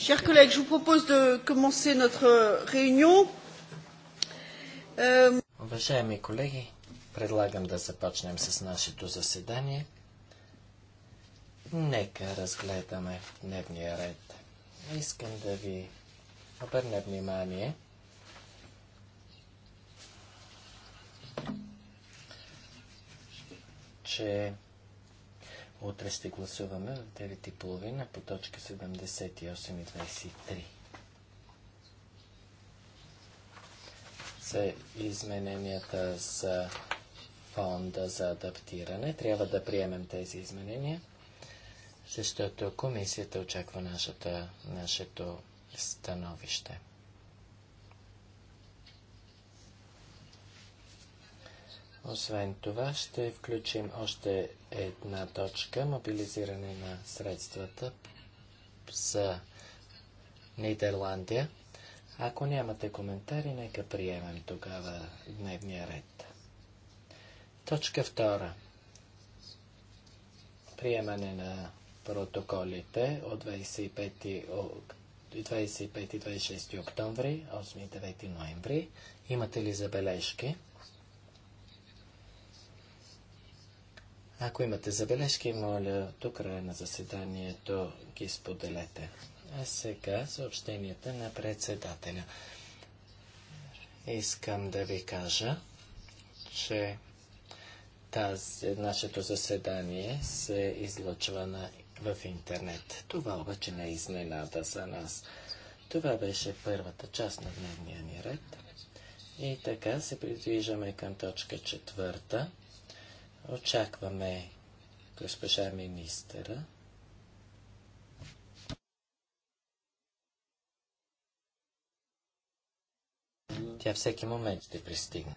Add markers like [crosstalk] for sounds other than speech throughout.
Chers collègues, je vous propose de commencer notre euh, réunion. Euh, Уважаеми колеги, предлагам да започнем с нашето заседание. Нека разгледаме дневния ред. Искам да ви обърна внимание че Утре ще гласуваме в 9.30 по точка 78 и 23. За измененията за фонда за адаптиране трябва да приемем тези изменения, защото комисията очаква нашата, нашето становище. Освен това, ще включим още една точка – мобилизиране на средствата за Нидерландия. Ако нямате коментари, нека приемем тогава дневния ред. Точка втора. Приемане на протоколите от 25-26 октомври, 8-9 ноември. Имате ли забележки? Ако имате забележки, моля, до края на заседанието ги споделете. А сега съобщенията на председателя. Искам да ви кажа, че тази, нашето заседание се излъчва на, в интернет. Това обаче не е изненада за нас. Това беше първата част на дневния ни ред. И така се придвижаме към точка четвърта. Очакваме госпожа министъра. Тя всеки момент ще пристигне.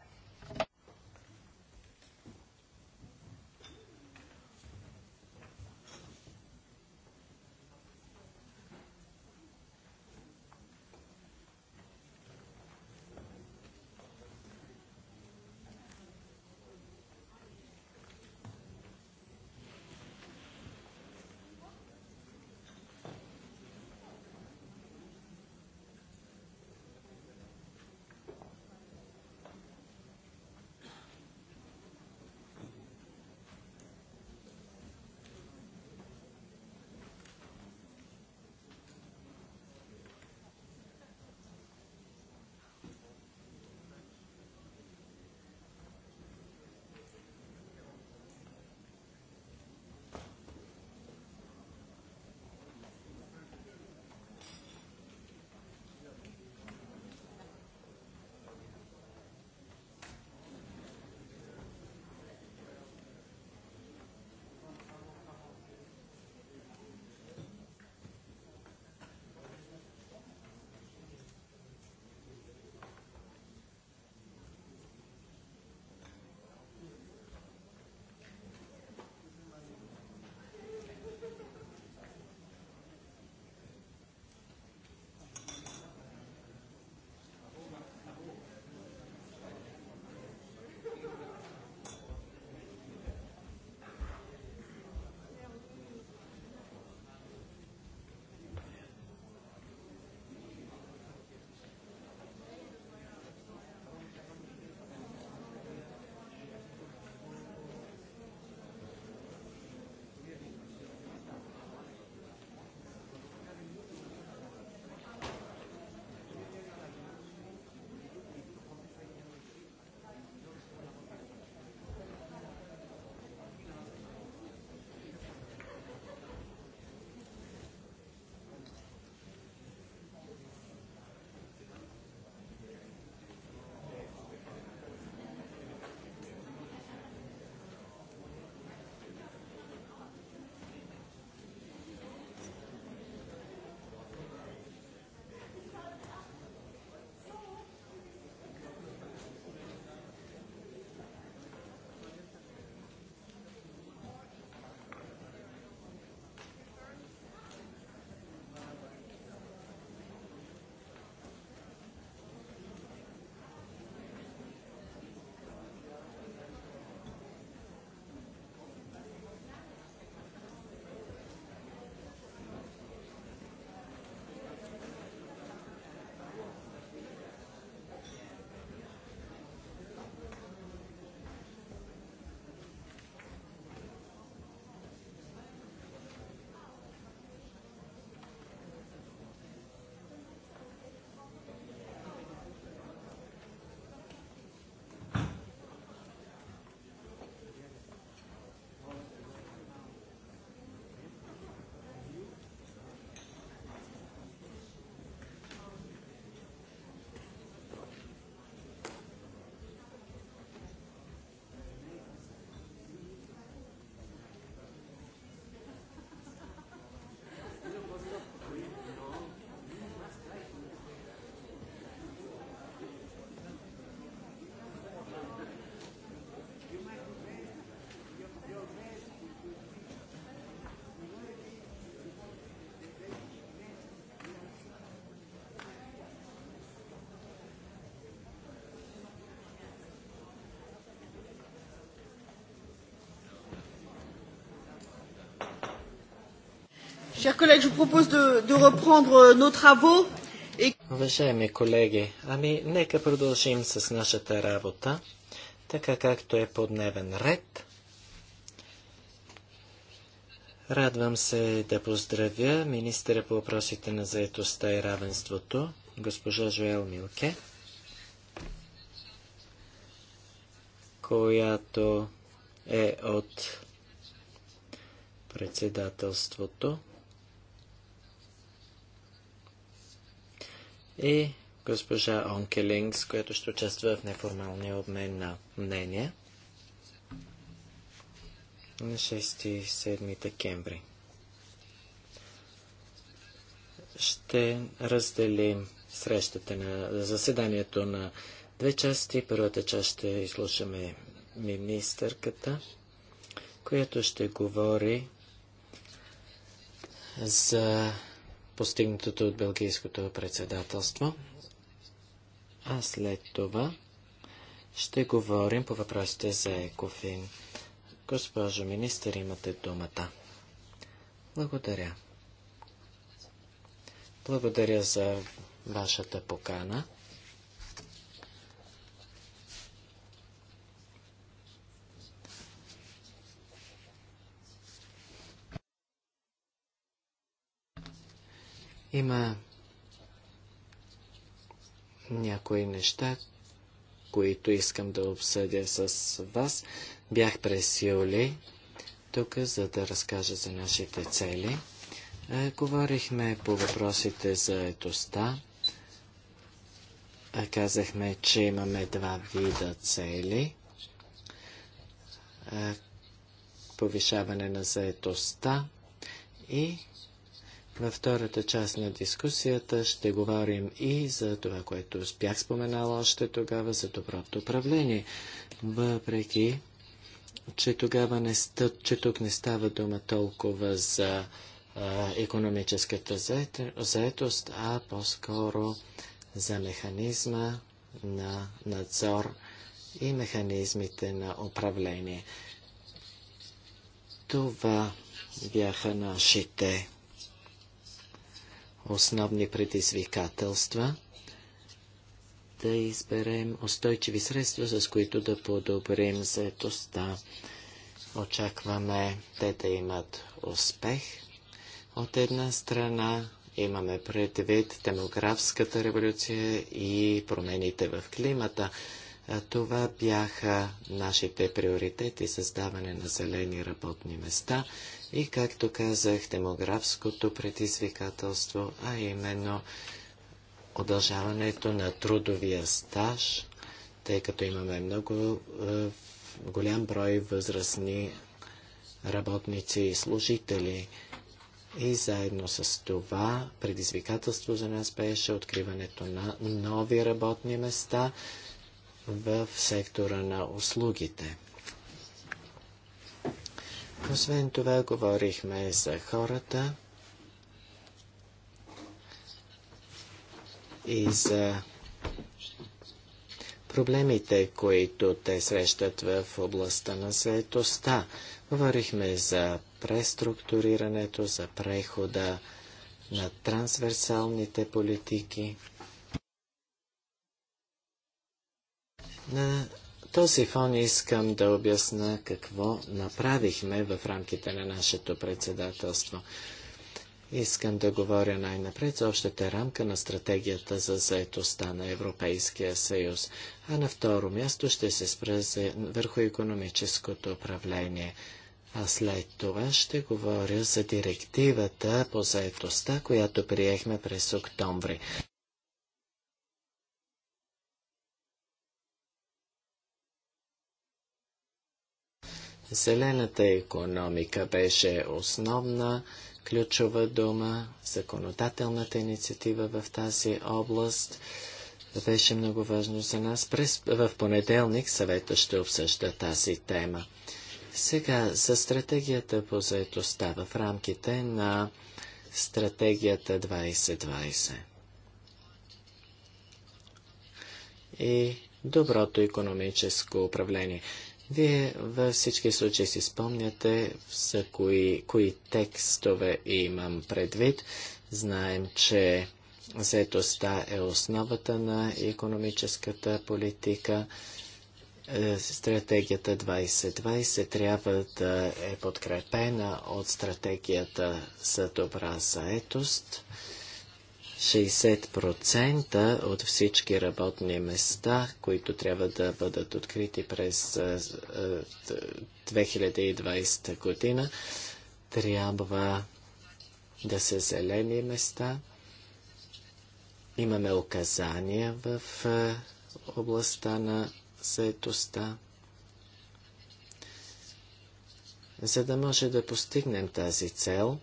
Chers collègues, je vous propose de, de reprendre euh, nos travaux. Уважаеми колеги, ами нека продължим с нашата работа, така както е по дневен ред. Радвам се да поздравя министъра по въпросите на заетостта и равенството, госпожа Жоел Милке, която е от председателството и госпожа Онкелингс, която ще участва в неформалния обмен на мнения на 6 и 7 декември. Ще разделим срещата на заседанието на две части. Първата част ще изслушаме министърката, която ще говори за постигнатото от Белгийското председателство. А след това ще говорим по въпросите за Екофин. Госпожо министър, имате думата. Благодаря. Благодаря за вашата покана. Има някои неща, които искам да обсъдя с вас. Бях през юли тук, за да разкажа за нашите цели. Е, говорихме по въпросите за етоста. Е, казахме, че имаме два вида цели. Е, повишаване на заетостта и във втората част на дискусията ще говорим и за това, което бях споменала още тогава за доброто управление. Въпреки, че тогава не, ста, че тук не става дума толкова за а, економическата заетост, а по-скоро за механизма на надзор и механизмите на управление. Това бяха нашите основни предизвикателства, да изберем устойчиви средства, с които да подобрим заетостта. Очакваме те да имат успех. От една страна имаме предвид демографската революция и промените в климата. Това бяха нашите приоритети – създаване на зелени работни места и, както казах, демографското предизвикателство, а именно удължаването на трудовия стаж, тъй като имаме много е, голям брой възрастни работници и служители. И заедно с това предизвикателство за нас беше откриването на нови работни места в сектора на услугите. Освен това, говорихме за хората и за проблемите, които те срещат в областта на заетостта. Говорихме за преструктурирането, за прехода на трансверсалните политики. На този фон искам да обясна какво направихме в рамките на нашето председателство. Искам да говоря най-напред за общата рамка на стратегията за заетостта на Европейския съюз, а на второ място ще се спра върху економическото управление. А след това ще говоря за директивата по заетостта, която приехме през октомври. Зелената економика беше основна ключова дума, законодателната инициатива в тази област беше много важно за нас. През, в понеделник съвета ще обсъжда тази тема. Сега за стратегията по заедостта в рамките на стратегията 2020 и доброто економическо управление. Вие във всички случаи си спомняте за кои, кои текстове имам предвид. Знаем, че заетостта е основата на економическата политика. Е, стратегията 2020 трябва да е подкрепена от стратегията за добра заетост. 60% от всички работни места, които трябва да бъдат открити през 2020 година, трябва да са зелени места. Имаме указания в областта на заетостта. За да може да постигнем тази цел,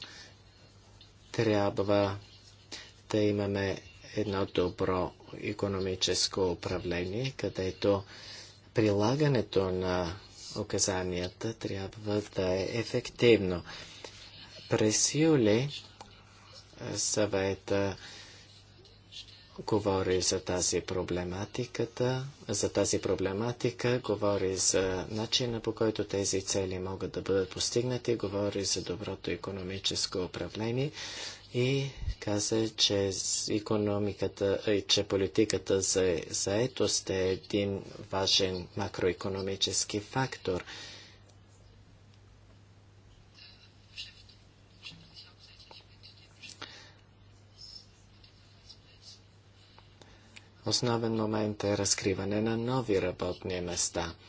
трябва да имаме едно добро економическо управление, където прилагането на указанията трябва да е ефективно. През юли е, съвета говори за тази проблематиката, за тази проблематика, говори за начина по който тези цели могат да бъдат постигнати, говори за доброто економическо управление и каза, че економиката, и че политиката за заетост е един важен макроекономически фактор. Основен момент е разкриване на нови работни места –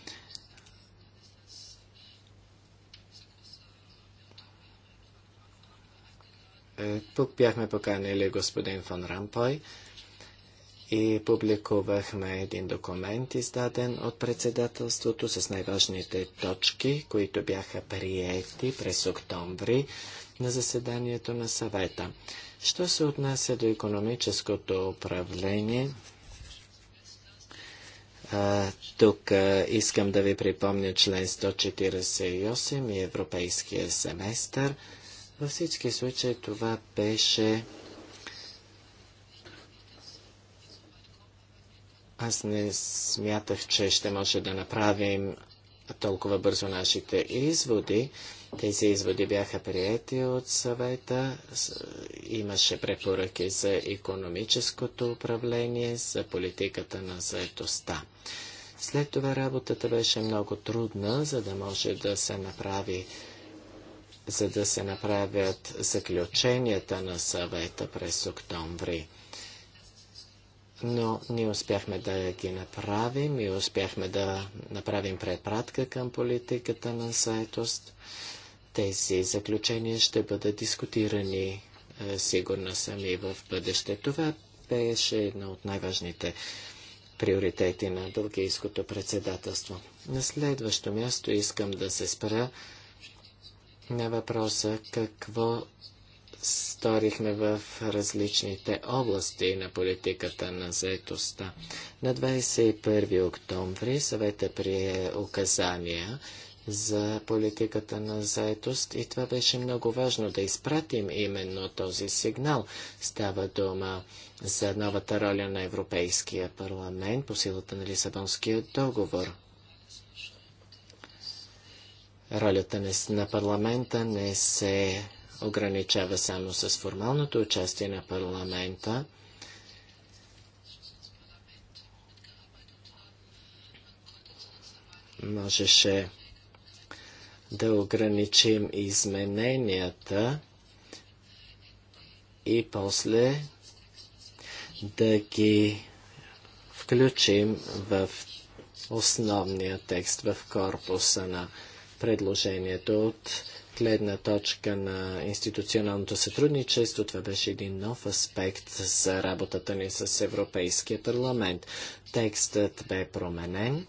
Е, тук бяхме поканили господин Фон Рампой и публикувахме един документ, издаден от председателството с най-важните точки, които бяха приети през октомври на заседанието на съвета. Що се отнася до економическото управление, а, тук а, искам да ви припомня член 148 и Европейския семестър – във всички случаи това беше Аз не смятах, че ще може да направим толкова бързо нашите изводи. Тези изводи бяха приети от съвета. Имаше препоръки за економическото управление, за политиката на заетостта. След това работата беше много трудна, за да може да се направи за да се направят заключенията на съвета през октомври. Но ние успяхме да ги направим и успяхме да направим препратка към политиката на заетост. Тези заключения ще бъдат дискутирани, е, сигурно сами съм, и в бъдеще. Това беше една от най-важните приоритети на бългийското председателство. На следващо място искам да се спра на въпроса какво сторихме в различните области на политиката на заетостта. На 21 октомври съвета прие указания за политиката на заетост и това беше много важно да изпратим именно този сигнал. Става дума за новата роля на Европейския парламент по силата на Лисабонския договор. Ролята на парламента не се ограничава само с формалното участие на парламента. Можеше да ограничим измененията и после да ги включим в основния текст, в корпуса на предложението от гледна точка на институционалното сътрудничество. Това беше един нов аспект за работата ни с Европейския парламент. Текстът бе променен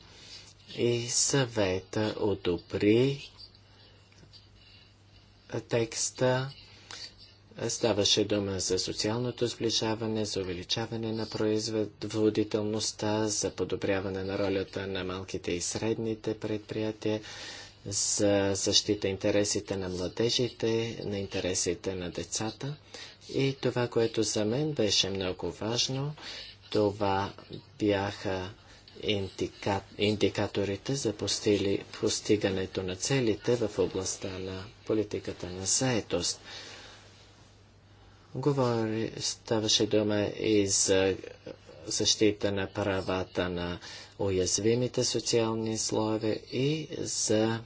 и съвета одобри текста. Ставаше дума за социалното сближаване, за увеличаване на производителността, за подобряване на ролята на малките и средните предприятия за защита интересите на младежите, на интересите на децата. И това, което за мен беше много важно, това бяха индика... индикаторите за постили... постигането на целите в областта на политиката на заетост. Говори, ставаше дума и за защита на правата на уязвимите социални слоеве и за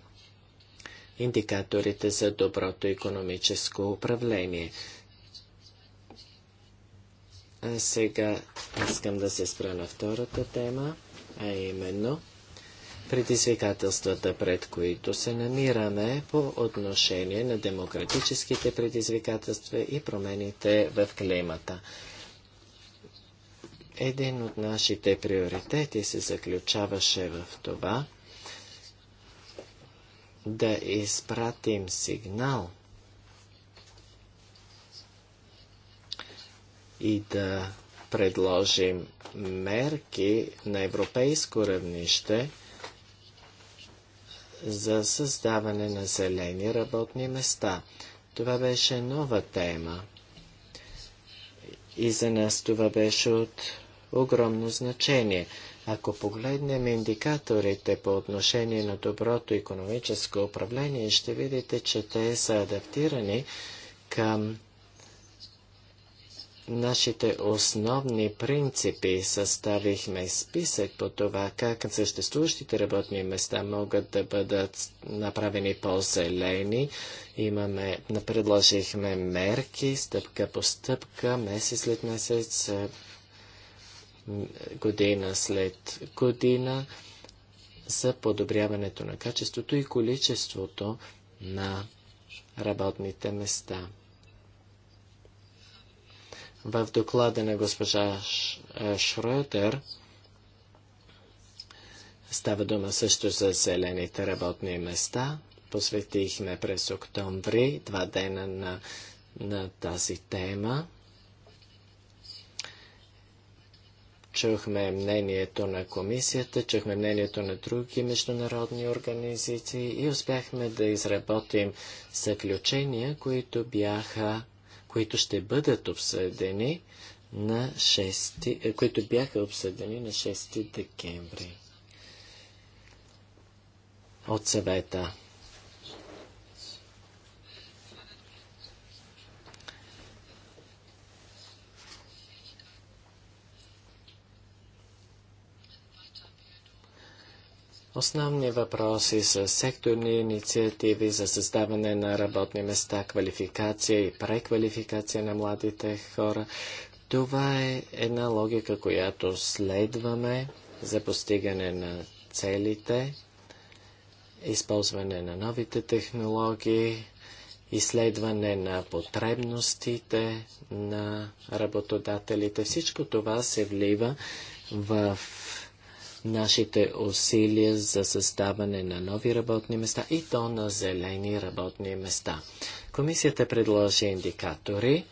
индикаторите за доброто економическо управление. А сега искам да се спра на втората тема, а именно предизвикателствата, пред които се намираме по отношение на демократическите предизвикателства и промените в климата. Един от нашите приоритети се заключаваше в това да изпратим сигнал и да предложим мерки на европейско равнище за създаване на зелени работни места. Това беше нова тема. И за нас това беше от огромно значение. Ако погледнем индикаторите по отношение на доброто економическо управление, ще видите, че те са адаптирани към нашите основни принципи. Съставихме списък по това как съществуващите работни места могат да бъдат направени по-зелени. Имаме, предложихме мерки, стъпка по стъпка, месец след месец година след година за подобряването на качеството и количеството на работните места. В доклада на госпожа е, Шродер става дума също за зелените работни места. Посветихме през октомври два дена на, на тази тема. чухме мнението на комисията, чухме мнението на други международни организации и успяхме да изработим заключения, които бяха, които ще бъдат обсъдени на 6, е, които бяха обсъдени на 6 декември от съвета. Основни въпроси са секторни инициативи за създаване на работни места, квалификация и преквалификация на младите хора. Това е една логика, която следваме за постигане на целите, използване на новите технологии, изследване на потребностите на работодателите. Всичко това се влива в нашите усилия за създаване на нови работни места и то на зелени работни места. Комисията предложи индикатори,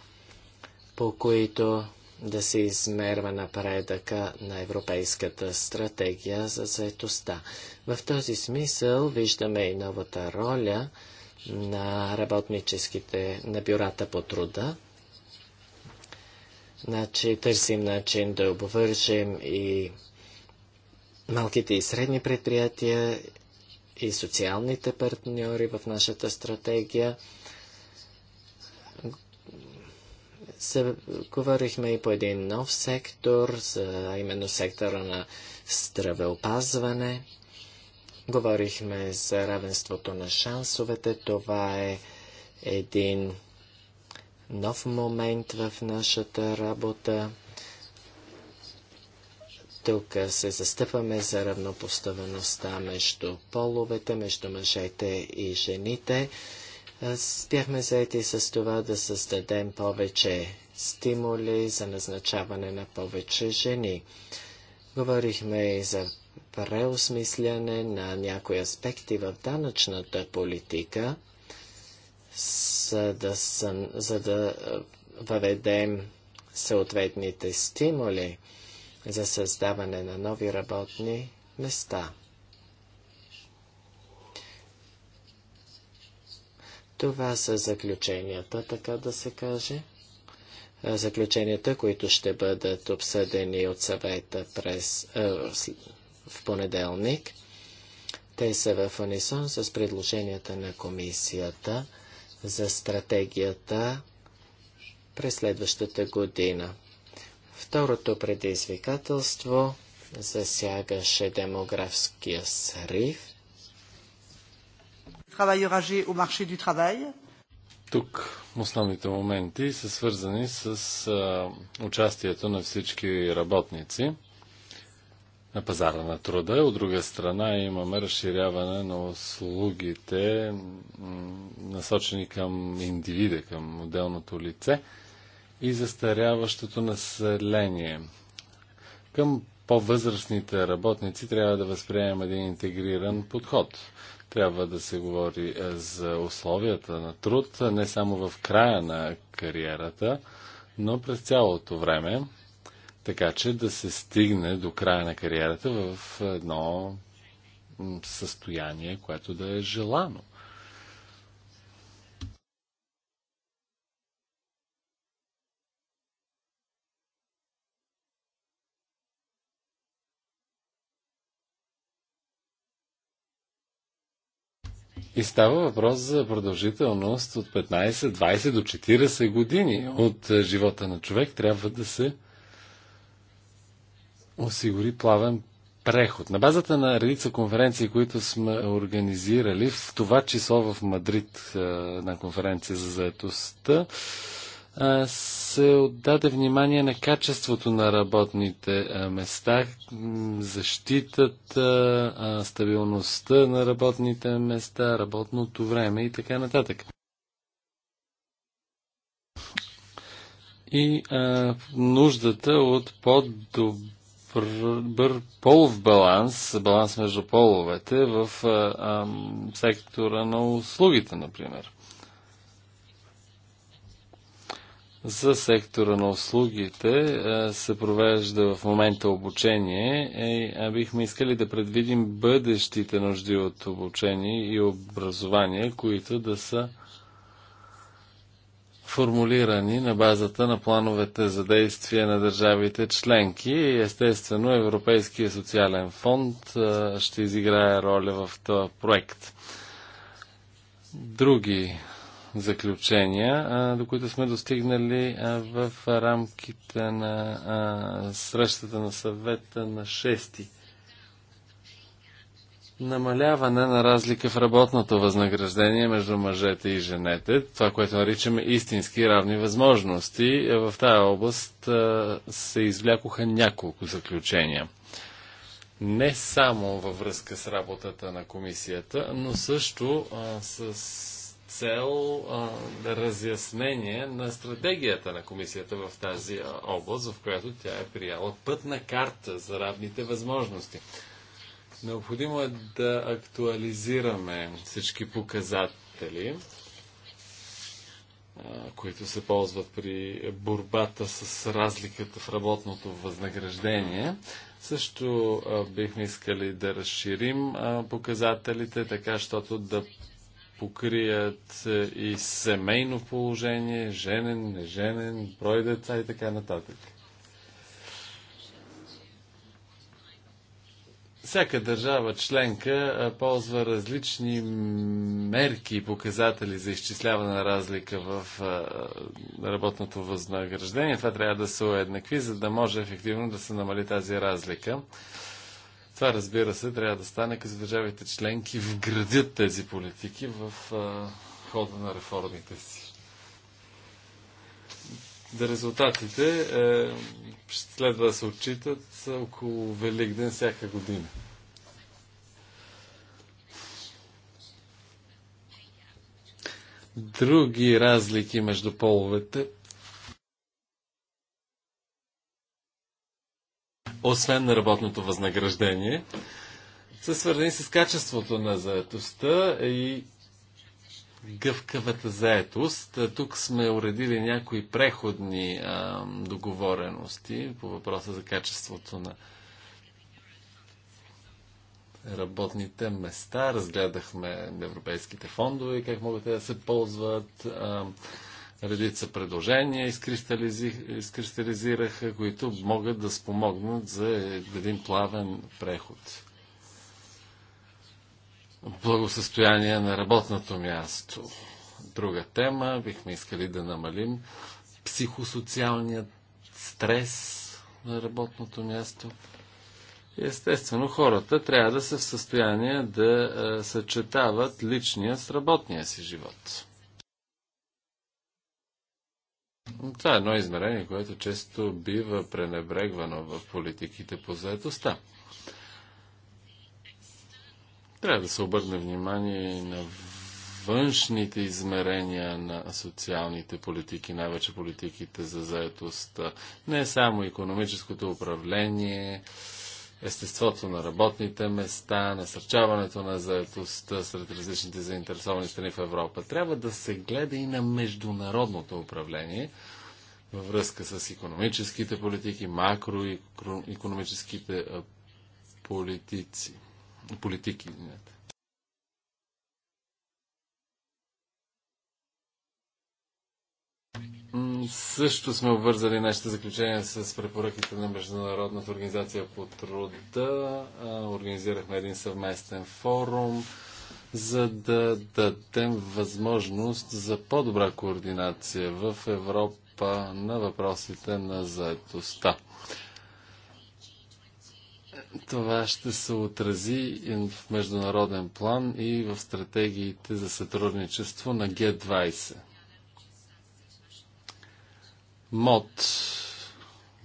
по които да се измерва напредъка на Европейската стратегия за заетостта. В този смисъл виждаме и новата роля на работническите, на бюрата по труда. Значи, търсим начин да обвържем и малките и средни предприятия и социалните партньори в нашата стратегия. Се, говорихме и по един нов сектор, за именно сектора на здравеопазване. Говорихме за равенството на шансовете. Това е един нов момент в нашата работа. Тук се застъпваме за равнопоставеността между половете, между мъжете и жените. Бяхме заети с това да създадем повече стимули за назначаване на повече жени. Говорихме и за преосмисляне на някои аспекти в данъчната политика, за да, за да въведем съответните стимули за създаване на нови работни места. Това са заключенията, така да се каже. Заключенията, които ще бъдат обсъдени от съвета през, е, в понеделник. Те са в унисон с предложенията на комисията за стратегията през следващата година. Второто предизвикателство засягаше демографския срив. Тук основните моменти са свързани с а, участието на всички работници на пазара на труда. От друга страна имаме разширяване на услугите, насочени към индивида, към отделното лице – и застаряващото население. Към по-възрастните работници трябва да възприемем един интегриран подход. Трябва да се говори е, за условията на труд не само в края на кариерата, но през цялото време, така че да се стигне до края на кариерата в е, едно състояние, което да е желано. И става въпрос за продължителност от 15, 20 до 40 години от е, живота на човек. Трябва да се осигури плавен преход. На базата на редица конференции, които сме организирали, в това число в Мадрид е, на конференция за заетостта, се отдаде внимание на качеството на работните места, защитата, стабилността на работните места, работното време и така нататък. И а, нуждата от по-добър полов баланс, баланс между половете в а, а, сектора на услугите, например. За сектора на услугите е, се провежда в момента обучение е, е, бихме искали да предвидим бъдещите нужди от обучение и образование, които да са формулирани на базата на плановете за действие на държавите членки. Естествено, Европейския социален фонд ще изиграе роля в този проект. Други заключения, до които сме достигнали в рамките на срещата на съвета на 6. Намаляване на разлика в работното възнаграждение между мъжете и женете, това, което наричаме истински равни възможности, е, в тази област се извлякоха няколко заключения не само във връзка с работата на комисията, но също а, с цел а, разяснение на стратегията на комисията в тази област, в която тя е прияла пътна карта за равните възможности. Необходимо е да актуализираме всички показатели, които се ползват при борбата с разликата в работното възнаграждение. Също бихме искали да разширим показателите, така, щото да покрият е, и семейно положение, женен, неженен, брой деца и така нататък. Всяка държава членка е, ползва различни мерки и показатели за изчисляване на разлика в е, работното възнаграждение. Това трябва да се уеднакви, за да може ефективно да се намали тази разлика. Това, разбира се, трябва да стане, като държавите членки вградят тези политики в а, хода на реформите си. Да резултатите е, следва да се отчитат около Великден всяка година. Други разлики между половете освен на работното възнаграждение, са свързани с качеството на заетостта и гъвкавата заетост. Тук сме уредили някои преходни а, договорености по въпроса за качеството на работните места. Разгледахме европейските фондове, как могат те да се ползват. А, редица предложения изкристализираха, които могат да спомогнат за един плавен преход. Благосъстояние на работното място. Друга тема, бихме искали да намалим психосоциалният стрес на работното място. Естествено, хората трябва да са в състояние да съчетават личния с работния си живот. Това е едно измерение, което често бива пренебрегвано в политиките по заедостта. Трябва да се обърне внимание и на външните измерения на социалните политики, най-вече политиките за заедостта. Не само економическото управление, естеството на работните места, насърчаването на заедостта сред различните заинтересовани страни в Европа. Трябва да се гледа и на международното управление във връзка с економическите политики, макроекономическите политици, политики. Извинете. също сме обвързали нашите заключения с препоръките на Международната организация по труда. Организирахме един съвместен форум, за да дадем възможност за по-добра координация в Европа на въпросите на заедостта. Това ще се отрази в международен план и в стратегиите за сътрудничество на Г20. МОД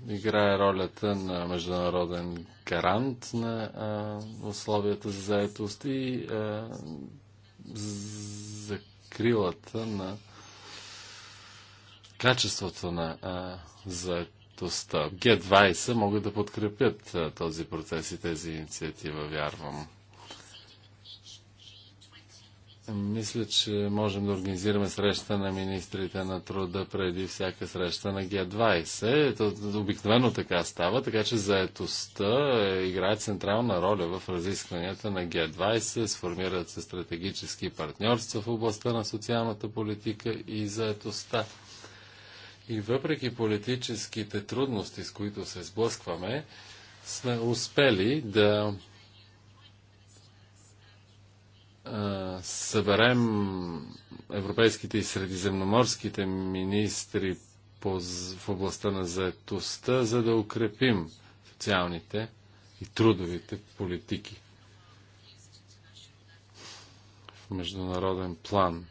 играе ролята на международен гарант на а, условията за заетост и а, закрилата на качеството на а, заетостта. Г20 могат да подкрепят а, този процес и тези инициатива, вярвам. Мисля, че можем да организираме среща на министрите на труда преди всяка среща на Г20. Обикновено така става, така че заетостта е, играе централна роля в разискванията на Г20. Сформират се стратегически партньорства в областта на социалната политика и заетостта. И въпреки политическите трудности, с които се сблъскваме, сме успели да съберем европейските и средиземноморските министри в областта на заетостта, за да укрепим социалните и трудовите политики в международен план.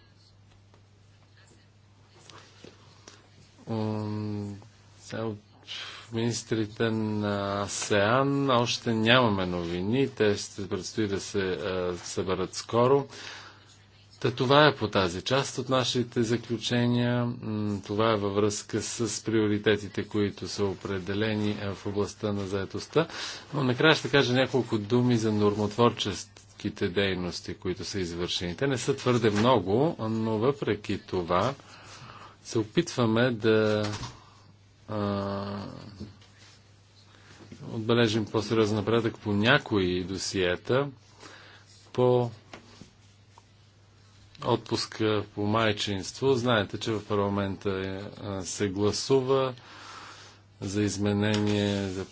Цел министрите на СЕАН. още нямаме новини. Те ще предстои да се а, съберат скоро. Та това е по тази част от нашите заключения. Това е във връзка с приоритетите, които са определени в областта на заедостта. Но накрая ще кажа няколко думи за нормотворческите дейности, които са извършени. Те не са твърде много, но въпреки това се опитваме да отбележим по-сериозен напредък по някои досиета, по отпуска по майчинство. Знаете, че в парламента е, се гласува за изменение, за...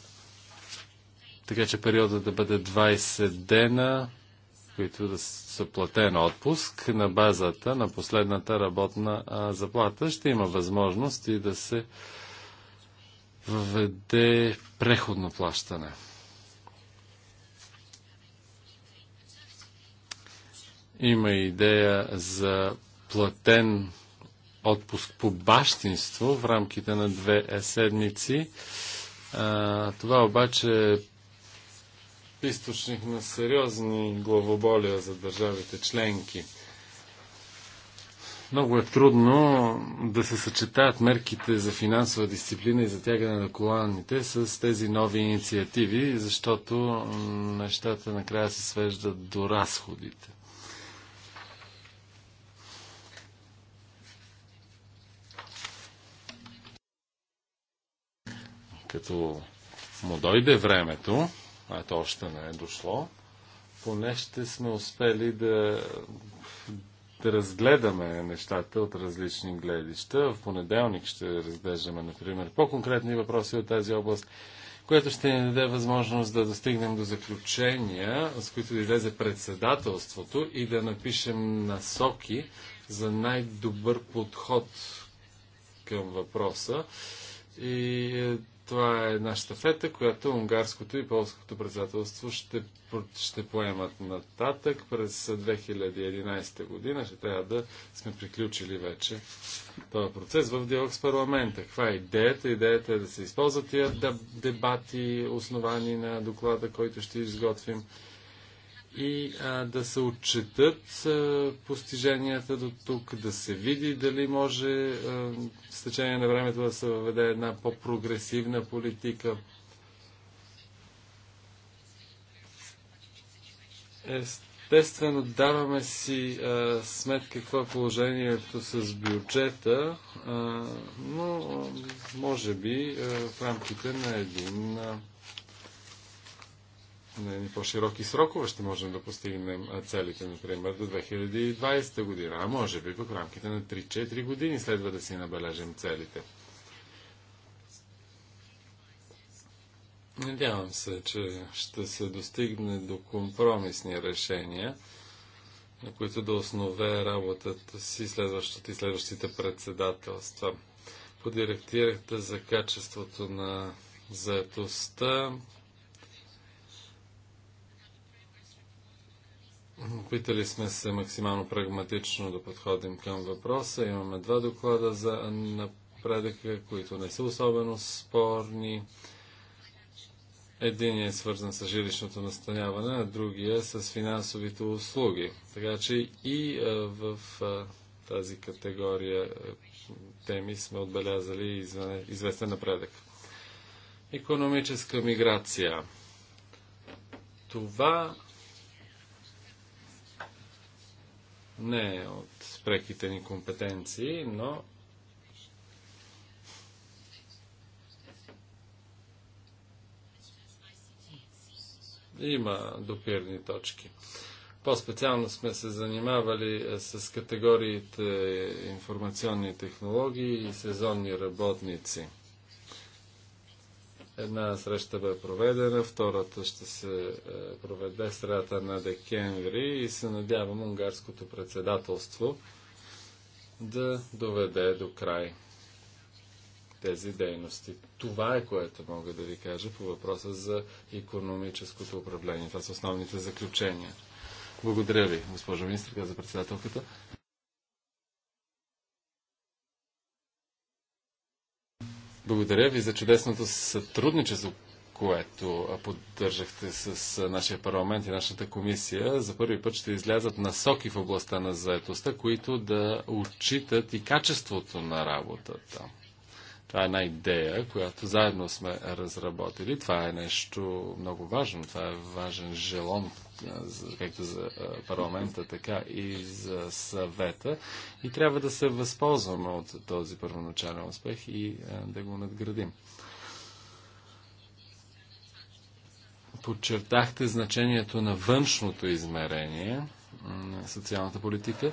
така че периода да бъде 20 дена, които да са платен отпуск на базата на последната работна заплата. Ще има възможност и да се въведе преходно плащане. Има идея за платен отпуск по бащинство в рамките на две седмици. А, това обаче е източник на сериозни главоболия за държавите членки – много е трудно да се съчетаят мерките за финансова дисциплина и затягане на коланите с тези нови инициативи, защото нещата накрая се свеждат до разходите. Като му дойде времето, а то още не е дошло, поне ще сме успели да ще разгледаме нещата от различни гледища. В понеделник ще разглеждаме, например, по-конкретни въпроси от тази област, което ще ни даде възможност да достигнем до заключения, с които да излезе председателството и да напишем насоки за най-добър подход към въпроса и е, това е една щафета, която унгарското и полското председателство ще, ще поемат нататък. През 2011 година ще трябва да сме приключили вече този процес в диалог с парламента. Каква е идеята? Идеята е да се използват тия дебати, основани на доклада, който ще изготвим и а, да се отчетат а, постиженията до тук, да се види дали може а, с течение на времето да се въведе една по-прогресивна политика. Естествено, даваме си а, сметка какво е положението с бюджета, а, но може би а, в рамките на един. А, на едни по-широки срокове ще можем да постигнем целите, например, до 2020 година. А може би пък в рамките на 3-4 години следва да си набележим целите. Надявам се, че ще се достигне до компромисни решения, на които да основе работата си следващото и следващите председателства. По директирахте за качеството на заетостта Опитали сме се максимално прагматично да подходим към въпроса. Имаме два доклада за напредъка, които не са особено спорни. Единият е свързан с жилищното настаняване, а другия е с финансовите услуги. Така че и в тази категория теми сме отбелязали известен напредък. Економическа миграция. Това не от преките ни компетенции, но има допирни точки. По-специално сме се занимавали е, с категориите информационни технологии и сезонни работници – Една среща бе проведена, втората ще се е, проведе средата на декември и се надявам унгарското председателство да доведе до край тези дейности. Това е което мога да ви кажа по въпроса за економическото управление. Това са основните заключения. Благодаря ви, госпожо министр, за председателката. Благодаря ви за чудесното сътрудничество, което поддържахте с нашия парламент и нашата комисия. За първи път ще излязат насоки в областта на заетостта, които да отчитат и качеството на работата. Това е една идея, която заедно сме разработили. Това е нещо много важно. Това е важен желон както за парламента, така и за съвета. И трябва да се възползваме от този първоначален успех и да го надградим. Подчертахте значението на външното измерение на социалната политика.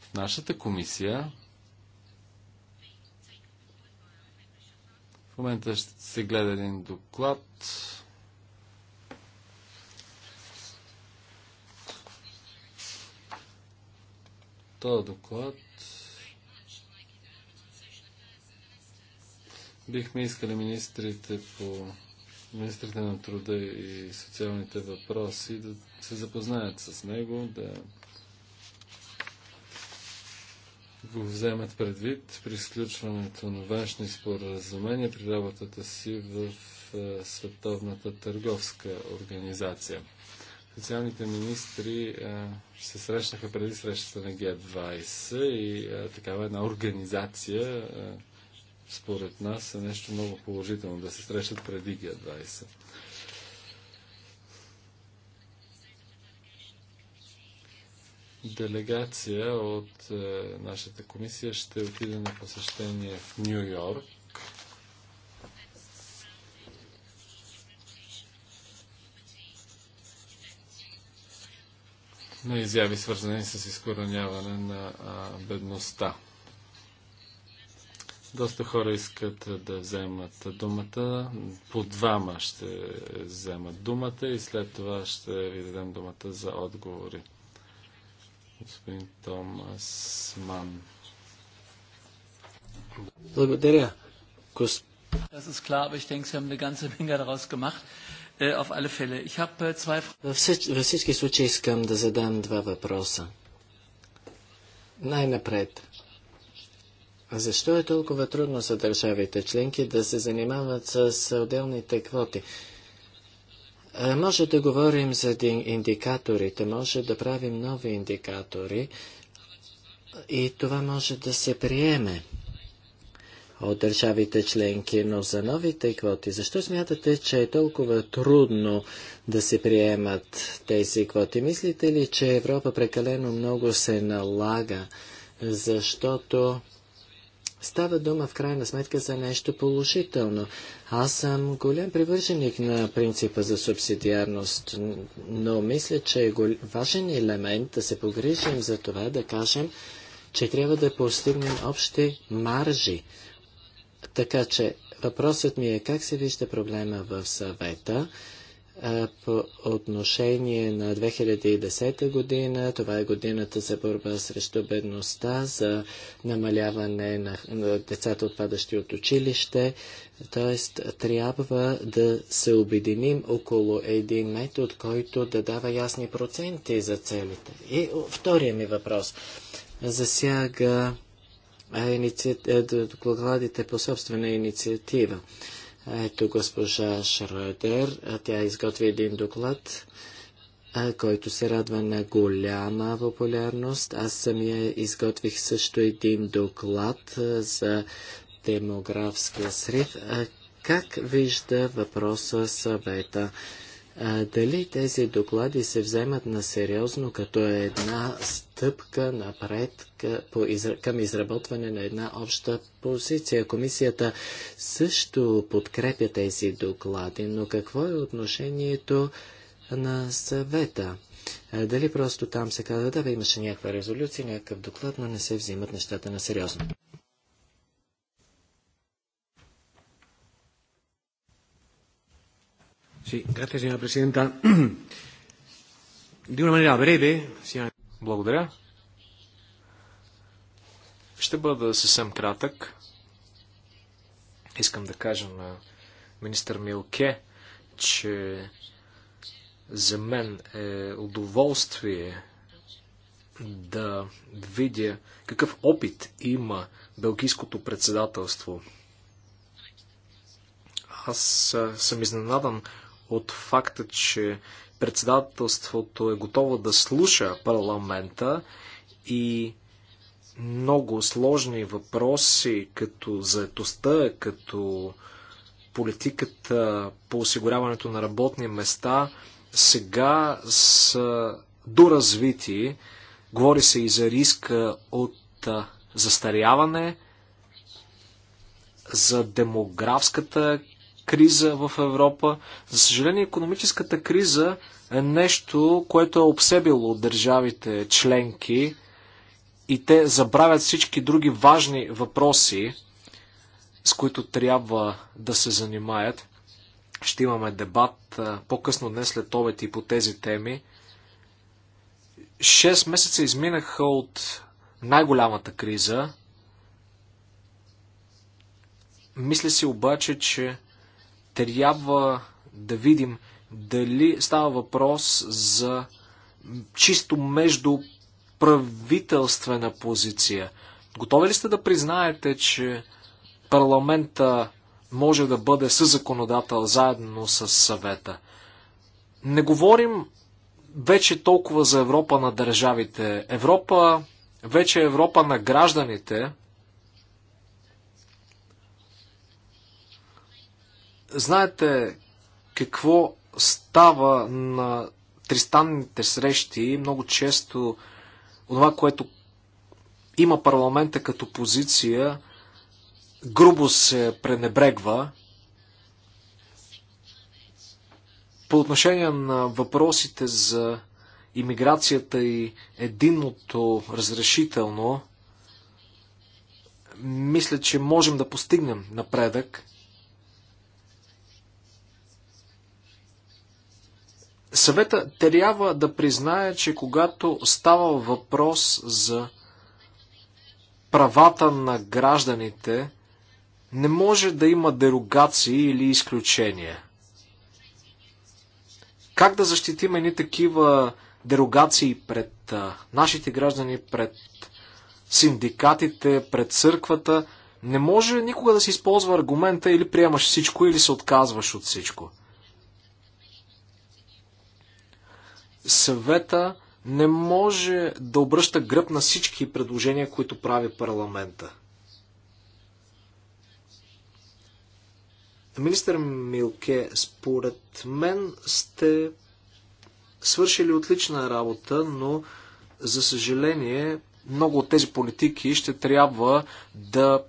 В нашата комисия в момента ще се гледа един доклад този доклад бихме искали министрите по министрите на труда и социалните въпроси да се запознаят с него, да го вземат предвид при сключването на външни споразумения при работата си в е, Световната търговска организация. Социалните министри а, се срещнаха преди срещата на Г20 и а, такава една организация, а, според нас, е нещо много положително да се срещат преди Г20. Делегация от а, нашата комисия ще отиде на посещение в Нью Йорк на изяви, свързани с изкореняване на а, бедността. Доста хора искат да вземат думата. По двама ще вземат думата и след това ще ви дадем думата за отговори. Господин Томас Ман. Благодаря. Гос... Das ist klar, aber ich denke, Sie haben eine ganze Menge daraus gemacht. Äh, auf alle Fälle. Ich habe äh, zwei във всички случаи искам да задам два въпроса. Най-напред. Защо е толкова трудно за държавите членки да се занимават с отделните квоти? Е, може да говорим за индикаторите, може да правим нови индикатори и това може да се приеме от държавите членки, но за новите квоти, защо смятате, че е толкова трудно да се приемат тези квоти? Мислите ли, че Европа прекалено много се налага, защото Става дума в крайна сметка за нещо положително. Аз съм голям привърженик на принципа за субсидиарност, но мисля, че е важен елемент да се погрижим за това да кажем, че трябва да постигнем общи маржи така че въпросът ми е как се вижда проблема в съвета а, по отношение на 2010 година. Това е годината за борба срещу бедността, за намаляване на, на децата отпадащи от училище. Тоест, трябва да се обединим около един метод, който да дава ясни проценти за целите. И втория ми въпрос засяга е, е, докладите по собствена инициатива. Ето госпожа Шрадер, тя изготви един доклад, който се радва на голяма популярност. Аз самия изготвих също един доклад за демографския срив. Как вижда въпроса съвета? дали тези доклади се вземат на сериозно като една стъпка напред към изработване на една обща позиция. Комисията също подкрепя тези доклади, но какво е отношението на съвета? Дали просто там се казва, да, бе, имаше някаква резолюция, някакъв доклад, но не се взимат нещата на сериозно. Sí, gracias, señora presidenta. [clears throat] De una manera breve, señora... Благодаря. Ще бъда съвсем кратък. Искам да кажа на министър Милке, че за мен е удоволствие да видя какъв опит има Белгийското председателство. Аз съм изненадан от факта, че председателството е готово да слуша парламента и много сложни въпроси, като заетостта, като политиката по осигуряването на работни места, сега са доразвити. Говори се и за риска от застаряване, за демографската криза в Европа. За съжаление, економическата криза е нещо, което е обсебило държавите членки и те забравят всички други важни въпроси, с които трябва да се занимаят. Ще имаме дебат по-късно днес след обед и по тези теми. Шест месеца изминаха от най-голямата криза. Мисля си обаче, че трябва да видим дали става въпрос за чисто между правителствена позиция. Готови ли сте да признаете, че парламента може да бъде със законодател заедно с съвета? Не говорим вече толкова за Европа на държавите. Европа вече е Европа на гражданите, Знаете какво става на тристанните срещи. Много често това, което има парламента като позиция, грубо се пренебрегва. По отношение на въпросите за иммиграцията и единното разрешително, мисля, че можем да постигнем напредък. Съвета трябва да признае, че когато става въпрос за правата на гражданите, не може да има дерогации или изключения. Как да защитим едни такива дерогации пред нашите граждани, пред синдикатите, пред църквата? Не може никога да се използва аргумента или приемаш всичко, или се отказваш от всичко. съвета не може да обръща гръб на всички предложения, които прави парламента. Министър Милке, според мен сте свършили отлична работа, но за съжаление много от тези политики ще трябва да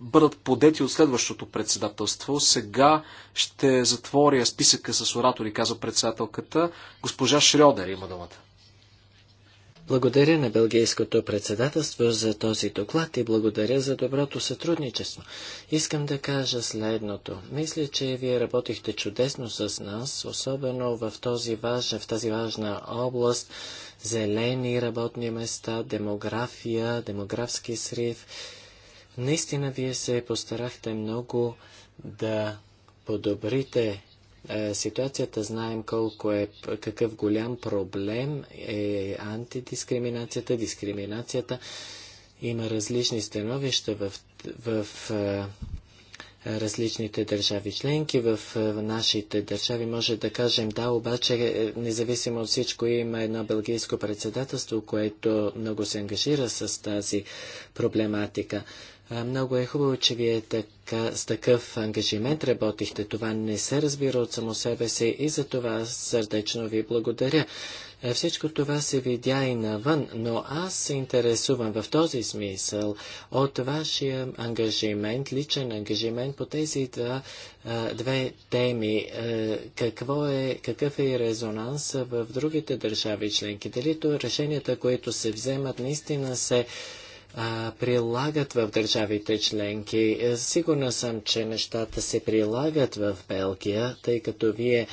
бъдат подети от следващото председателство. Сега ще затворя списъка с оратори, казва председателката. Госпожа Шрёдер има думата. Благодаря на Белгийското председателство за този доклад и благодаря за доброто сътрудничество. Искам да кажа следното. Мисля, че вие работихте чудесно с нас, особено в, този важ, в тази важна област зелени работни места, демография, демографски срив Наистина вие се постарахте много да подобрите е, ситуацията. Знаем колко е, какъв голям проблем е антидискриминацията, дискриминацията. Има различни становища в, в е, различните държави членки. В, в е, нашите държави може да кажем да, обаче независимо от всичко има едно белгийско председателство, което много се ангажира с тази проблематика. Много е хубаво, че вие така, с такъв ангажимент работихте. Това не се разбира от само себе си и за това сърдечно ви благодаря. Всичко това се видя и навън, но аз се интересувам в този смисъл от вашия ангажимент, личен ангажимент по тези два, две теми. Какво е, какъв е и резонанс в другите държави членки? Дали то решенията, които се вземат, наистина се а, прилагат в държавите членки. Сигурна съм, че нещата се прилагат в Белгия, тъй като вие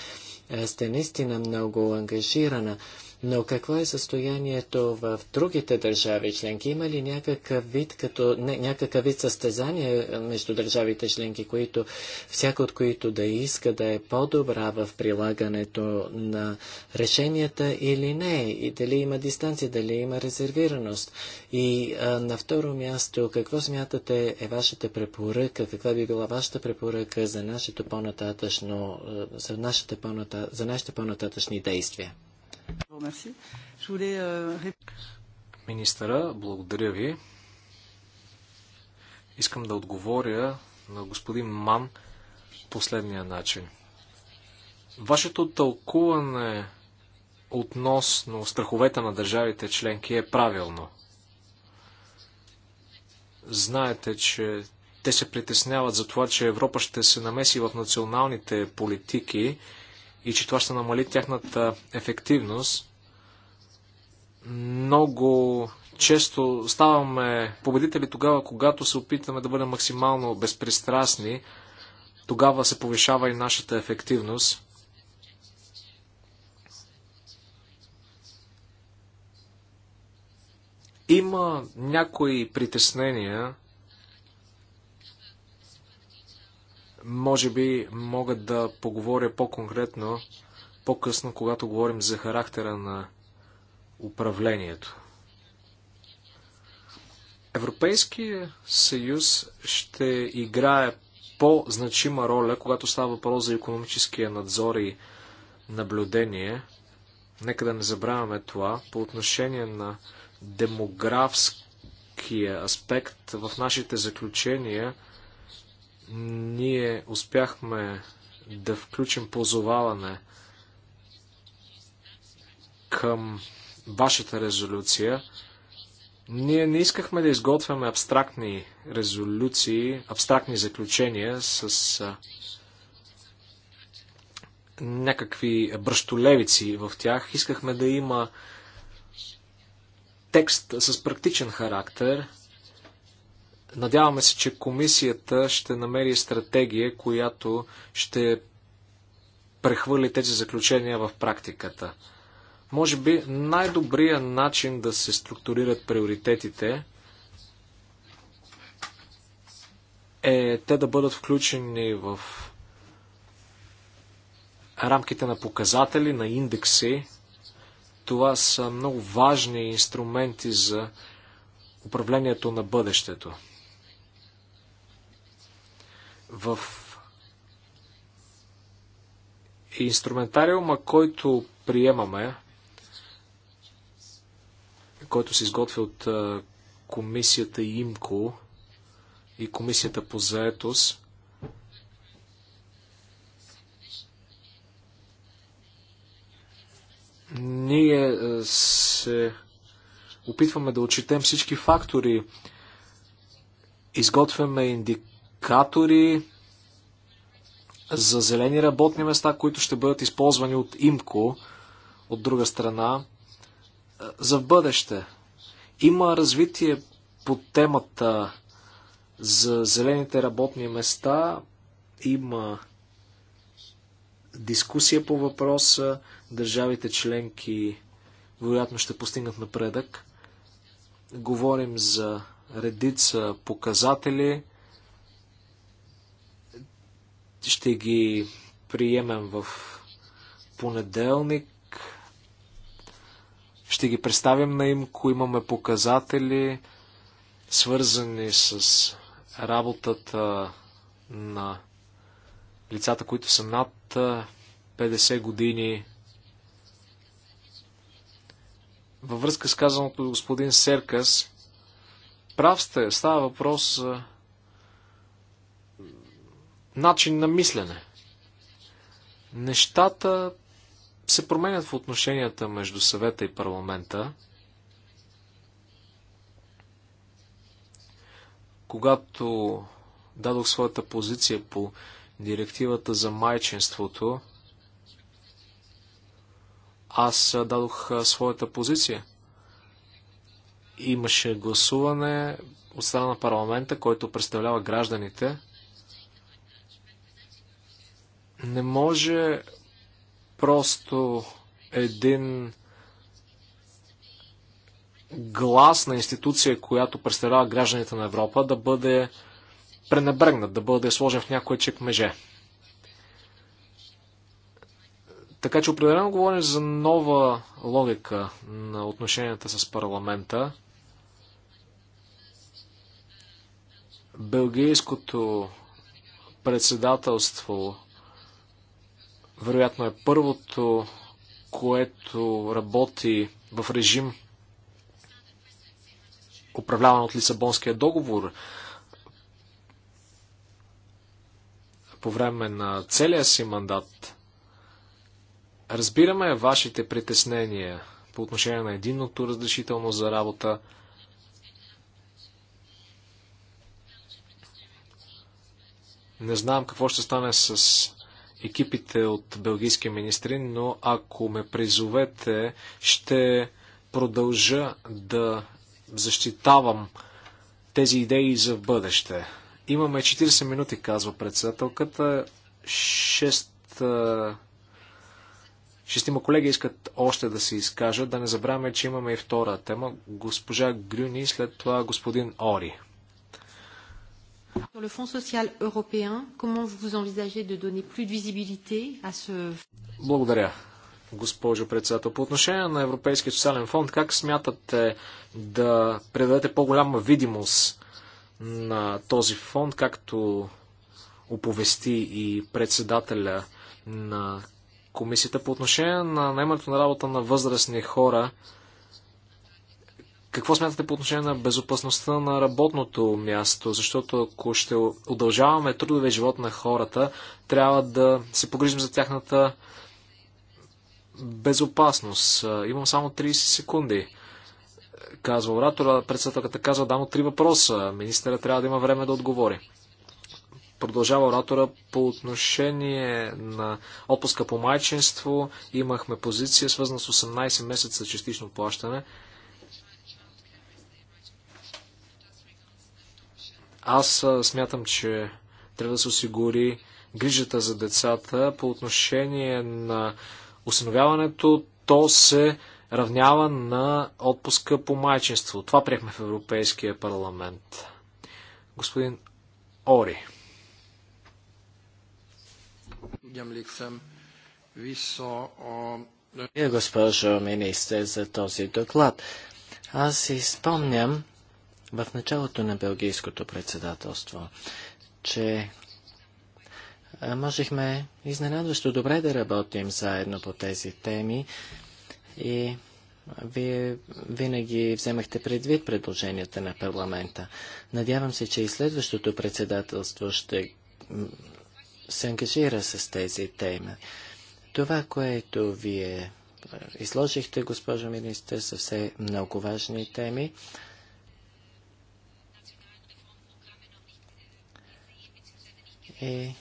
сте наистина много ангажирана. Но какво е състоянието в другите държави членки? Има ли някакъв вид, като, не, някакъв вид състезание между държавите членки, които, всяко от които да иска да е по-добра в прилагането на решенията или не? И дали има дистанция, дали има резервираност? И а, на второ място, какво смятате е вашата препоръка? Каква би била вашата препоръка за нашето по-нататъчно, за, нашите по за нашите по-нататъчни действия? Euh, Министъра, благодаря ви. Искам да отговоря на господин Ман последния начин. Вашето тълкуване относно страховете на държавите членки е правилно. Знаете, че те се притесняват за това, че Европа ще се намеси в националните политики и че това ще намали тяхната ефективност. Много често ставаме победители тогава, когато се опитаме да бъдем максимално безпристрастни. Тогава се повишава и нашата ефективност. Има някои притеснения Може би мога да поговоря по-конкретно по-късно, когато говорим за характера на управлението. Европейския съюз ще играе по-значима роля, когато става въпрос за економическия надзор и наблюдение. Нека да не забравяме това. По отношение на демографския аспект, в нашите заключения – ние успяхме да включим позоваване към вашата резолюция. Ние не искахме да изготвяме абстрактни резолюции, абстрактни заключения с а, някакви бръщолевици в тях. Искахме да има текст с практичен характер. Надяваме се, че комисията ще намери стратегия, която ще прехвърли тези заключения в практиката. Може би най-добрият начин да се структурират приоритетите е те да бъдат включени в рамките на показатели, на индекси. Това са много важни инструменти за управлението на бъдещето в инструментариума, който приемаме, който се изготвя от комисията ИМКО и комисията по заетост, ние се опитваме да отчетем всички фактори, изготвяме индикатори, индикатори за зелени работни места, които ще бъдат използвани от ИМКО, от друга страна, е, за бъдеще. Има развитие по темата за зелените работни места. Има дискусия по въпроса. Държавите членки вероятно ще постигнат напредък. Говорим за редица показатели, ще ги приемем в понеделник. Ще ги представим на имко. Имаме показатели, свързани с работата на лицата, които са над 50 години. Във връзка с казаното господин Серкас, прав сте, става въпрос за начин на мислене. Нещата се променят в отношенията между съвета и парламента. Когато дадох своята позиция по директивата за майчинството, аз дадох своята позиция. Имаше гласуване от страна на парламента, който представлява гражданите. Не може просто един глас на институция, която представлява гражданите на Европа, да бъде пренебрегнат, да бъде сложен в някое чекмеже. Така че определено говорим за нова логика на отношенията с парламента. Белгийското председателство вероятно е първото, което работи в режим управляван от Лисабонския договор. По време на целия си мандат разбираме вашите притеснения по отношение на единното разрешително за работа. Не знам какво ще стане с екипите от белгийски министри, но ако ме призовете, ще продължа да защитавам тези идеи за бъдеще. Имаме 40 минути, казва председателката. Шестима колеги искат още да се изкажат. Да не забравяме, че имаме и втора тема. Госпожа Грюни, след това господин Ори. Sur le Fonds social européen, comment vous envisagez de donner plus de visibilité à ce... Благодаря, госпожо председател. По отношение на Европейския социален фонд, как смятате да предадете по-голяма видимост на този фонд, както оповести и председателя на комисията по отношение на наймането на работа на възрастни хора – какво смятате по отношение на безопасността на работното място? Защото ако ще удължаваме трудовия живот на хората, трябва да се погрижим за тяхната безопасност. Имам само 30 секунди. Казва оратора, председателката казва, дам три въпроса. Министъра трябва да има време да отговори. Продължава оратора по отношение на отпуска по майчинство. Имахме позиция, свързана с 18 месеца частично плащане. Аз смятам, че трябва да се осигури грижата за децата по отношение на усъновяването, то се равнява на отпуска по майчинство. Това приехме в Европейския парламент. Господин Ори. Вие, госпожо министър, за този доклад. Аз си спомням, в началото на Белгийското председателство, че можехме изненадващо добре да работим заедно по тези теми и вие винаги вземахте предвид предложенията на парламента. Надявам се, че и следващото председателство ще се ангажира с тези теми. Това, което вие изложихте, госпожо министър, са все много важни теми. е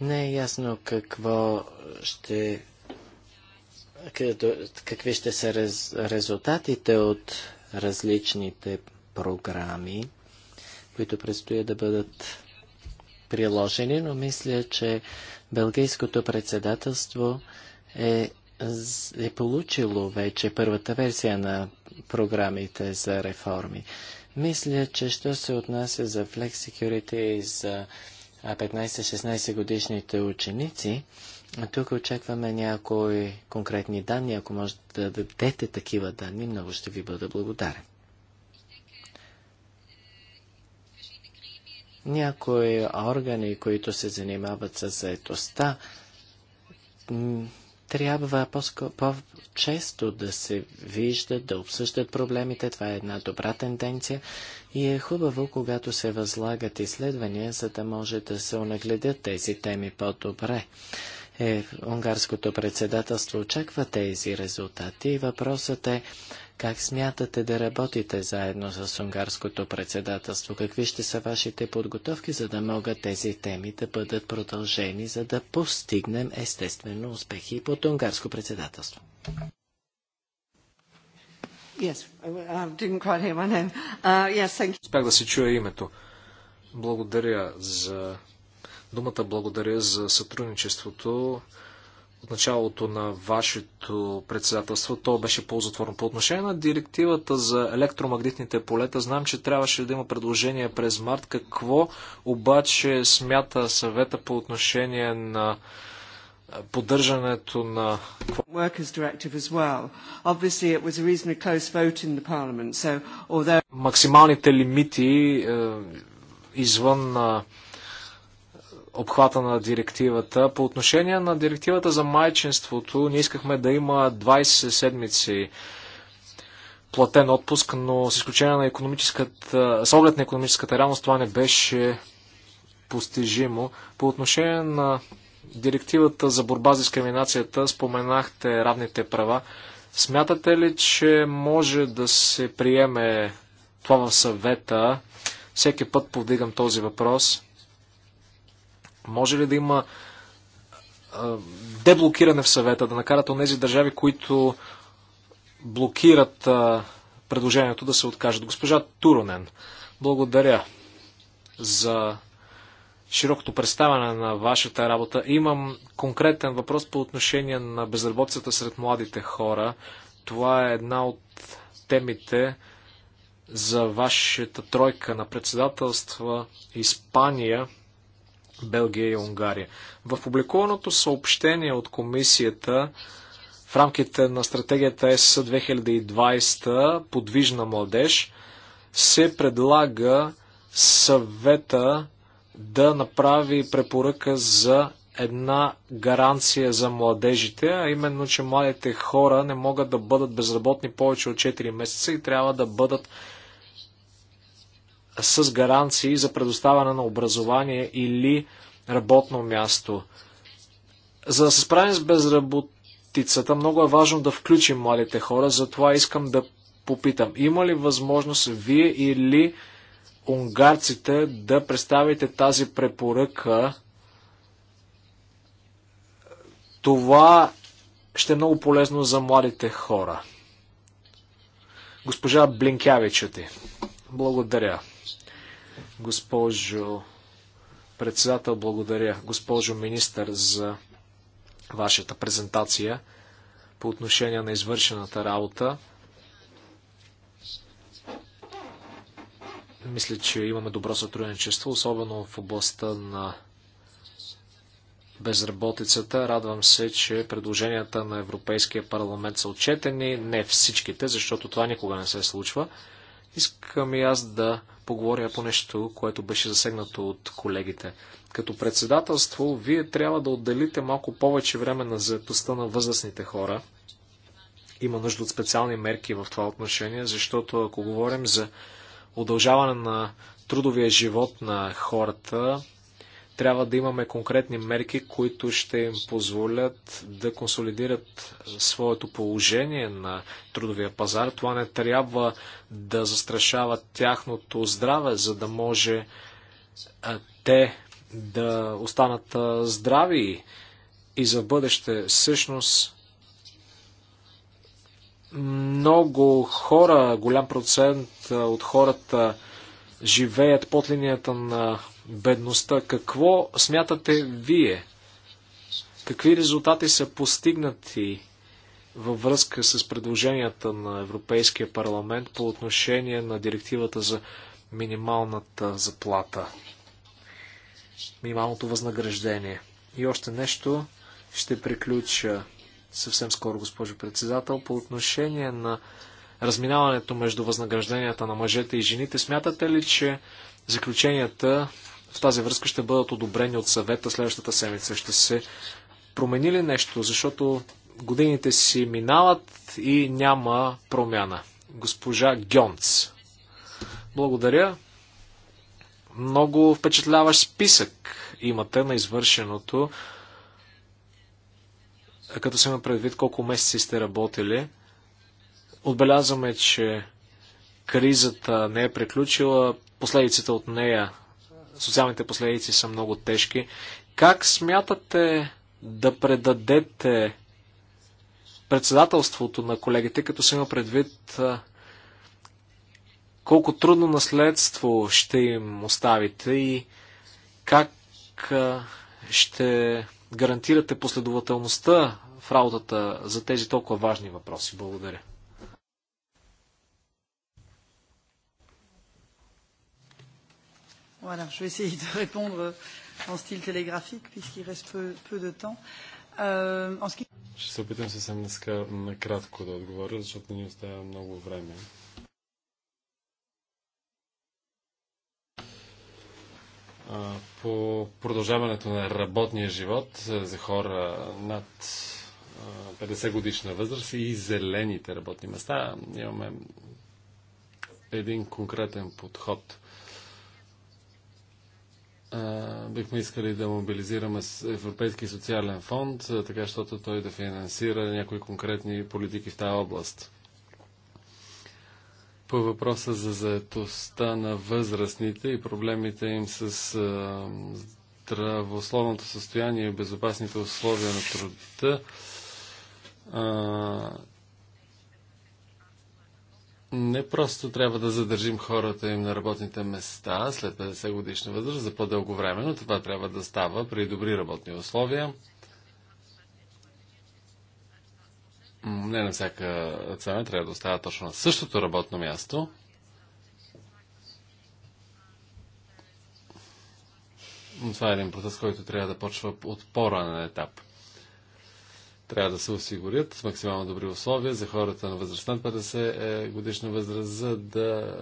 не е ясно какво ще какви ще са рез, резултатите от различните програми, които предстои да бъдат приложени, но мисля, че Белгийското председателство е, е получило вече първата версия на програмите за реформи. Мисля, че що се отнася за Flex Security и за 15-16 годишните ученици. Тук очакваме някои конкретни данни. Ако може да дадете такива данни, много ще ви бъда благодарен. Някои органи, които се занимават с заедостта, трябва по-често да се виждат, да обсъждат проблемите. Това е една добра тенденция и е хубаво, когато се възлагат изследвания, за да може да се онагледят тези теми по-добре. Е, унгарското председателство очаква тези резултати и въпросът е как смятате да работите заедно с унгарското председателство? Какви ще са вашите подготовки, за да могат тези теми да бъдат продължени, за да постигнем естествено успехи под унгарско председателство? Uh, Успях да се чуя името. Благодаря за думата, благодаря за сътрудничеството началото на вашето председателство, то беше ползотворно. По отношение на директивата за електромагнитните полета, знам, че трябваше да има предложение през март. Какво обаче смята съвета по отношение на поддържането на... Максималните лимити е, извън обхвата на директивата. По отношение на директивата за майчинството, ние искахме да има 20 седмици платен отпуск, но с изключение на економическата, с оглед на економическата реалност това не беше постижимо. По отношение на директивата за борба с дискриминацията, споменахте равните права. Смятате ли, че може да се приеме това в съвета? Всеки път повдигам този въпрос. Може ли да има деблокиране в съвета, да накарат от тези държави, които блокират предложението да се откажат. Госпожа Туронен, благодаря за широкото представяне на вашата работа. Имам конкретен въпрос по отношение на безработицата сред младите хора. Това е една от темите за вашата тройка на председателства Испания – Белгия и Унгария. В публикуваното съобщение от комисията в рамките на стратегията ЕС 2020 подвижна младеж се предлага съвета да направи препоръка за една гаранция за младежите, а именно, че младите хора не могат да бъдат безработни повече от 4 месеца и трябва да бъдат с гаранции за предоставяне на образование или работно място. За да се справим с безработицата, много е важно да включим младите хора, затова искам да попитам, има ли възможност вие или унгарците да представите тази препоръка? Това ще е много полезно за младите хора. Госпожа Блинкявича ти. Благодаря. Госпожо председател, благодаря, госпожо министър, за вашата презентация по отношение на извършената работа. Мисля, че имаме добро сътрудничество, особено в областта на безработицата. Радвам се, че предложенията на Европейския парламент са отчетени. Не всичките, защото това никога не се случва. Искам и аз да поговоря по нещо, което беше засегнато от колегите. Като председателство, вие трябва да отделите малко повече време на заедостта на възрастните хора. Има нужда от специални мерки в това отношение, защото ако говорим за удължаване на трудовия живот на хората, трябва да имаме конкретни мерки, които ще им позволят да консолидират своето положение на трудовия пазар. Това не трябва да застрашава тяхното здраве, за да може те да останат здрави и за бъдеще. Всъщност, много хора, голям процент от хората живеят под линията на бедността. Какво смятате вие? Какви резултати са постигнати във връзка с предложенията на Европейския парламент по отношение на директивата за минималната заплата, минималното възнаграждение? И още нещо ще приключа съвсем скоро, госпожо председател, по отношение на разминаването между възнагражденията на мъжете и жените. Смятате ли, че заключенията в тази връзка ще бъдат одобрени от съвета следващата седмица. Ще се промени ли нещо, защото годините си минават и няма промяна. Госпожа Гьонц. Благодаря. Много впечатляващ списък имате на извършеното. Като се има предвид колко месеци сте работили, отбелязваме, че кризата не е приключила, последиците от нея социалните последици са много тежки. Как смятате да предадете председателството на колегите, като се има предвид колко трудно наследство ще им оставите и как ще гарантирате последователността в работата за тези толкова важни въпроси? Благодаря. Voilà, je vais essayer de répondre en style télégraphique puisqu'il reste peu, peu de temps. Euh, en ce qui... Ще се опитам съвсем днеска накратко да отговоря, защото ни оставя много време. По продължаването на работния живот е, за хора над 50 годишна възраст и зелените работни места, имаме един конкретен подход – бихме искали да мобилизираме Европейски социален фонд, така защото той да финансира някои конкретни политики в тази област. По въпроса за заетостта на възрастните и проблемите им с здравословното състояние и безопасните условия на труда, не просто трябва да задържим хората им на работните места след 50 годишна възраст за по-дълго време, но това трябва да става при добри работни условия. Не на всяка цена трябва да остава точно на същото работно място. Но това е един процес, който трябва да почва от по-ранен етап. Трябва да се осигурят с максимално добри условия за хората на възраст над 50 е, годишна възраст, за да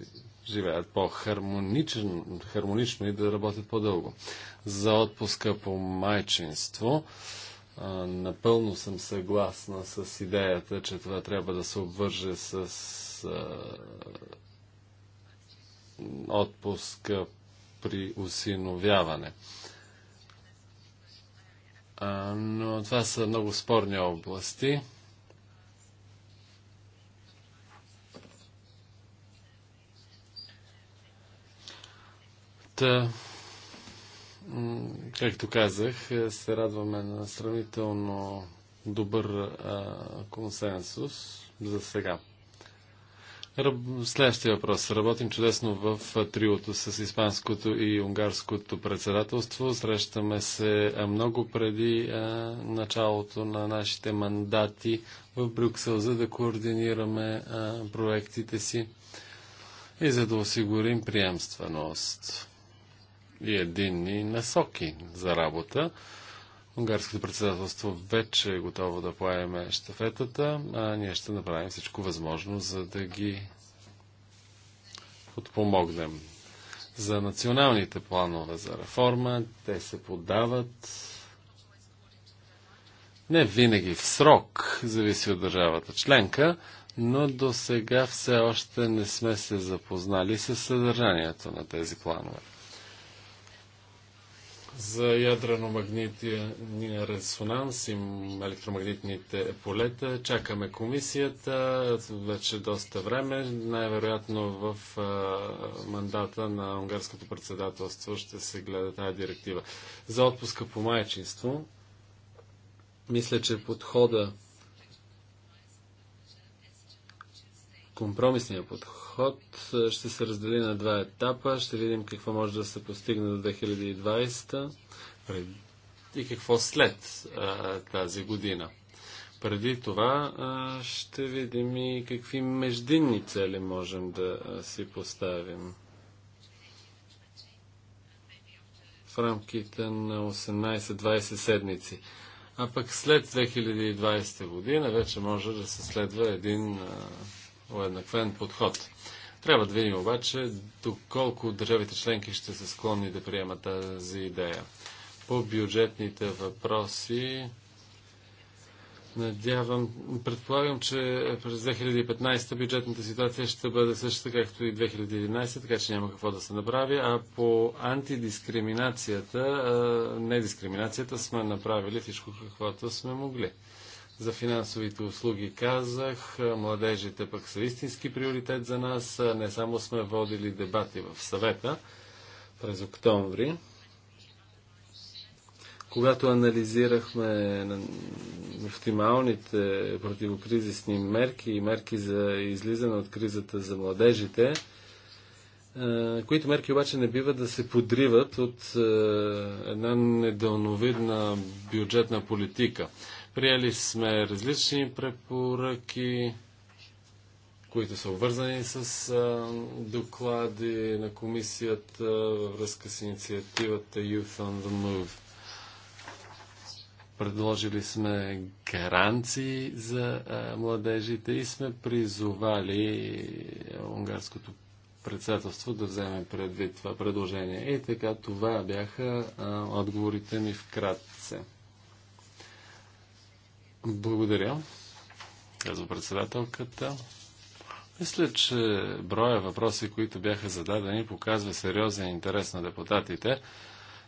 е, живеят по-хармонично хармонично и да работят по-дълго. За отпуска по майчинство е, напълно съм съгласна с идеята, че това трябва да се обвърже с отпуска при осиновяване но това са много спорни области. Та, както казах, е, се радваме на сравнително добър а, консенсус за сега. Ръб... Следващия въпрос. Работим чудесно в триото с испанското и унгарското председателство. Срещаме се много преди а, началото на нашите мандати в Брюксел, за да координираме а, проектите си и за да осигурим приемственост и единни насоки за работа. Унгарското председателство вече е готово да поеме щафетата, а ние ще направим всичко възможно, за да ги подпомогнем. За националните планове за реформа, те се подават не винаги в срок, зависи от държавата членка, но до сега все още не сме се запознали с съдържанието на тези планове за ядрено-магнитния резонанс и електромагнитните полета. Чакаме комисията вече доста време. Най-вероятно в а, мандата на унгарското председателство ще се гледа тази директива. За отпуска по майчинство, мисля, че подхода Компромисния подход ще се раздели на два етапа. Ще видим какво може да се постигне до 2020 и какво след а, тази година. Преди това а, ще видим и какви междинни цели можем да а, си поставим. В рамките на 18-20 седмици. А пък след 2020 година вече може да се следва един а, уеднаквен подход. Трябва да видим обаче доколко държавите членки ще са склонни да приемат тази идея. По бюджетните въпроси Надявам, предполагам, че през 2015 бюджетната ситуация ще бъде същата, както и 2011, така че няма какво да се направи. А по антидискриминацията, недискриминацията сме направили всичко, каквото сме могли. За финансовите услуги казах, младежите пък са истински приоритет за нас. Не само сме водили дебати в съвета през октомври, когато анализирахме оптималните противокризисни мерки и мерки за излизане от кризата за младежите, е, които мерки обаче не бива да се подриват от е, една недълновидна бюджетна политика. Приели сме различни препоръки, които са обвързани с а, доклади на комисията във връзка с инициативата Youth on the Move. Предложили сме гаранции за а, младежите и сме призовали унгарското председателство да вземе предвид това предложение. И така, това бяха а, отговорите ми вкратце. Благодаря, казва председателката. Мисля, че броя въпроси, които бяха зададени, показва сериозен интерес на депутатите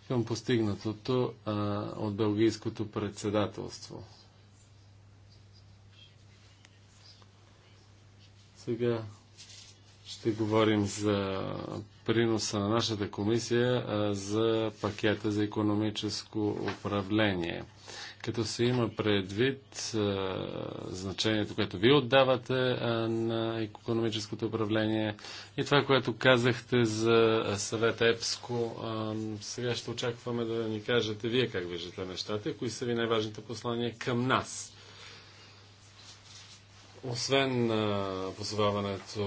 към постигнатото а, от Белгийското председателство. Сега ще говорим за приноса на нашата комисия а, за пакета за економическо управление като се има предвид а, значението, което вие отдавате а, на економическото управление и това, което казахте за съвет ЕПСКО. А, сега ще очакваме да ни кажете вие как виждате нещата кои са ви най-важните послания към нас. Освен а, позоваването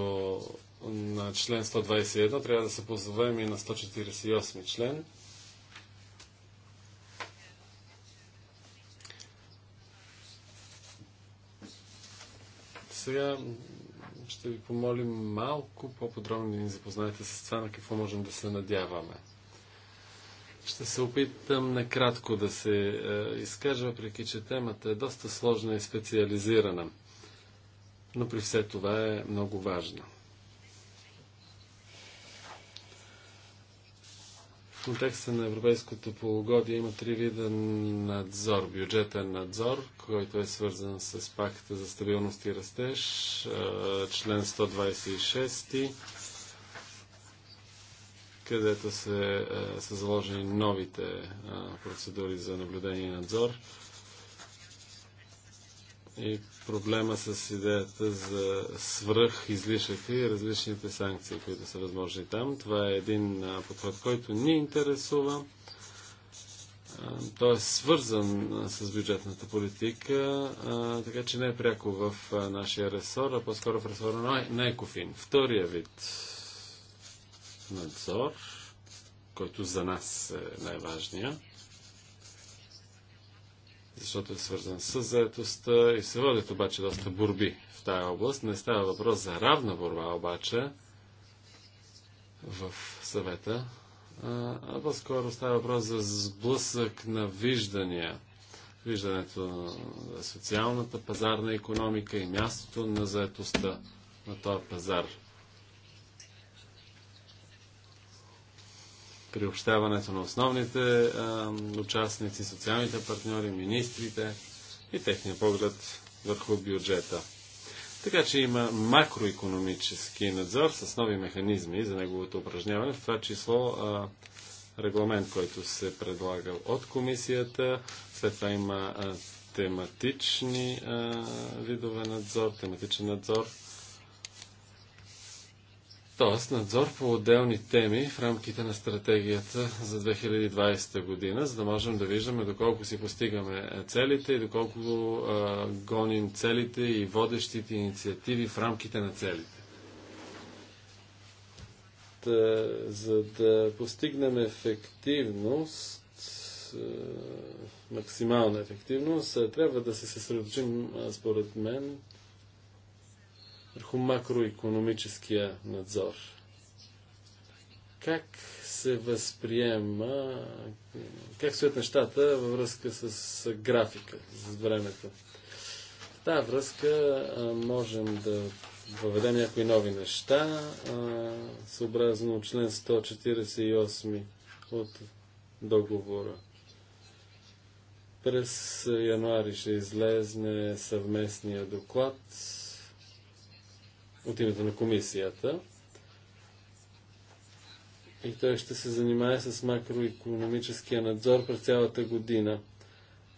на член 121, трябва да се позовем и на 148 член – Сега ще ви помолим малко по-подробно да ни запознаете с това на какво можем да се надяваме. Ще се опитам накратко да се е, изкажа, въпреки че темата е доста сложна и специализирана. Но при все това е много важна. В контекста на европейското полугодие има три вида надзор. Бюджетен надзор, който е свързан с пакта за стабилност и растеж, член 126, където се, са заложени новите процедури за наблюдение и надзор и проблема с идеята за свръх излишъка и различните санкции, които са възможни там. Това е един подход, който ни интересува. Той е свързан с бюджетната политика, така че не е пряко в нашия ресор, а по-скоро в ресора на Екофин. Втория вид надзор, който за нас е най важният защото е свързан с заетостта и се водят обаче доста борби в тая област. Не става въпрос за равна борба обаче в съвета, а по-скоро става въпрос за сблъсък на виждания. Виждането на социалната пазарна економика и мястото на заетостта на този пазар – приобщаването на основните а, участници, социалните партньори, министрите и техния поглед върху бюджета. Така че има макроекономически надзор с нови механизми за неговото упражняване, в това число а, регламент, който се предлага от комисията. След това има а, тематични а, видове надзор, тематичен надзор Тоест надзор по отделни теми в рамките на стратегията за 2020 година, за да можем да виждаме доколко си постигаме е, целите и доколко а, е, гоним целите и водещите инициативи в рамките на целите. Та, за да постигнем ефективност, е, максимална ефективност, трябва да се съсредоточим, според мен, върху макроекономическия надзор. Как се възприема, как стоят нещата във връзка с графика, с времето? В тази връзка можем да въведем някои нови неща, съобразно член 148 от договора. През януари ще излезне съвместния доклад от името на комисията. И той ще се занимае с макроекономическия надзор през цялата година.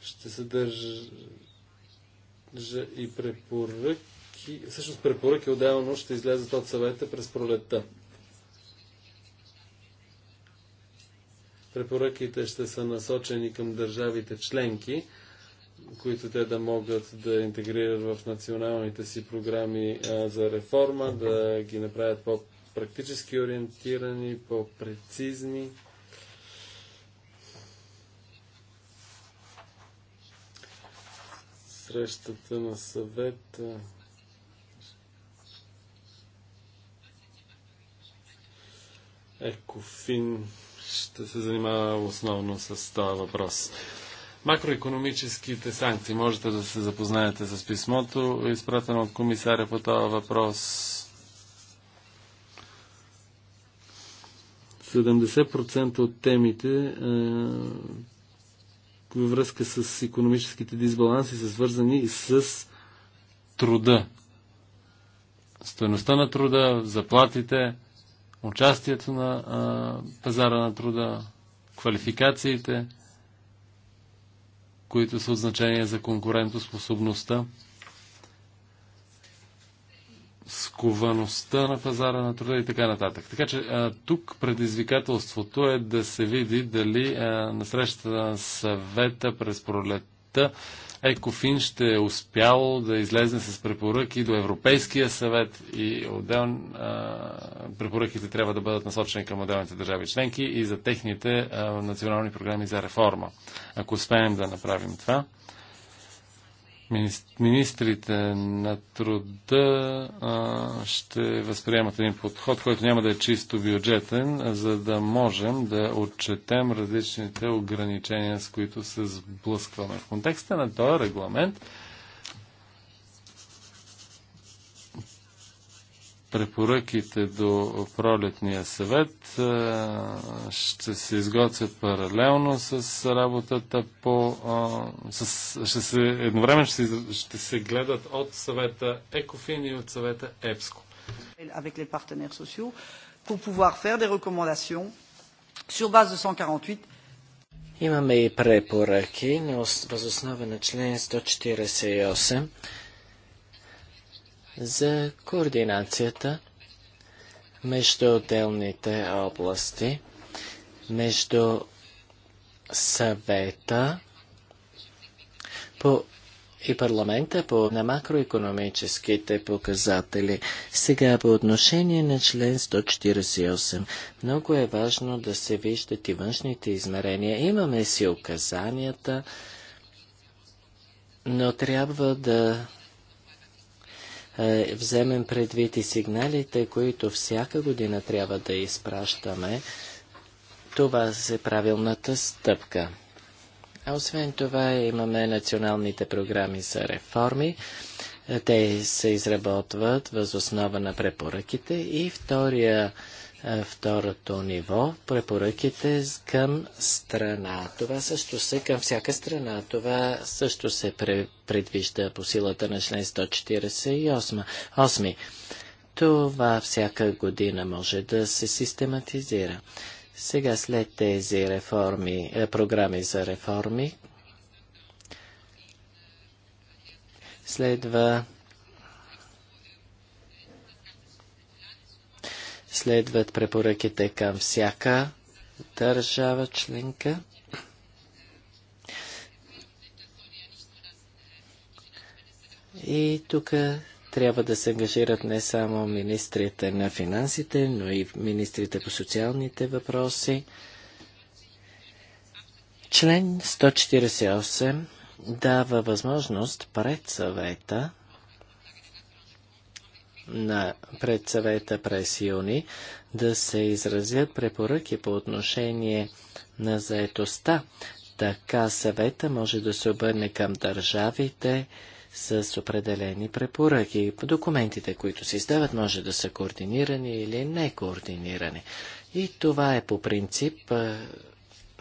Ще съдържа и препоръки. Всъщност препоръки отделно ще излязат от съвета през пролетта. Препоръките ще са насочени към държавите членки които те да могат да интегрират в националните си програми за реформа, да ги направят по-практически ориентирани, по-прецизни. Срещата на съвета. Екофин ще се занимава основно с това въпрос. Макроекономическите санкции. Можете да се запознаете с писмото, изпратено от комисаря по този въпрос. 70% от темите е, във връзка с економическите дисбаланси са свързани с труда. Стоеността на труда, заплатите, участието на е, пазара на труда, квалификациите които са от значение за конкурентоспособността, сковаността на пазара на труда и така нататък. Така че а, тук предизвикателството е да се види дали а, на срещата на съвета през пролет света. Екофин ще е успял да излезе с препоръки до Европейския съвет и отделно препоръките трябва да бъдат насочени към отделните държави членки и за техните а, национални програми за реформа. Ако успеем да направим това, министрите на труда а, ще възприемат един подход, който няма да е чисто бюджетен, за да можем да отчетем различните ограничения, с които се сблъскваме. В контекста на този регламент препоръките до пролетния съвет ще се изготвят паралелно с работата по... С, ще се, едновременно ще се, ще се гледат от съвета ЕКОФИН и от съвета ЕПСКО. Avec les partenaires sociaux pour pouvoir faire des recommandations sur base de 148 Имаме и препоръки на основа на член 148 за координацията между отделните области, между съвета по и парламента по на макроекономическите показатели. Сега по отношение на член 148. Много е важно да се виждат и външните измерения. Имаме си указанията, но трябва да е, вземем предвид и сигналите, които всяка година трябва да изпращаме, това е правилната стъпка. А освен това имаме националните програми за реформи. Те се изработват въз основа на препоръките. И втория е, второто ниво – препоръките към страна. Това също се към всяка страна. Това също се предвижда по силата на член 148. Това всяка година може да се систематизира. Сега след тези реформи, е, програми за реформи, следва Следват препоръките към всяка държава членка. И тук трябва да се ангажират не само министрите на финансите, но и министрите по социалните въпроси. Член 148 дава възможност пред съвета на пред съвета през юни да се изразят препоръки по отношение на заетостта. Така съвета може да се обърне към държавите с определени препоръки. Документите, които се издават, може да са координирани или некоординирани. И това е по принцип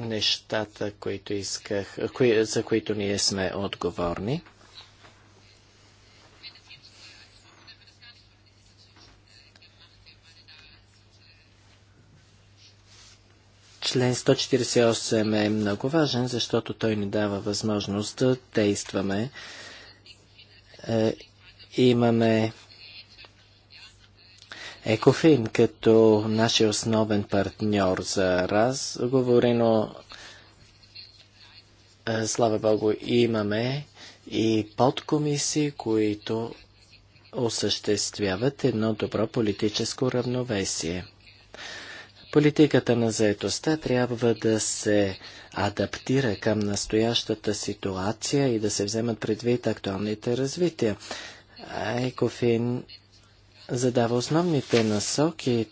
нещата, които исках, кои, за които ние сме отговорни. Член 148 е много важен, защото той ни дава възможност да действаме. Е, имаме Екофин като нашия основен партньор за разговори, но е, слава Богу имаме и подкомисии, които осъществяват едно добро политическо равновесие. Политиката на заетостта трябва да се адаптира към настоящата ситуация и да се вземат предвид актуалните развития. Екофин задава основните насоки,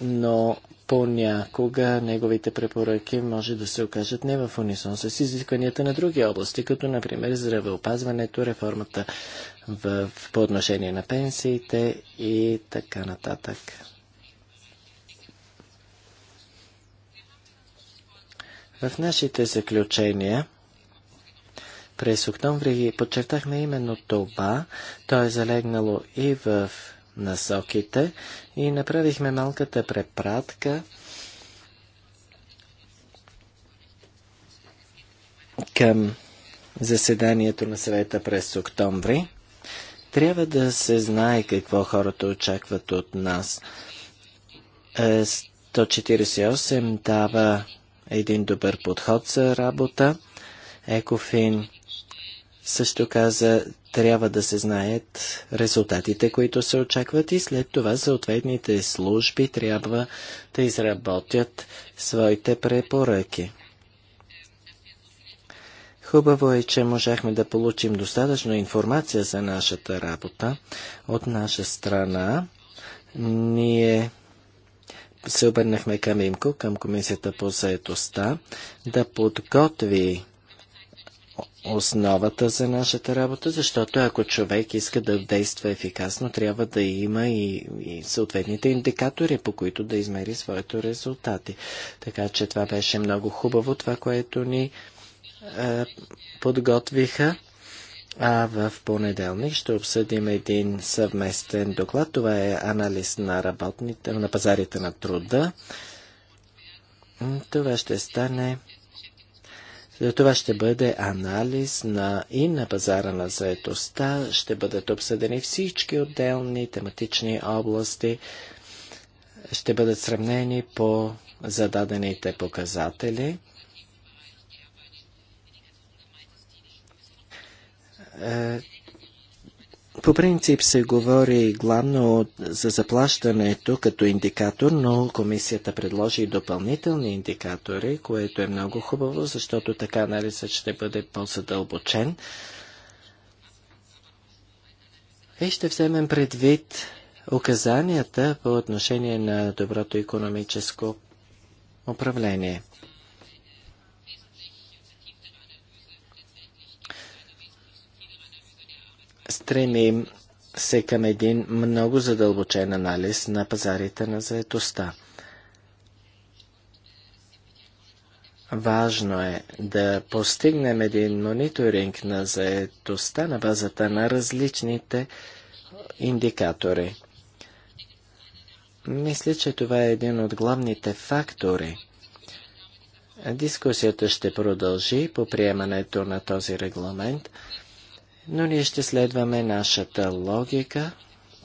но понякога неговите препоръки може да се окажат не в унисон с изискванията на други области, като например здравеопазването, реформата в, по отношение на пенсиите и така нататък. В нашите заключения през октомври подчертахме именно това. То е залегнало и в насоките и направихме малката препратка към заседанието на съвета през октомври. Трябва да се знае какво хората очакват от нас. 148 е, дава един добър подход за работа. Екофин също каза, трябва да се знаят резултатите, които се очакват и след това съответните служби трябва да изработят своите препоръки. Хубаво е, че можахме да получим достатъчно информация за нашата работа от наша страна. Ние се обърнахме към ИМКО, към Комисията по заедостта, да подготви основата за нашата работа, защото ако човек иска да действа ефикасно, трябва да има и, и съответните индикатори, по които да измери своите резултати. Така че това беше много хубаво, това, което ни е, подготвиха. А в понеделник ще обсъдим един съвместен доклад. Това е анализ на, работните, на пазарите на труда. Това ще стане. Това ще бъде анализ на и на пазара на заетостта. Ще бъдат обсъдени всички отделни тематични области. Ще бъдат сравнени по зададените показатели. Е, по принцип се говори главно за заплащането като индикатор, но комисията предложи и допълнителни индикатори, което е много хубаво, защото така анализът ще бъде по-задълбочен. И ще вземем предвид указанията по отношение на доброто економическо управление. стремим се към един много задълбочен анализ на пазарите на заетостта. Важно е да постигнем един мониторинг на заетостта на базата на различните индикатори. Мисля, че това е един от главните фактори. Дискусията ще продължи по приемането на този регламент. Но ние ще следваме нашата логика.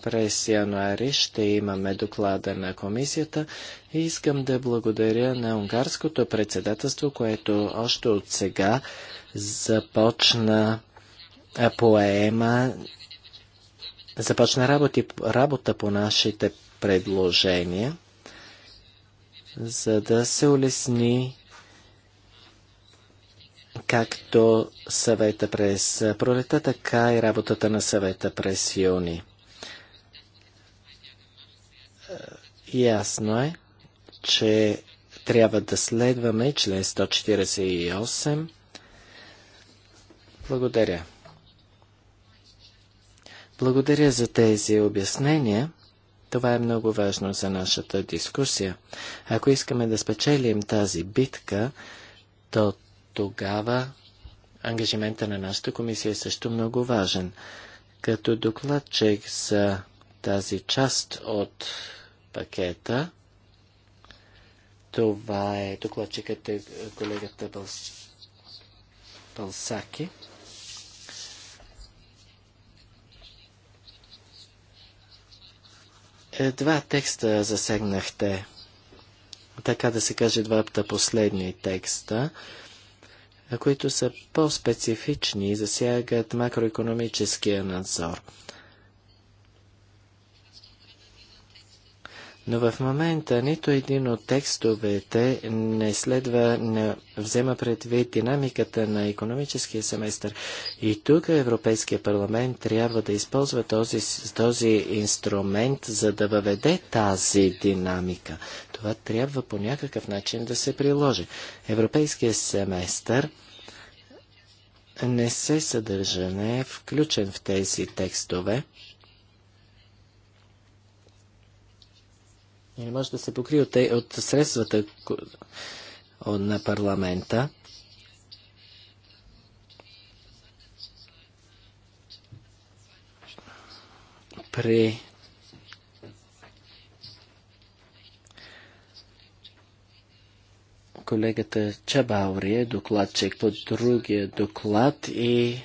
През януари ще имаме доклада на комисията и искам да благодаря на унгарското председателство, което още от сега започна поема, започна работи, работа по нашите предложения, за да се улесни както съвета през пролета, така и работата на съвета през юни. Е, ясно е, че трябва да следваме член 148. Благодаря. Благодаря за тези обяснения. Това е много важно за нашата дискусия. Ако искаме да спечелим тази битка, то тогава ангажимента на нашата комисия е също много важен. Като докладчик за тази част от пакета, това е докладчикът е колегата Бълс... Е, два текста засегнахте, така да се каже, двата последни текста които са по-специфични и засягат макроекономическия надзор. Но в момента нито един от текстовете не следва, не взема предвид динамиката на економическия семестър. И тук Европейския парламент трябва да използва този, този инструмент, за да въведе тази динамика това трябва по някакъв начин да се приложи. Европейският семестър не се съдържа, не е включен в тези текстове. И не може да се покри от, от средствата на парламента. При Колегата Чабаурия, е докладчик по другия доклад и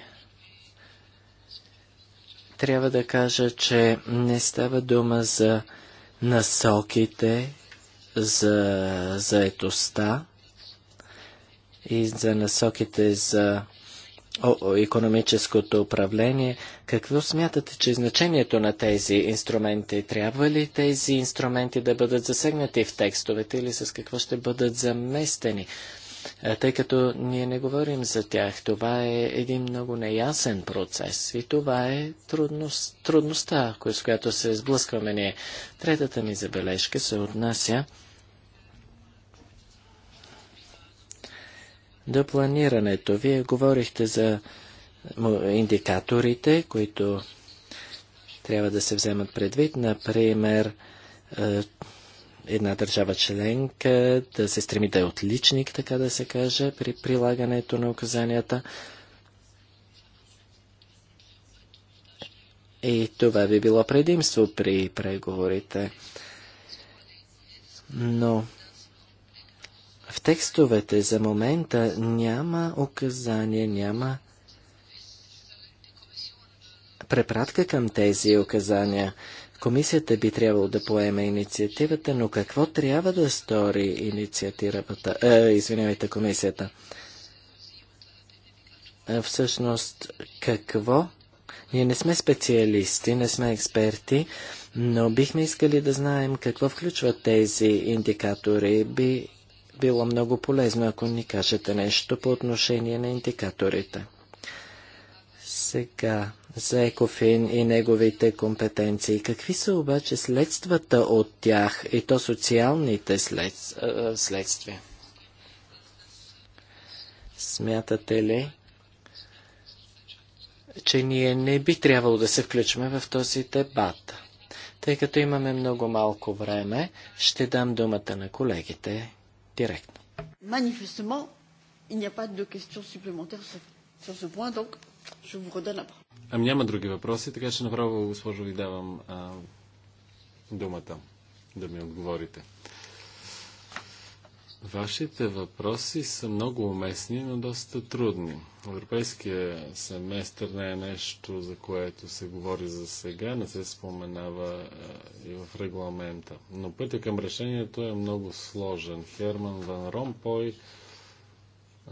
трябва да кажа, че не става дума за насоките за заетостта и за насоките за економическото управление. Какво смятате, че е значението на тези инструменти? Трябва ли тези инструменти да бъдат засегнати в текстовете или с какво ще бъдат заместени? Тъй като ние не говорим за тях, това е един много неясен процес и това е трудност, трудността, с която се сблъскваме ние. Третата ми забележка се отнася до планирането. Вие говорихте за индикаторите, които трябва да се вземат предвид. Например, е, една държава членка да се стреми да е отличник, така да се каже, при прилагането на указанията. И това би било предимство при преговорите. Но в текстовете за момента няма указания, няма препратка към тези указания. Комисията би трябвало да поеме инициативата, но какво трябва да стори инициативата, е, извинявайте, комисията? Е, всъщност, какво? Ние не сме специалисти, не сме експерти, но бихме искали да знаем какво включват тези индикатори. Би било много полезно, ако ни кажете нещо по отношение на индикаторите. Сега за Екофин и неговите компетенции. Какви са обаче следствата от тях и то социалните след... следствия? Смятате ли, че ние не би трябвало да се включваме в този дебат? Тъй като имаме много малко време, ще дам думата на колегите директно. Ами няма други въпроси, така че направо, госпожо, ви давам а, думата да ми отговорите. Вашите въпроси са много уместни, но доста трудни. Европейския семестър не е нещо, за което се говори за сега, не се споменава е, и в регламента. Но пътя към решението е много сложен. Херман Ван Ромпой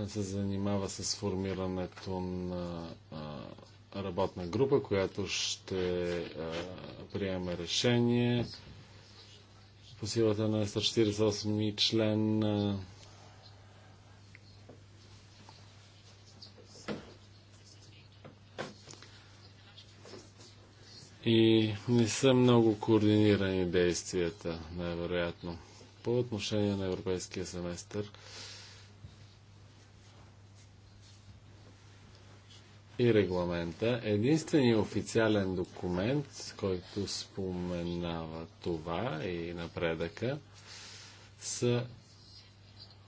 се занимава с формирането на работна група, която ще приеме решение по силата на 148 член и не са много координирани действията, най-вероятно. По отношение на европейския семестър, и регламента. Единственият официален документ, който споменава това и напредъка, са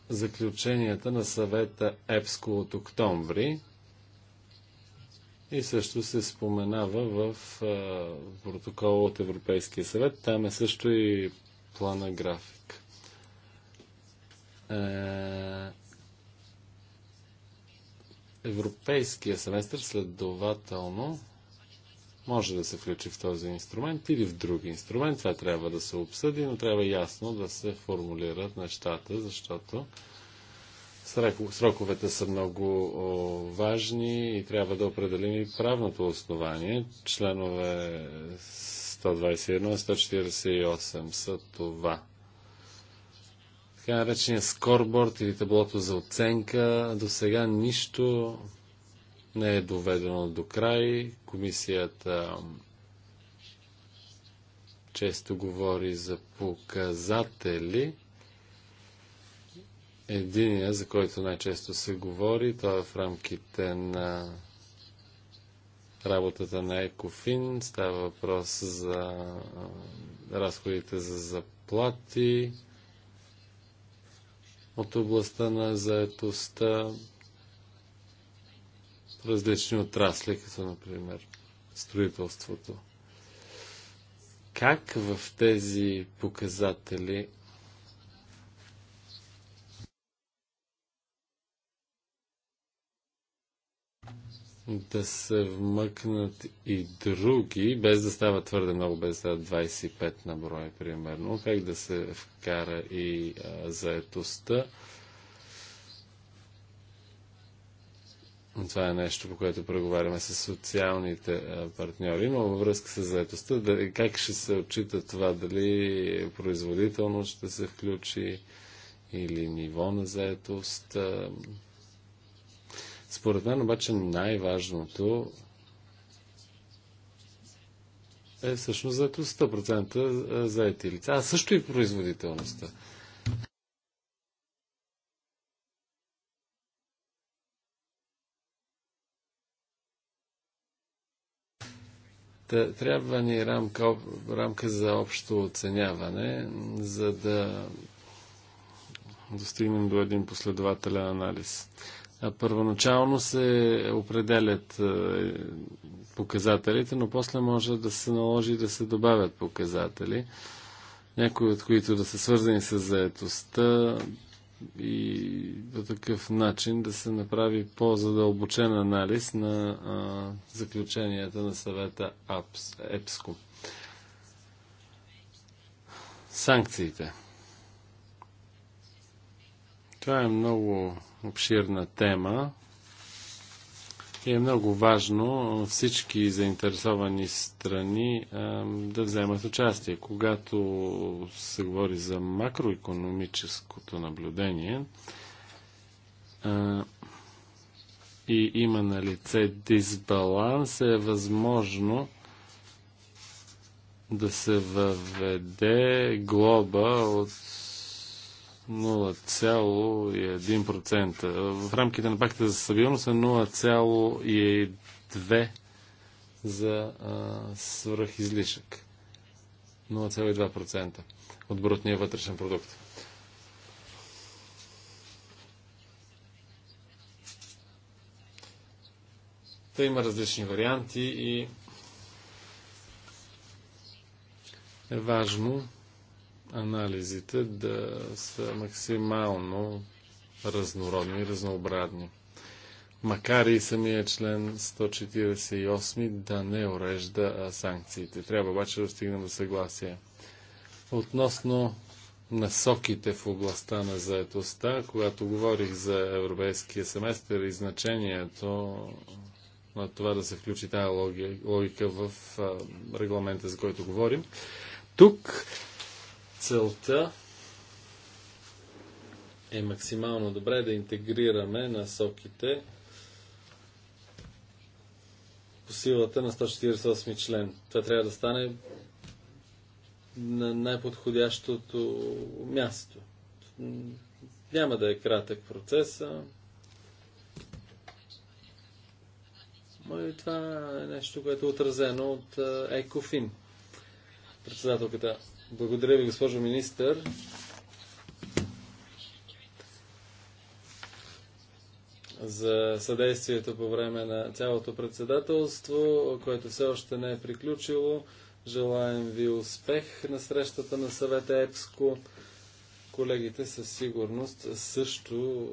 заключенията на съвета ЕПСКО от октомври и също се споменава в протокола от Европейския съвет. Там е също и плана график. Е, Европейския семестър следователно може да се включи в този инструмент или в друг инструмент. Това трябва да се обсъди, но трябва ясно да се формулират нещата, защото сроковете са много важни и трябва да определим и правното основание. Членове 121-148 са това така наречения скорборд или таблото за оценка. До сега нищо не е доведено до край. Комисията често говори за показатели. Единия, за който най-често се говори, той е в рамките на работата на Екофин. Става въпрос за разходите за заплати, от областта на заетостта в различни отрасли, като например строителството. Как в тези показатели да се вмъкнат и други, без да става твърде много, без да 25 на брой, примерно, как да се вкара и а, заетостта. Това е нещо, по което преговаряме с социалните партньори, но във връзка с заетостта, как ще се отчита това, дали производителност ще се включи или ниво на заетост. А, според мен обаче най-важното е всъщност заето 100% е, заети лица, а също и производителността. трябва ни рамка, рамка за общо оценяване, за да достигнем до един последователен анализ първоначално се определят е, показателите, но после може да се наложи да се добавят показатели, някои от които да са свързани с заетостта и по такъв начин да се направи по-задълбочен анализ на а, заключенията на съвета АПС, ЕПСКО. Санкциите. Това е много обширна тема и е много важно всички заинтересовани страни да вземат участие. Когато се говори за макроекономическото наблюдение и има на лице дисбаланс, е възможно да се въведе глоба от 0,1%. В рамките на пакта за стабилност е 0,2% за а, свръхизлишък. 0,2% от брутния вътрешен продукт. Та има различни варианти и е важно анализите да са максимално разнородни и разнообразни. Макар и самия член 148 да не урежда санкциите. Трябва обаче да стигнем до съгласие. Относно насоките в областта на заетостта, когато говорих за европейския семестър и значението на това да се включи тази логика в регламента, за който говорим, тук целта е максимално добре да интегрираме насоките по силата на 148 член. Това трябва да стане на най-подходящото място. Няма да е кратък процес. Но и това е нещо, което е отразено от Екофин. Председателката благодаря ви, госпожо министър. за съдействието по време на цялото председателство, което все още не е приключило. Желаем ви успех на срещата на съвета ЕПСКО. Колегите със сигурност също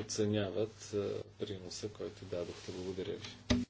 оценяват приноса, който дадохте. Благодаря ви.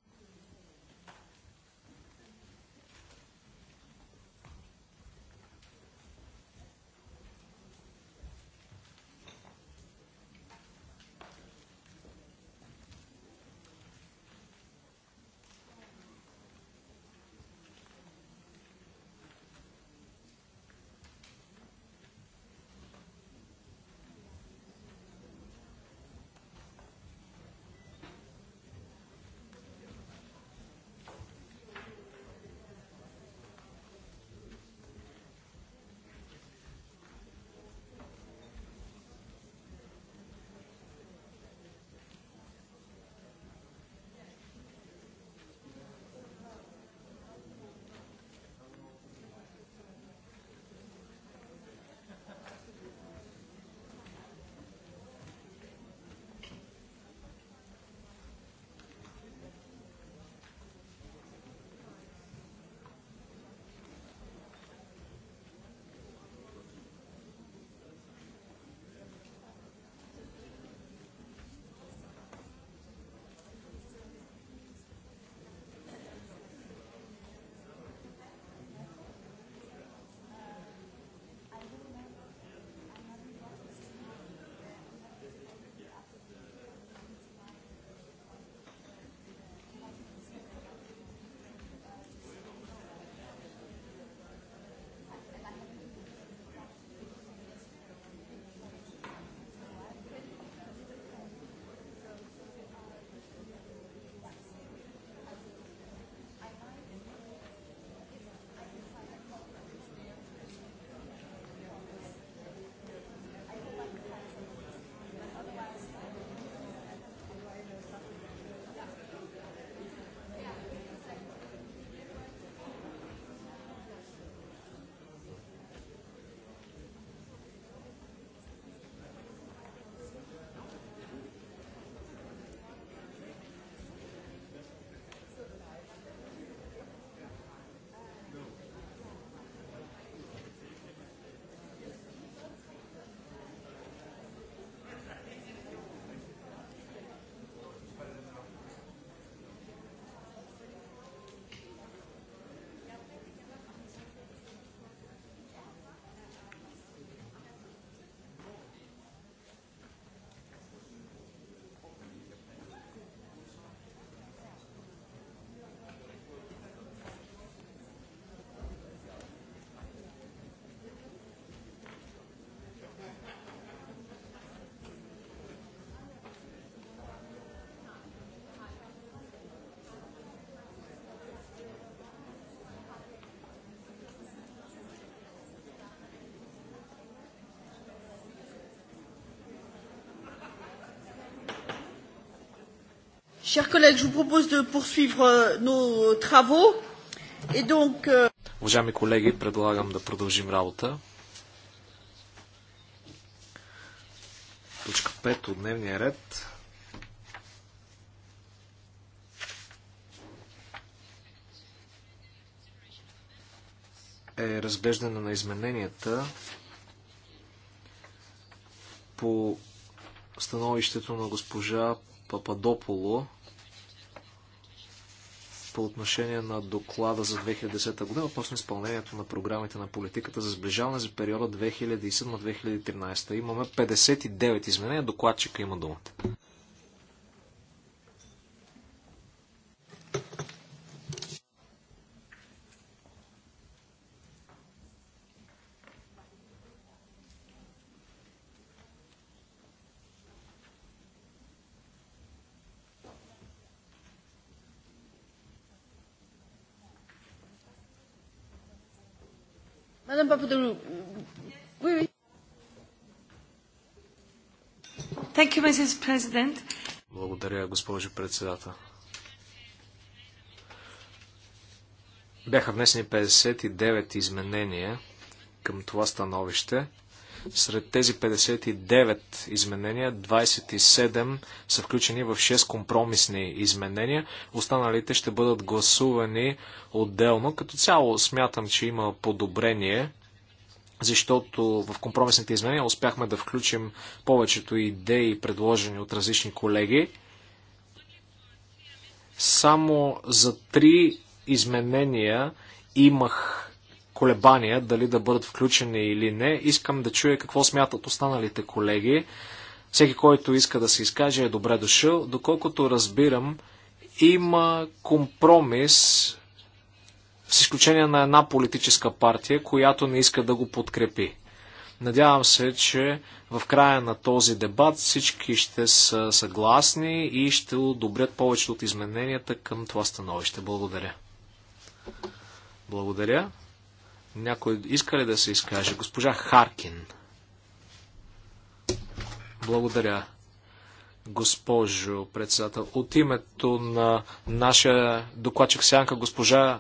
Chers collègues, je vous propose de poursuivre euh, nos euh, travaux. Et donc, euh, Уважаеми колеги, предлагам да продължим работа. Точка 5 от дневния ред. е разглеждане на измененията по становището на госпожа Пападополо по отношение на доклада за 2010 година относно изпълнението на програмите на политиката за сближаване за периода 2007-2013. Имаме 59 изменения. Докладчика има думата. Благодаря, госпожо председател. Бяха внесени 59 изменения към това становище. Сред тези 59 изменения, 27 са включени в 6 компромисни изменения. Останалите ще бъдат гласувани отделно. Като цяло смятам, че има подобрение защото в компромисните изменения успяхме да включим повечето идеи, предложени от различни колеги. Само за три изменения имах колебания дали да бъдат включени или не. Искам да чуя какво смятат останалите колеги. Всеки, който иска да се изкаже, е добре дошъл. Доколкото разбирам, има компромис с изключение на една политическа партия, която не иска да го подкрепи. Надявам се, че в края на този дебат всички ще са съгласни и ще одобрят повече от измененията към това становище. Благодаря. Благодаря. Някой иска ли да се изкаже? Госпожа Харкин. Благодаря, госпожо председател. От името на нашия докладчик Сянка, госпожа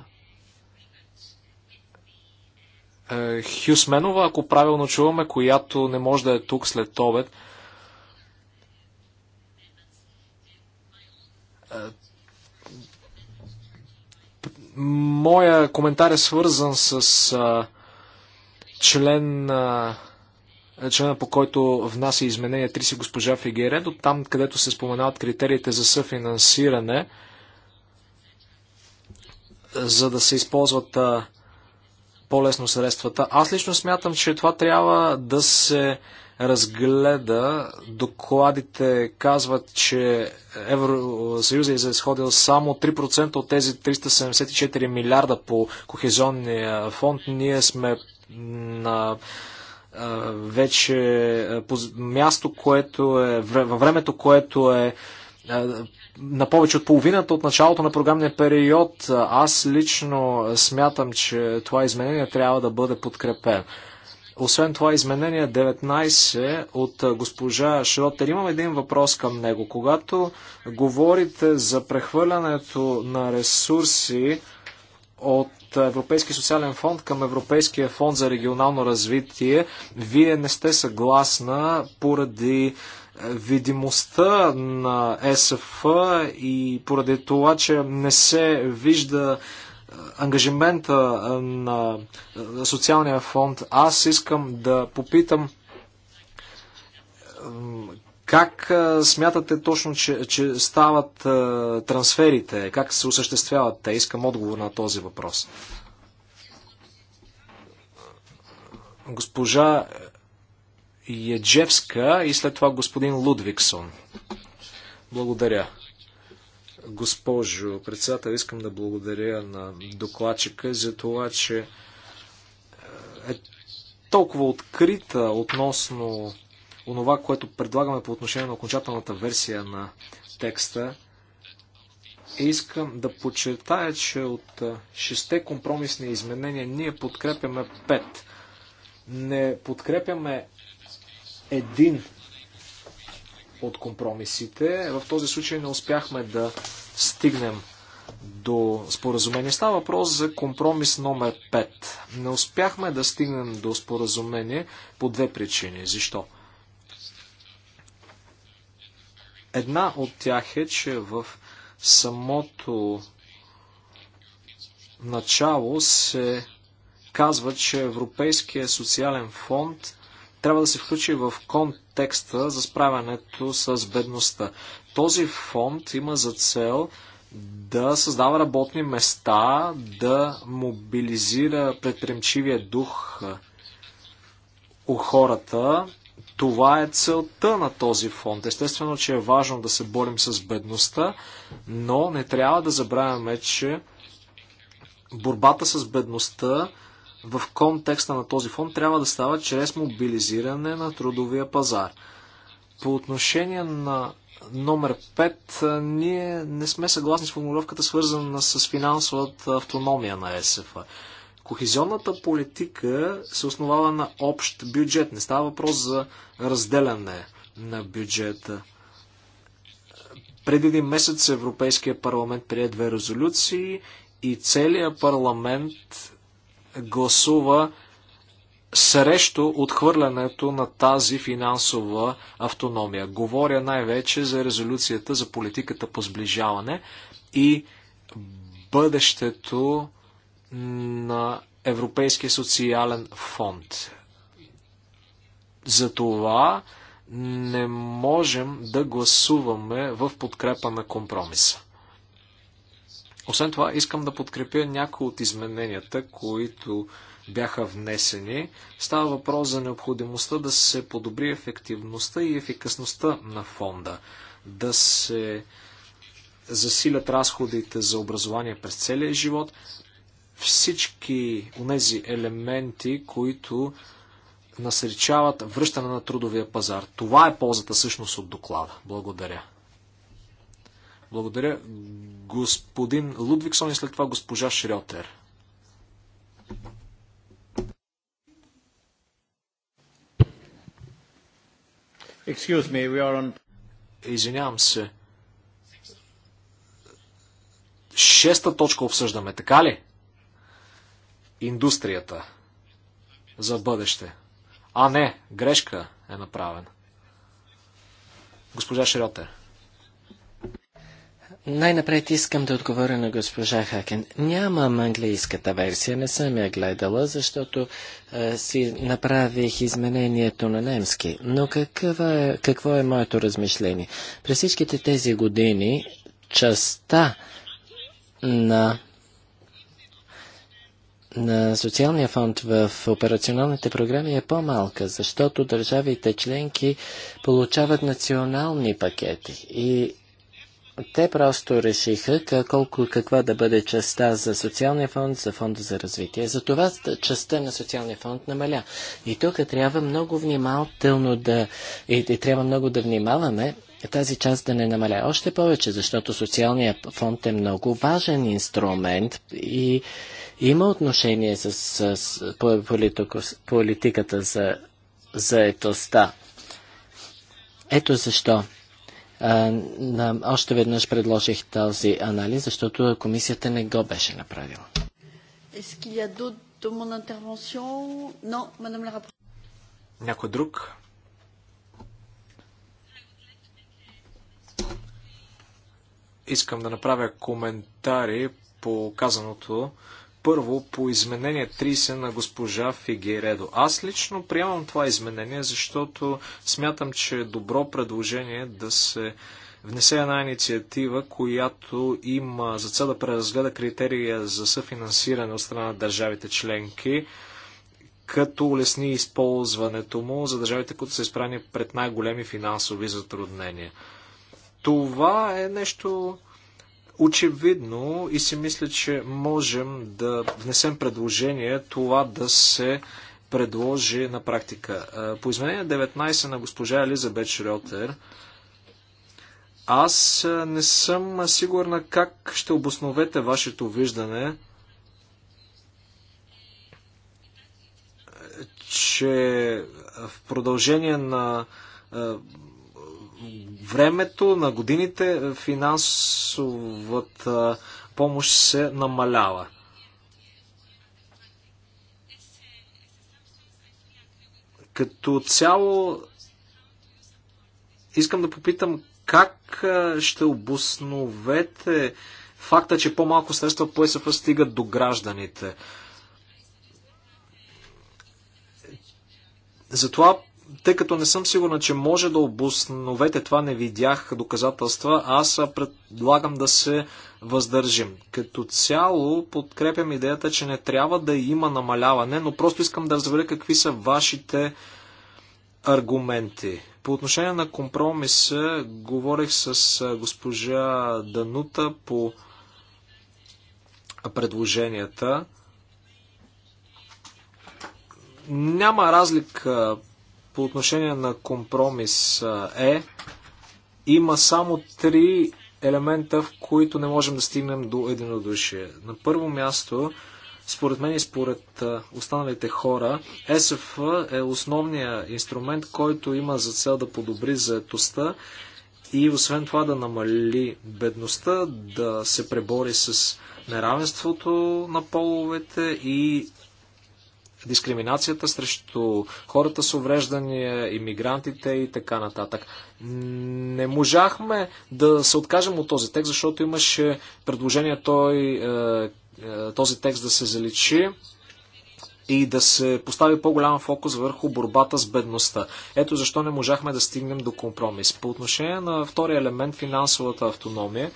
е, Хюсменова, ако правилно чуваме, която не може да е тук след обед. Е, моя коментар е свързан с а, член, а, члена по който внася изменение 30 госпожа Фигередо, там където се споменават критериите за съфинансиране, за да се използват а, по-лесно средствата. Аз лично смятам, че това трябва да се разгледа. Докладите казват, че Евросъюза е изразходил само 3% от тези 374 милиарда по кохезионния фонд. Ние сме на вече място, което е във времето, което е на повече от половината от началото на програмния период. Аз лично смятам, че това изменение трябва да бъде подкрепено. Освен това изменение 19 от госпожа Шротер, имам един въпрос към него. Когато говорите за прехвърлянето на ресурси от Европейския социален фонд към Европейския фонд за регионално развитие, вие не сте съгласна поради видимостта на СФ и поради това, че не се вижда ангажимента на социалния фонд, аз искам да попитам как смятате точно, че, че стават трансферите? Как се осъществяват те? Искам отговор на този въпрос. Госпожа Еджевска и след това господин Лудвиксон. Благодаря. Госпожо председател, искам да благодаря на докладчика за това, че е, е толкова открита относно онова, което предлагаме по отношение на окончателната версия на текста. И искам да подчертая, че от е, шесте компромисни изменения ние подкрепяме пет. Не подкрепяме един от компромисите. В този случай не успяхме да стигнем до споразумение. Става въпрос за компромис номер 5. Не успяхме да стигнем до споразумение по две причини. Защо? Една от тях е, че в самото начало се казва, че Европейския социален фонд трябва да се включи в контекста за справянето с бедността. Този фонд има за цел да създава работни места, да мобилизира предприемчивия дух у хората. Това е целта на този фонд. Естествено, че е важно да се борим с бедността, но не трябва да забравяме, че борбата с бедността в контекста на този фонд трябва да става чрез мобилизиране на трудовия пазар. По отношение на номер 5, ние не сме съгласни с формулировката, свързана с финансовата автономия на СФ. Кохезионната политика се основава на общ бюджет. Не става въпрос за разделяне на бюджета. Преди един месец Европейския парламент прие две резолюции и целият парламент гласува срещу отхвърлянето на тази финансова автономия. Говоря най-вече за резолюцията за политиката по сближаване и бъдещето на Европейския социален фонд. За това не можем да гласуваме в подкрепа на компромиса. Освен това, искам да подкрепя някои от измененията, които бяха внесени. Става въпрос за необходимостта да се подобри ефективността и ефикасността на фонда, да се засилят разходите за образование през целия живот, всички онези елементи, които насречават връщане на трудовия пазар. Това е ползата всъщност от доклада. Благодаря. Благодаря господин Лудвиксон и след това госпожа Шриотер. Извинявам се. Шеста точка обсъждаме, така ли? Индустрията. За бъдеще. А не, грешка е направена. Госпожа Широтер. Най-напред искам да отговоря на госпожа Хакен. Нямам английската версия, не съм я гледала, защото е, си направих изменението на немски. Но каква е, какво е моето размишление? През всичките тези години частта на на социалния фонд в операционалните програми е по-малка, защото държавите членки получават национални пакети и те просто решиха колко, каква да бъде частта за социалния фонд, за фонда за развитие. Затова частта на социалния фонд намаля. И тук трябва много внимателно да, и, и трябва много да внимаваме тази част да не намаля. Още повече, защото социалният фонд е много важен инструмент и има отношение с, с, с политиката за заетостта. Ето защо още веднъж предложих този анализ, защото комисията не го беше направила. Някой друг? Искам да направя коментари по казаното първо по изменение 30 на госпожа Фигередо. Аз лично приемам това изменение, защото смятам, че е добро предложение да се внесе една инициатива, която има за цел да преразгледа критерия за съфинансиране от страна на държавите членки, като улесни използването му за държавите, които са изправени пред най-големи финансови затруднения. Това е нещо, очевидно и си мисля, че можем да внесем предложение това да се предложи на практика. По изменение 19 на госпожа Елизабет Шрьотер, аз не съм сигурна как ще обосновете вашето виждане, че в продължение на времето, на годините е, финансовата помощ се намалява. Като цяло искам да попитам как е, ще обосновете факта, че по-малко средства по СФ стигат до гражданите. Затова тъй като не съм сигурна, че може да обосновете това, не видях доказателства, аз предлагам да се въздържим. Като цяло подкрепям идеята, че не трябва да има намаляване, но просто искам да разбера какви са вашите аргументи. По отношение на компромиса, говорих с госпожа Данута по предложенията. Няма разлика по отношение на компромис е, има само три елемента, в които не можем да стигнем до единодушие. На първо място, според мен и според останалите хора, СФ е основният инструмент, който има за цел да подобри заетостта и освен това да намали бедността, да се пребори с неравенството на половете и дискриминацията срещу хората с увреждания, иммигрантите и така нататък. Не можахме да се откажем от този текст, защото имаше предложение той, е, е, този текст да се заличи и да се постави по-голям фокус върху борбата с бедността. Ето защо не можахме да стигнем до компромис. По отношение на втория елемент, финансовата автономия,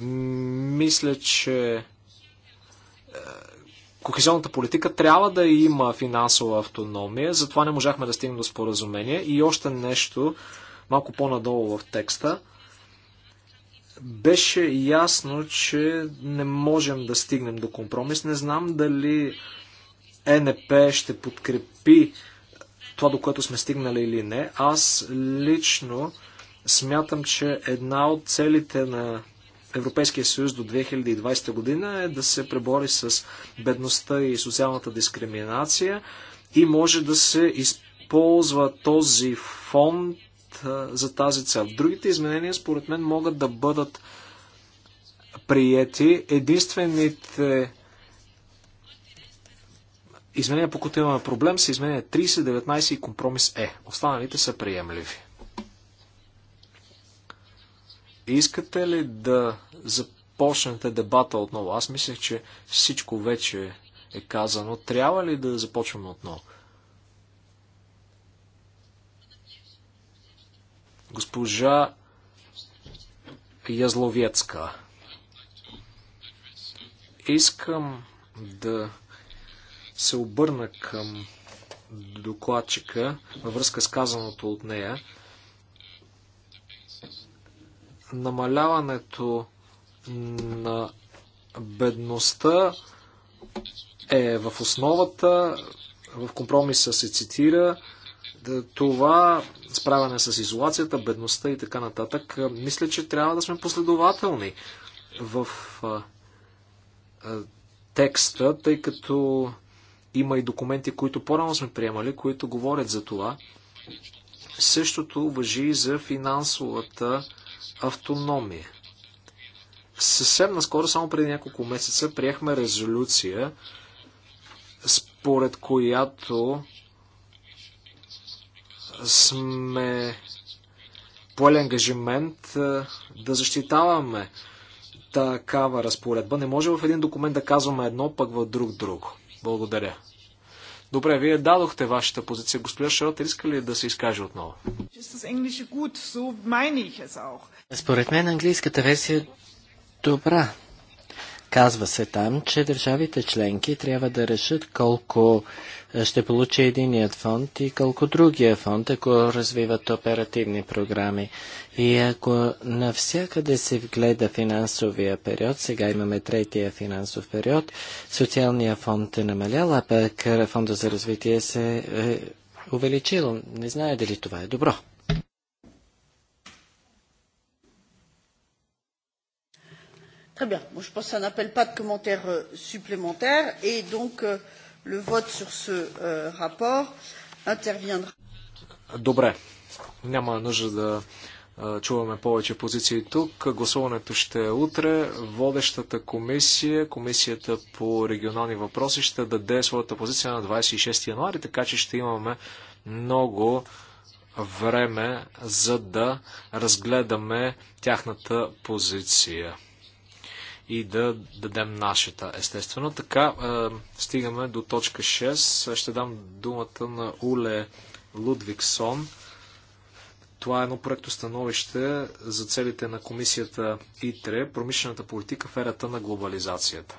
мисля, че е, Кохезионната политика трябва да има финансова автономия, затова не можахме да стигнем до споразумение. И още нещо, малко по-надолу в текста, беше ясно, че не можем да стигнем до компромис. Не знам дали ЕНП ще подкрепи това, до което сме стигнали или не. Аз лично смятам, че една от целите на Европейския съюз до 2020 година е да се пребори с бедността и социалната дискриминация и може да се използва този фонд за тази цел. Другите изменения, според мен, могат да бъдат приети. Единствените изменения, по които имаме проблем, са изменения 30, 19 и компромис Е. Останалите са приемливи. Искате ли да започнете дебата отново? Аз мислех, че всичко вече е казано. Трябва ли да започваме отново? Госпожа Язловецка. Искам да се обърна към докладчика във връзка с казаното от нея намаляването на бедността е в основата, в компромиса се цитира това справяне с изолацията, бедността и така нататък. Мисля, че трябва да сме последователни в текста, тъй като има и документи, които по-рано сме приемали, които говорят за това. Същото въжи и за финансовата автономия. Съвсем наскоро, само преди няколко месеца, приехме резолюция, според която сме поели ангажимент да защитаваме такава разпоредба. Не може в един документ да казваме едно, пък в друг друго. Благодаря. Добре, вие дадохте вашата позиция. Госпожа Шарот, иска ли да се изкаже отново? Според мен английската версия е добра. Казва се там, че държавите членки трябва да решат колко е, ще получи единият фонд и колко другия фонд, ако развиват оперативни програми. И ако навсякъде се вгледа финансовия период, сега имаме третия финансов период, социалния фонд е намалял, а пък е, фонда за развитие се е увеличил. Не знае дали това е добро. Très bien. Moi, je pense que ça n'appelle pas de commentaires euh, supplémentaires et donc euh, le vote sur ce euh, rapport interviendra. Добре. Няма нужда да чуваме повече позиции тук. Гласуването ще е утре. Водещата комисия, комисията по регионални въпроси, ще даде своята позиция на 26 януари, така че ще имаме много време за да разгледаме тяхната позиция и да дадем нашата. Естествено, така е, стигаме до точка 6. Ще дам думата на Уле Лудвиксон. Това е едно проекто становище за целите на комисията ИТРЕ, промишлената политика в ерата на глобализацията.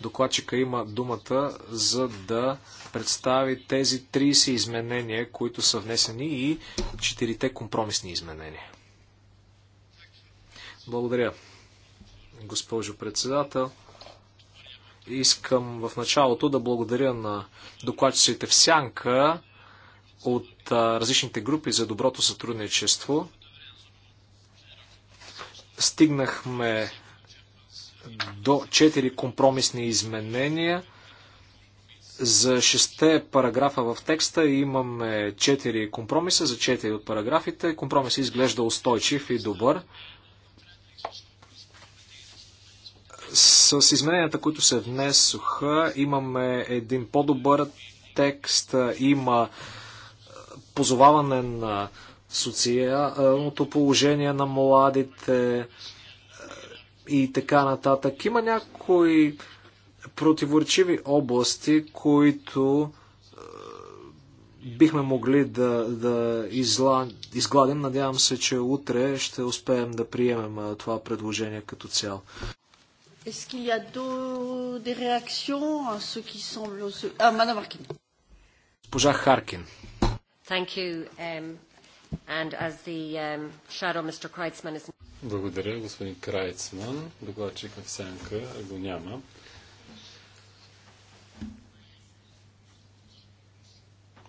Докладчика има думата за да представи тези 30 изменения, които са внесени и 4 компромисни изменения. Благодаря, госпожо председател. Искам в началото да благодаря на докладчиците в Сянка от различните групи за доброто сътрудничество. Стигнахме до 4 компромисни изменения. За шесте параграфа в текста имаме четири компромиса за четири от параграфите. Компромисът изглежда устойчив и добър. С измененията, които се внесоха, имаме един по-добър текст, има е, позоваване на социалното положение на младите е, и така нататък. Има някои противоречиви области, които е, бихме могли да, да изла... изгладим. Надявам се, че утре ще успеем да приемем това предложение като цяло. Est-ce qu'il y a des réactions à ceux qui semblent... Ah, Madame Harkin. Госпожа Харкин. Thank you. Um, and as the um, shadow, Mr. Kreitzman is... Благодаря, господин Крайцман. Докладчика в сянка го няма.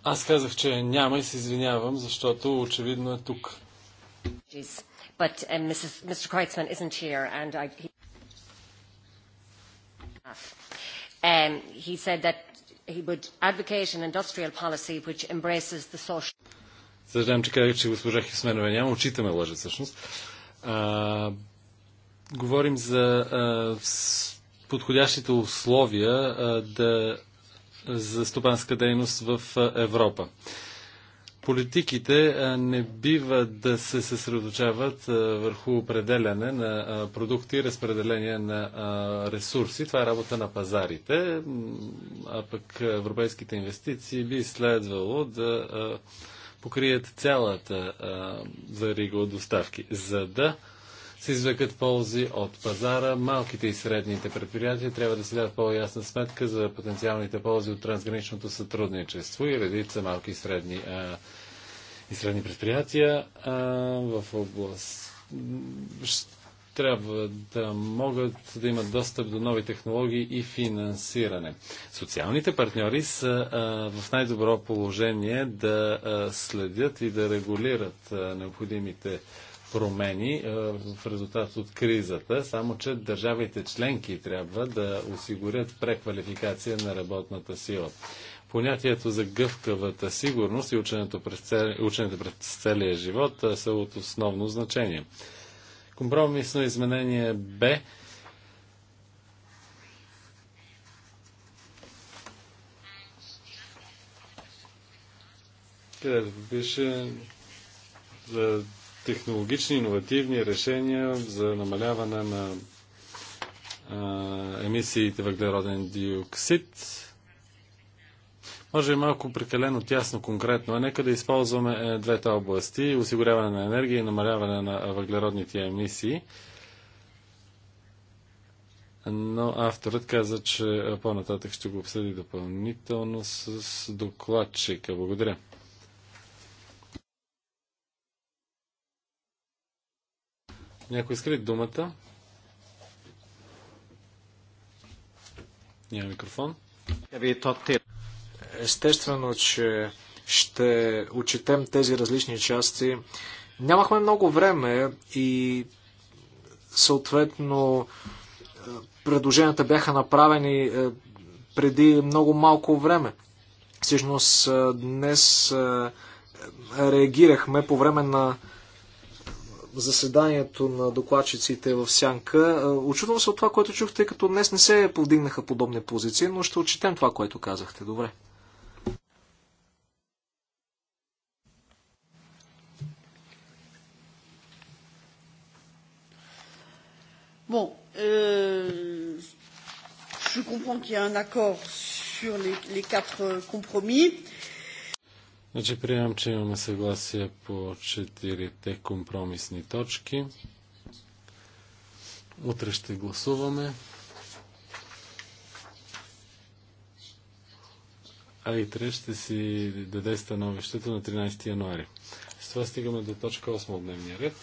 Аз казах, че няма и се извинявам, защото очевидно е тук. But um, Mrs, Mr. Kreitzman isn't here and I, he Um, he said that he would advocate an industrial policy which embraces the social... Съжалявам, че казах, че госпожа Хисменова няма. Очите ме лъжат, всъщност. А, говорим за а, подходящите условия а, да, за стопанска дейност в Европа. А, политиките не бива да се съсредоточават върху определяне на продукти и разпределение на ресурси. Това е работа на пазарите, а пък европейските инвестиции би следвало да покрият цялата верига от доставки, за да се извлекат ползи от пазара. Малките и средните предприятия трябва да си дадат по-ясна сметка за потенциалните ползи от трансграничното сътрудничество и редица малки и средни, а, и средни предприятия а, в област трябва да могат да имат достъп до нови технологии и финансиране. Социалните партньори са а, в най-добро положение да а, следят и да регулират а, необходимите промени е, в резултат от кризата, само че държавите членки трябва да осигурят преквалификация на работната сила. Понятието за гъвкавата сигурност и ученето през, цели, ученето през целия живот е, са от основно значение. Компромисно изменение Б където пише за технологични, иновативни решения за намаляване на емисиите въглероден диоксид. Може и малко прекалено тясно конкретно, а нека да използваме е, двете области осигуряване на енергия и намаляване на въглеродните емисии. Но авторът каза, че по-нататък ще го обсъди допълнително с докладчика. Благодаря. Някой иска ли думата? Няма микрофон. Естествено, че ще учетем тези различни части. Нямахме много време и съответно предложенията бяха направени е, преди много малко време. Всъщност е, днес е, реагирахме по време на заседанието на докладчиците в Сянка. Е, очудвам се от това, което чух, тъй като днес не се повдигнаха подобни позиции, но ще отчетем това, което казахте. Добре. Bon, euh, je comprends qu'il y a un accord sur les, les quatre compromis. Euh, Значи приемам, че имаме съгласие по четирите компромисни точки. Утре ще гласуваме. А и утре ще си даде становището на 13 януари. С това стигаме до точка 8 от дневния ред.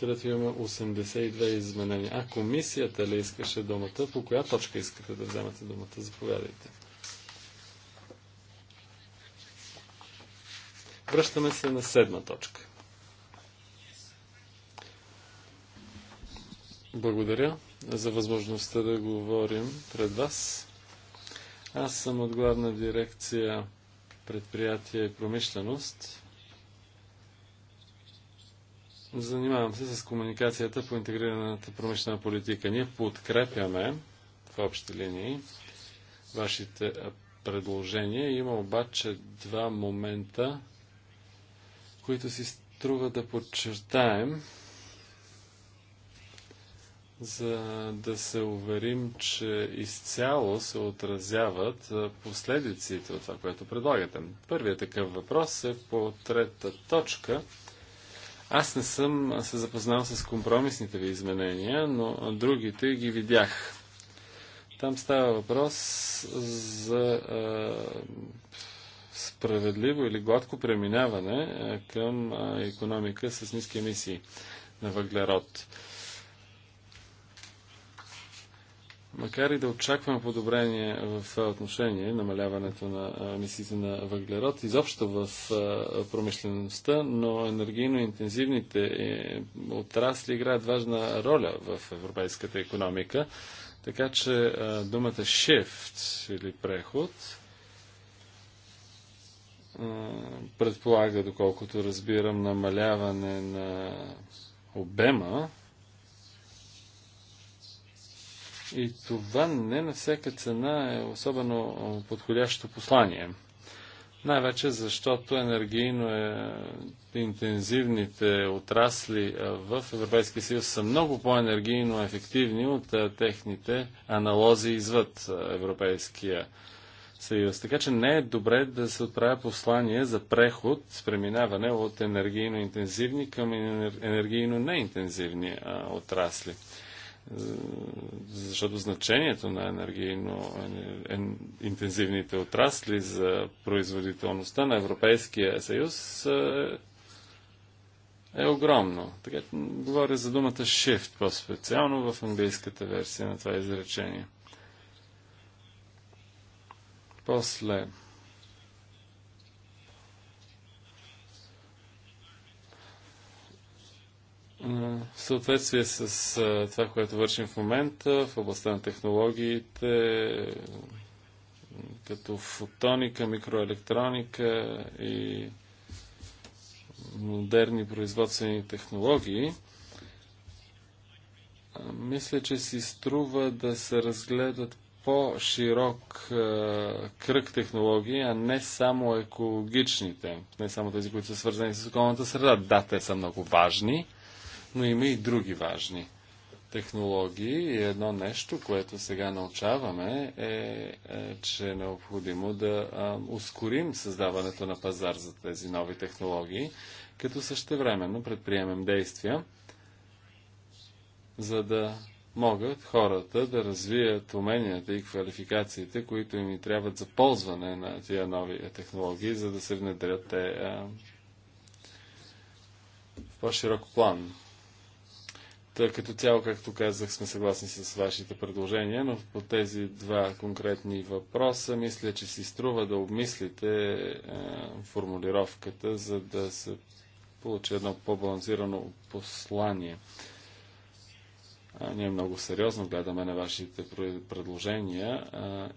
където имаме 82 изменения. А комисията ли искаше думата? По коя точка искате да вземете думата? Заповядайте. Връщаме се на седма точка. Благодаря за възможността да говорим пред вас. Аз съм от главна дирекция предприятия и промишленост. Занимавам се с комуникацията по интегрираната промишлена политика. Ние подкрепяме в общи линии вашите предложения. Има обаче два момента, които си струва да подчертаем, за да се уверим, че изцяло се отразяват последиците от това, което предлагате. Първият такъв въпрос е по трета точка. Аз не съм се запознал с компромисните ви изменения, но другите ги видях. Там става въпрос за справедливо или гладко преминаване е, към економика с ниски емисии на въглерод. Макар и да очакваме подобрение в това отношение, намаляването на емисиите на въглерод, изобщо в промишлеността, но енергийно интензивните е, отрасли играят важна роля в европейската економика. Така че думата shift или преход предполага, доколкото разбирам, намаляване на обема. И това не на всяка цена е особено подходящо послание. Най-вече защото енергийно е, интензивните отрасли в Европейския съюз са много по-енергийно ефективни от техните аналози извъд Европейския съюз съюз. Така че не е добре да се отправя послание за преход, с преминаване от енергийно интензивни към енергийно неинтензивни отрасли. Защото значението на енергийно интензивните отрасли за производителността на Европейския съюз е огромно. Така, говоря за думата shift по-специално в английската версия на това изречение. После в съответствие с това, което вършим в момента в областта на технологиите, като фотоника, микроелектроника и модерни производствени технологии, мисля, че си струва да се разгледат по-широк е, кръг технологии, а не само екологичните, не само тези, които са свързани с околната среда. Да, те са много важни, но има и други важни технологии. И едно нещо, което сега научаваме е, е че е необходимо да ускорим създаването на пазар за тези нови технологии, като същевременно предприемем действия, за да могат хората да развият уменията и квалификациите, които им трябват за ползване на тия нови технологии, за да се внедрят те а, в по-широк план. Тъй като цяло, както казах, сме съгласни с вашите предложения, но по тези два конкретни въпроса мисля, че си струва да обмислите а, формулировката, за да се получи едно по-балансирано послание. Ние много сериозно гледаме на вашите предложения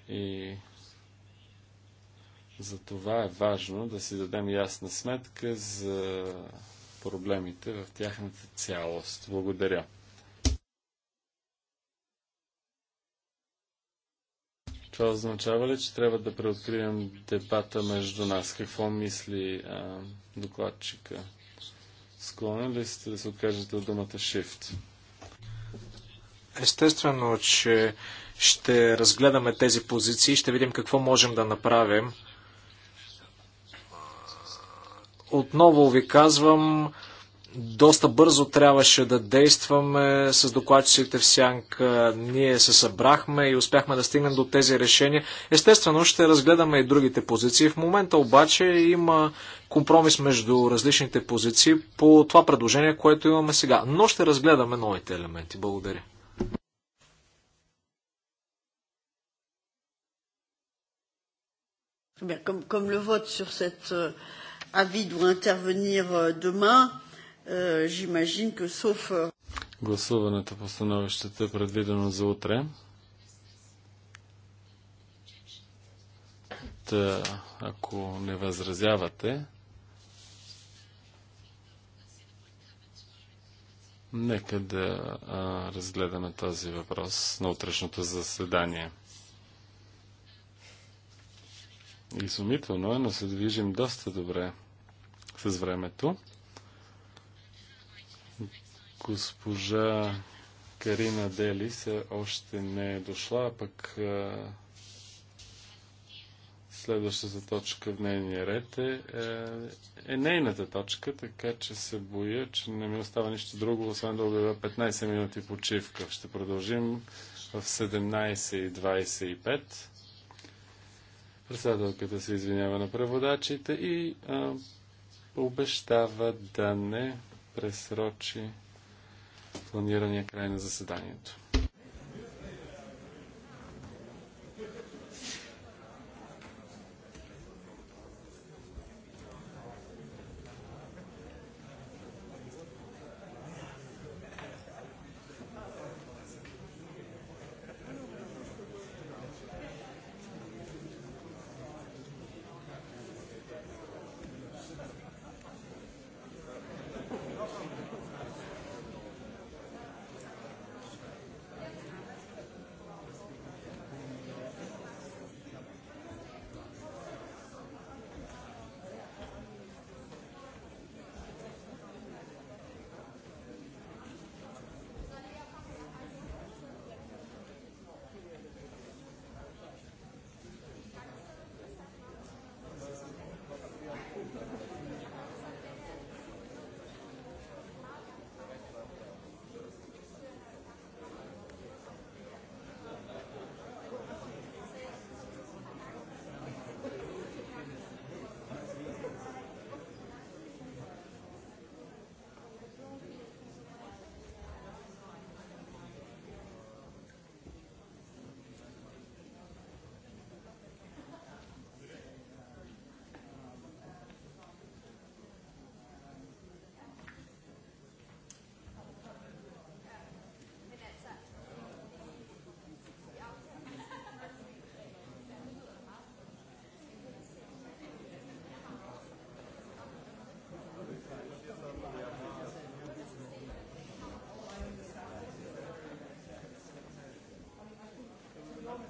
и за това е важно да си дадем ясна сметка за проблемите в тяхната цялост. Благодаря. Това означава ли, че трябва да преоткрием дебата между нас? Какво мисли а, докладчика? Склонен ли сте да се откажете от думата shift? Естествено, че ще разгледаме тези позиции, ще видим какво можем да направим. Отново ви казвам, доста бързо трябваше да действаме с докладчиците в сянка. Ние се събрахме и успяхме да стигнем до тези решения. Естествено, ще разгледаме и другите позиции. В момента обаче има компромис между различните позиции по това предложение, което имаме сега. Но ще разгледаме новите елементи. Благодаря. Eh bien, comme, comme le vote sur cet euh, avis doit intervenir euh, demain, euh, j'imagine que sauf. Euh... Гласуването по становището е предвидено за утре. Та, ако не възразявате, нека да а, разгледаме този въпрос на утрешното заседание изумително е, но се движим доста добре с времето. Госпожа Карина Делис още не е дошла, а пък следващата точка в нейния ред е, е, е нейната точка, така че се боя, че не ми остава нищо друго, освен да обявя 15 минути почивка. Ще продължим в 17.25. Председателката се извинява на преводачите и а, обещава да не пресрочи планирания край на заседанието.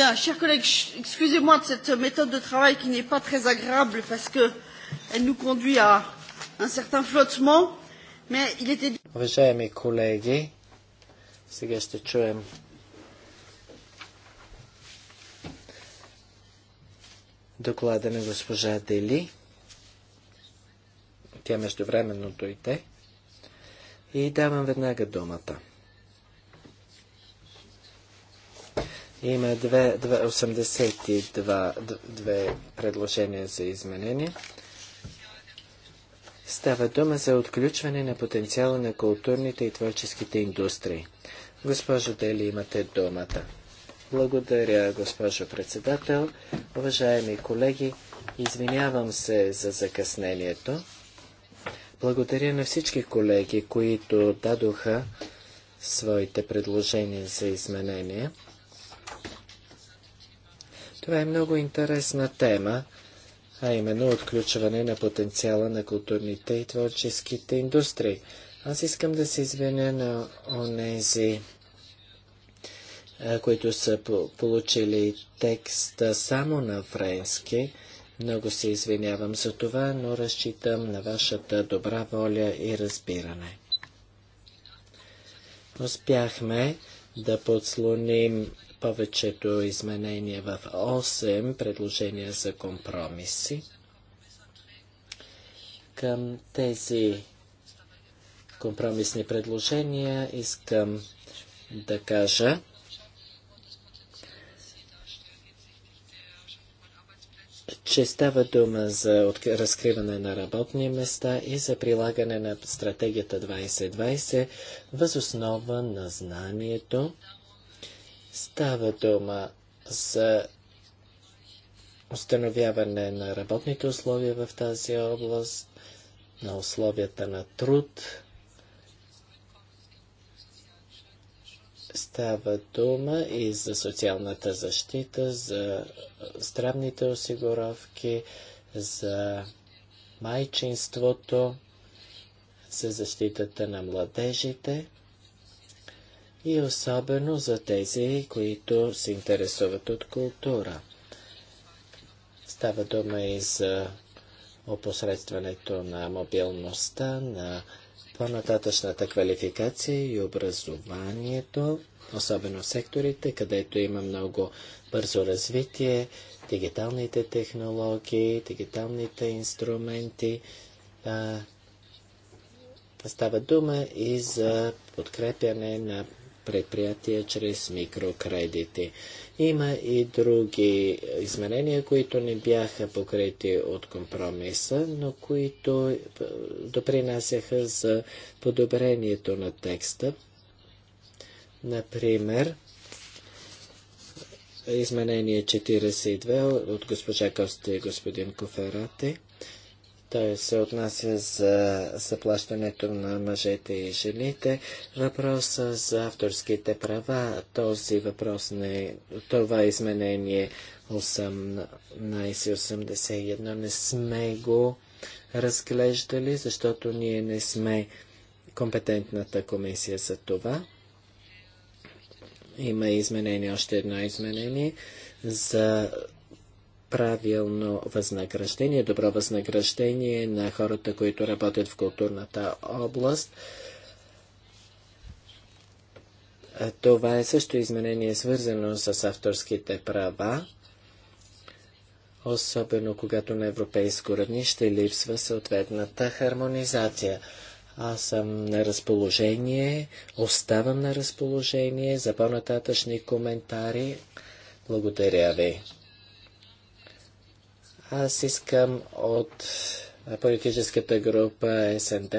Bien, chers collègues, excusez-moi de cette méthode de travail qui n'est pas très agréable parce qu'elle nous conduit à un certain flottement, mais il était... Уважаеми колеги, сега ще чуем доклада на госпожа Дели. Тя междувременно дойде. И давам веднага думата. Има две, две, 82 две предложения за изменение. Става дума за отключване на потенциала на културните и творческите индустрии. Госпожо Дели, имате думата. Благодаря, госпожо председател. Уважаеми колеги, извинявам се за закъснението. Благодаря на всички колеги, които дадоха своите предложения за изменения. Това е много интересна тема, а именно отключване на потенциала на културните и творческите индустрии. Аз искам да се извиня на онези, които са получили текста само на френски. Много се извинявам за това, но разчитам на вашата добра воля и разбиране. Успяхме да подслоним повечето изменения в 8 предложения за компромиси. Към тези компромисни предложения искам да кажа, че става дума за разкриване на работни места и за прилагане на стратегията 2020 възоснова на знанието, Става дума за установяване на работните условия в тази област, на условията на труд. Става дума и за социалната защита, за здравните осигуровки, за майчинството, за защитата на младежите – и особено за тези, които се интересуват от култура. Става дума и за опосредстването на мобилността, на по-нататъчната квалификация и образованието, особено в секторите, където има много бързо развитие, дигиталните технологии, дигиталните инструменти. става дума и за подкрепяне на предприятия чрез микрокредити. Има и други изменения, които не бяха покрити от компромиса, но които е, допринасяха за подобрението на текста. Например, изменение 42 от госпожа Коста и господин Коферате – той се отнася за заплащането на мъжете и жените. Въпроса за авторските права, този въпрос не, това изменение 1881 не сме го разглеждали, защото ние не сме компетентната комисия за това. Има изменение, още едно изменение за правилно възнаграждение, добро възнаграждение на хората, които работят в културната област. Това е също изменение свързано с авторските права, особено когато на европейско равнище липсва съответната хармонизация. Аз съм на разположение, оставам на разположение за по-нататъчни коментари. Благодаря ви. Аз искам от политическата група СНД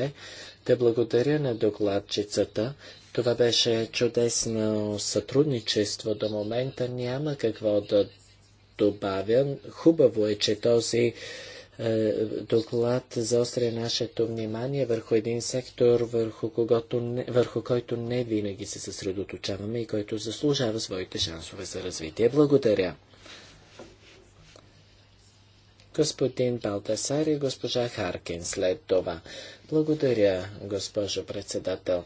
да благодаря на докладчицата. Това беше чудесно сътрудничество. До момента няма какво да добавя. Хубаво е, че този е, доклад заостря нашето внимание върху един сектор, върху, когото не, върху който не винаги се съсредоточаваме и който заслужава своите шансове за развитие. Благодаря господин Балтасар и госпожа Харкин след това. Благодаря, госпожо председател.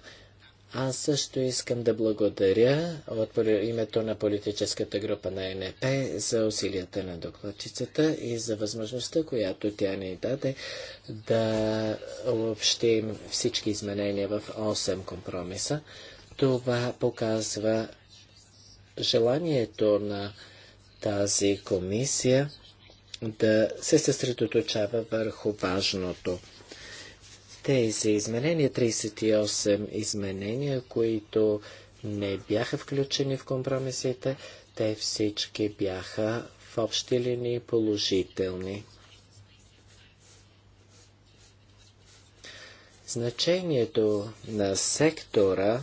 Аз също искам да благодаря от името на политическата група на НП за усилията на докладчицата и за възможността, която тя ни даде да общим всички изменения в 8 компромиса. Това показва желанието на тази комисия да се съсредоточава върху важното. Тези изменения, 38 изменения, които не бяха включени в компромисите, те всички бяха в общи линии положителни. Значението на сектора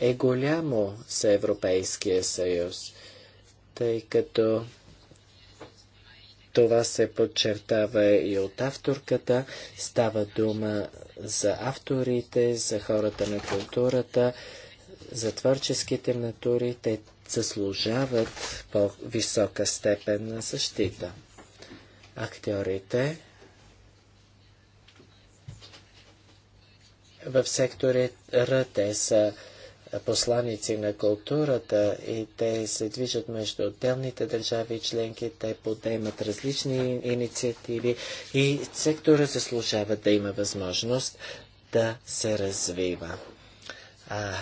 е голямо за Европейския съюз, тъй като това се подчертава и от авторката. Става дума за авторите, за хората на културата, за творческите натури. Те заслужават по-висока степен на защита. Актьорите в сектора те са е, посланици на културата и те се движат между отделните държави и членки, те подемат различни инициативи и сектора заслужава да има възможност да се развива. А,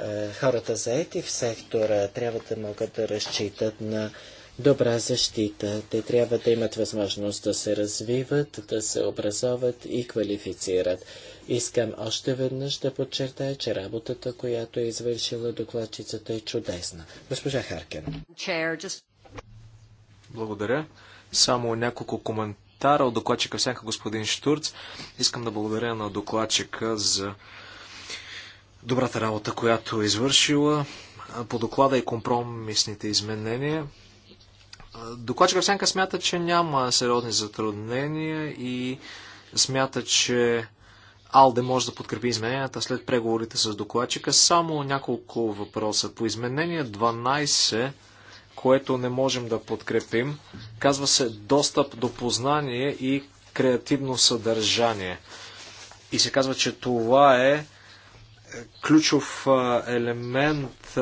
е, хората заети в сектора трябва да могат да разчитат на добра защита. Те трябва да имат възможност да се развиват, да се образоват и квалифицират. Искам още веднъж да подчертая, че работата, която е извършила докладчицата е чудесна. Госпожа Харкен. Благодаря. Само няколко коментара от докладчика всяка господин Штурц. Искам да благодаря на докладчика за добрата работа, която е извършила по доклада и компромисните изменения. Докладчика Всянка смята, че няма сериозни затруднения и смята, че Алде може да подкрепи измененията след преговорите с докладчика. Само няколко въпроса. По изменение 12, което не можем да подкрепим, казва се достъп до познание и креативно съдържание. И се казва, че това е ключов елемент.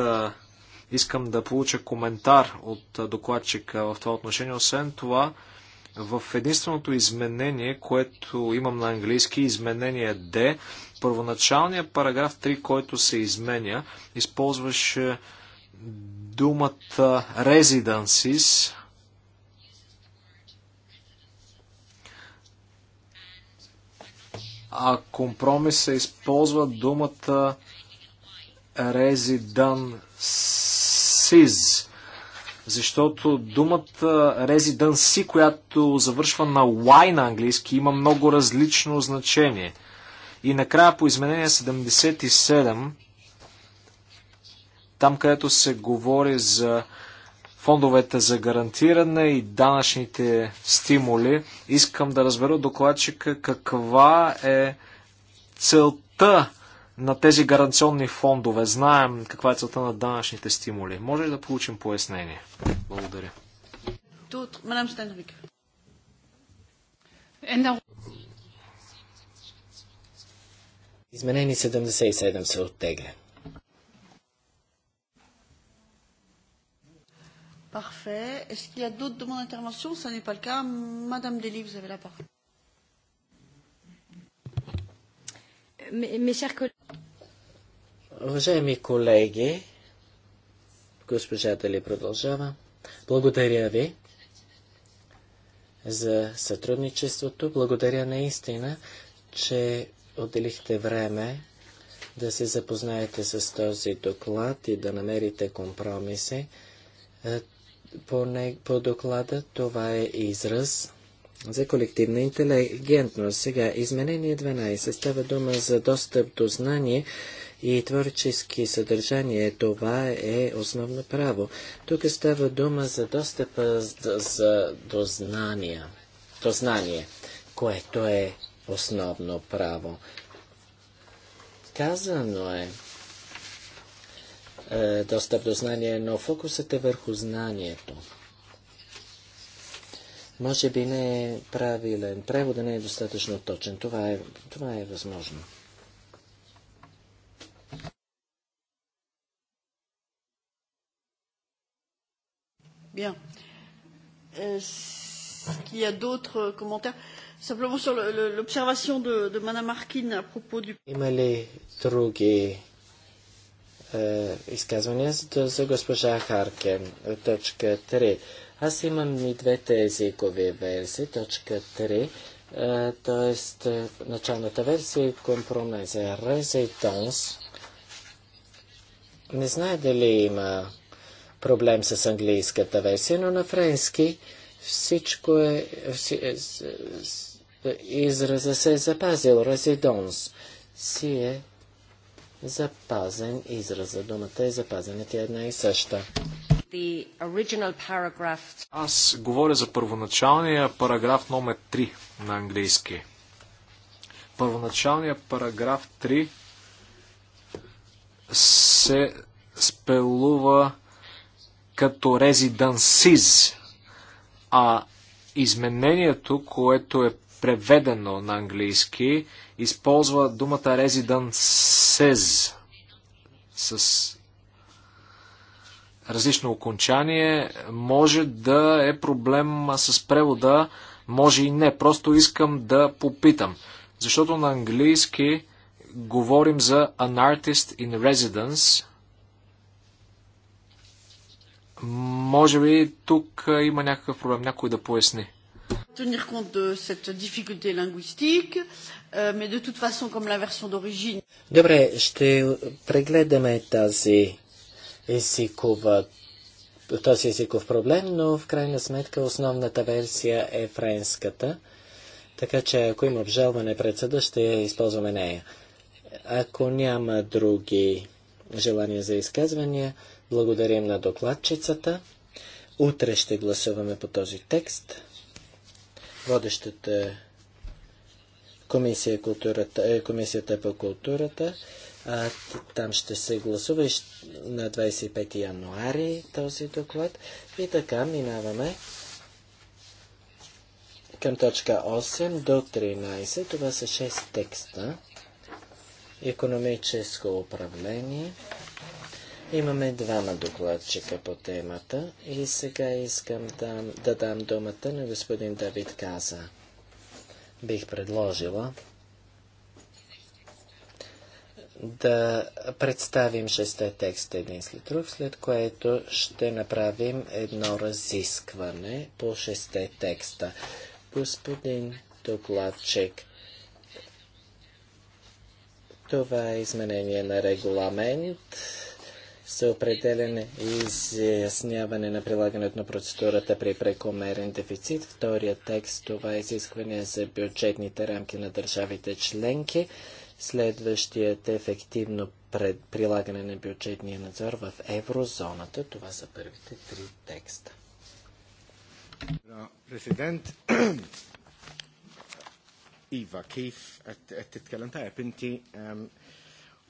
Искам да получа коментар от докладчика в това отношение. Освен това, в единственото изменение, което имам на английски, изменение D, първоначалният параграф 3, който се изменя, използваше думата Residences, а компромис се използва думата residences. Защото думата residency, която завършва на Y на английски, има много различно значение. И накрая по изменение 77, там където се говори за фондовете за гарантиране и данъчните стимули, искам да разбера докладчика каква е целта на тези гаранционни фондове. Знаем каква е целта на данъчните стимули. Може ли да получим пояснение? Благодаря. Изменени 77 се оттегля. Parfait. Est-ce qu'il y a d'autres demandes d'intervention Ce n'est pas le cas. Madame vous avez la parole. Уважаеми колеги, госпожа Дали продължава. Благодаря ви за сътрудничеството. Благодаря наистина, че отделихте време да се запознаете с този доклад и да намерите компромиси. Е, по, не, по доклада това е израз за колективна интелигентност. Сега, изменение 12 става дума за достъп до знание и творчески съдържание. Това е основно право. Тук става дума за достъп за, до, знания, до знание, което е основно право. Казано е, е достъп до знание, но фокусът е върху знанието. Може би не е правилен. Превода не е достатъчно точен. Това е, това е възможно. Bien. Est-ce qu'il y a d'autres commentaires Simplement sur l'observation de, de Madame Harkin à propos du. Има ли други е, изказвания за, за госпожа Харкен? Точка 3. Аз имам и двете езикови версии, точка 3, т.е. началната версия и компромеза. Резитонс. Не знае дали има проблем с английската версия, но на френски всичко е... е израза се е запазил. Резидонс. Си е запазен израза. Думата е запазена. Тя е една и съща the original paragraph. Аз говоря за първоначалния параграф номер 3 на английски. Първоначалният параграф 3 се спелува като резиденсиз, а изменението, което е преведено на английски, използва думата резиденсез с различно окончание, може да е проблем с превода, може и не. Просто искам да попитам. Защото на английски говорим за an artist in residence. Може би тук има някакъв проблем, някой да поясни. Tenir compte de cette difficulté linguistique, euh, mais de toute façon, comme la version d'origine. Добре, ще прегледаме тази езикова, този езиков проблем, но в крайна сметка основната версия е френската, така че ако има обжалване пред съда, ще използваме нея. Ако няма други желания за изказвания, благодарим на докладчицата. Утре ще гласуваме по този текст. Водещата комисия, културата, е комисията по културата а Там ще се гласува на 25 януари този доклад. И така минаваме към точка 8 до 13. Това са 6 текста. Економическо управление. Имаме двама докладчика по темата и сега искам да, да дам думата на господин Давид Каза. Бих предложила да представим шесте текста един след друг, след което ще направим едно разискване по шесте текста. Господин докладчик, това е изменение на регламент за определене и изясняване на прилагането на процедурата при прекомерен дефицит. Втория текст това е изискване за бюджетните рамки на държавите членки. Следващият ефективно пред прилагане на бюджетния надзор в еврозоната. Това са първите три текста. Президент, Ива kif qed е tajjeb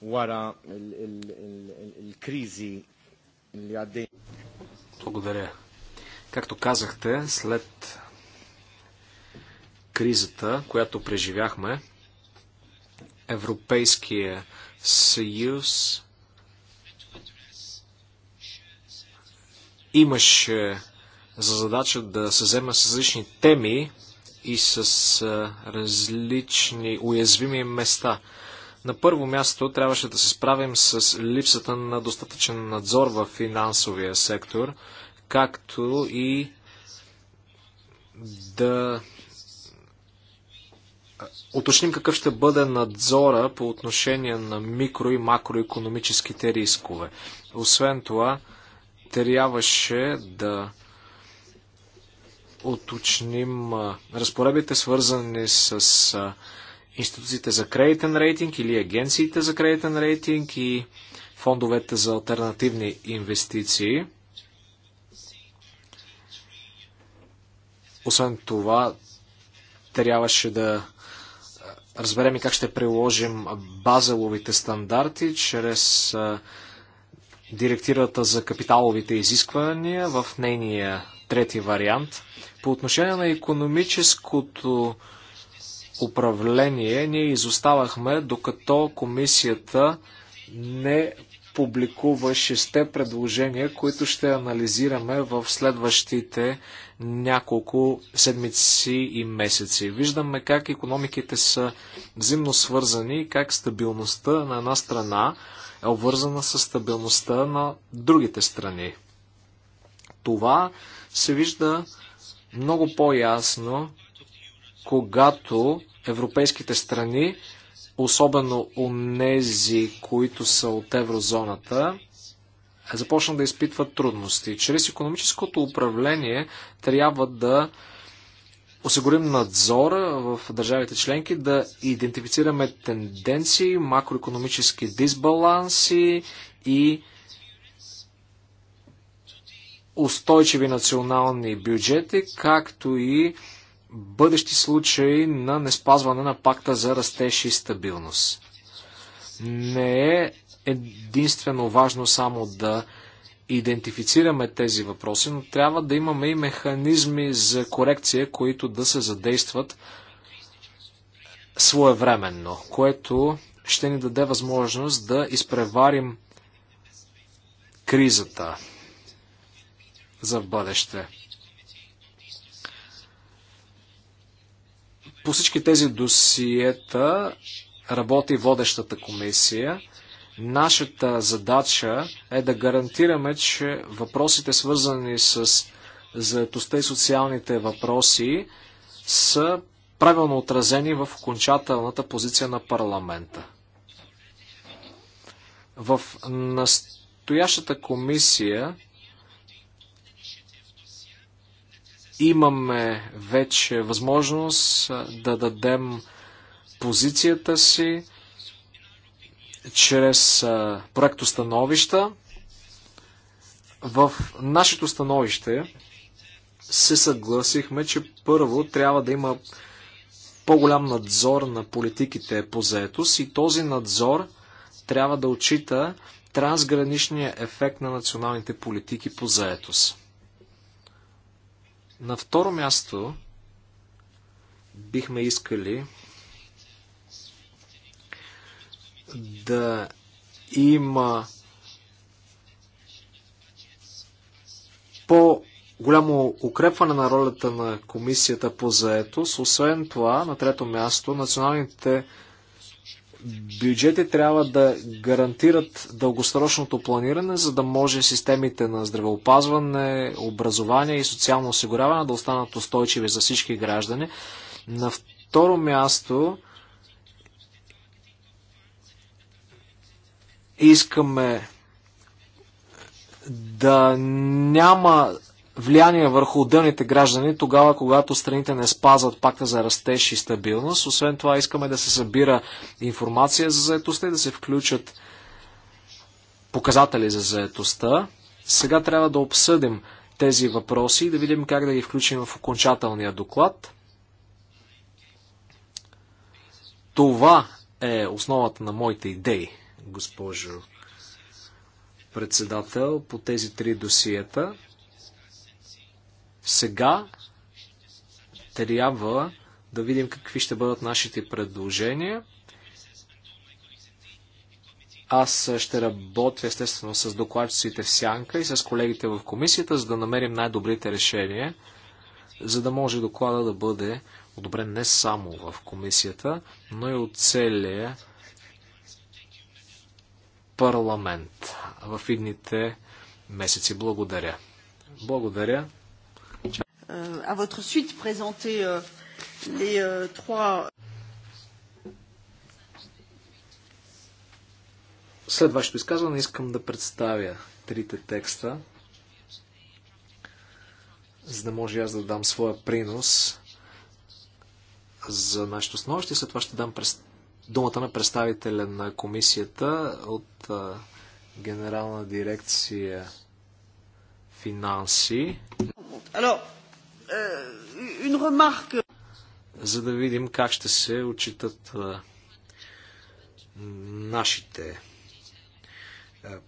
вара кризи. Благодаря. Както казахте, след кризата, която преживяхме, Европейския съюз имаше за задача да се взема с различни теми и с различни уязвими места. На първо място трябваше да се справим с липсата на достатъчен надзор в финансовия сектор, както и да уточним какъв ще бъде надзора по отношение на микро и макроекономическите рискове. Освен това, трябваше да уточним разпоредбите, свързани с институциите за кредитен рейтинг или агенциите за кредитен рейтинг и фондовете за альтернативни инвестиции. Освен това, трябваше да разберем и как ще приложим базеловите стандарти чрез директивата за капиталовите изисквания в нейния трети вариант. По отношение на економическото управление ние изоставахме, докато комисията не публикува шесте предложения, които ще анализираме в следващите няколко седмици и месеци. Виждаме как економиките са взаимно свързани и как стабилността на една страна е обвързана с стабилността на другите страни. Това се вижда много по-ясно, когато европейските страни особено у нези, които са от еврозоната, започнат да изпитват трудности. Чрез економическото управление трябва да осигурим надзора в държавите членки, да идентифицираме тенденции, макроекономически дисбаланси и устойчиви национални бюджети, както и бъдещи случаи на неспазване на пакта за растеж и стабилност. Не е единствено важно само да идентифицираме тези въпроси, но трябва да имаме и механизми за корекция, които да се задействат своевременно, което ще ни даде възможност да изпреварим кризата за бъдеще. По всички тези досиета работи водещата комисия. Нашата задача е да гарантираме, че въпросите свързани с заетостта и социалните въпроси са правилно отразени в окончателната позиция на парламента. В настоящата комисия Имаме вече възможност да дадем позицията си чрез проектостановища. В нашето становище се съгласихме, че първо трябва да има по-голям надзор на политиките по заетост и този надзор трябва да отчита трансграничния ефект на националните политики по заетост. На второ място бихме искали да има по голямо укрепване на ролята на комисията по заетост. Освен това, на трето място, националните бюджети трябва да гарантират дългосрочното планиране, за да може системите на здравеопазване, образование и социално осигуряване да останат устойчиви за всички граждани. На второ място искаме да няма влияние върху отделните граждани тогава, когато страните не спазват пакта за растеж и стабилност. Освен това искаме да се събира информация за заетостта и да се включат показатели за заетостта. Сега трябва да обсъдим тези въпроси и да видим как да ги включим в окончателния доклад. Това е основата на моите идеи, госпожо председател, по тези три досиета. Сега трябва да видим какви ще бъдат нашите предложения. Аз ще работя естествено с докладчиците в Сянка и с колегите в комисията, за да намерим най-добрите решения, за да може доклада да бъде одобрен не само в комисията, но и от целия парламент в идните месеци. Благодаря. Благодаря. Euh, à votre suite présenter euh, les euh, trois. След вашето изказване искам да представя трите текста, за да може аз да дам своя принос за нашето становище. След това ще дам през... думата на представителя на комисията от а, Генерална дирекция финанси. Alors, за да видим как ще се отчитат нашите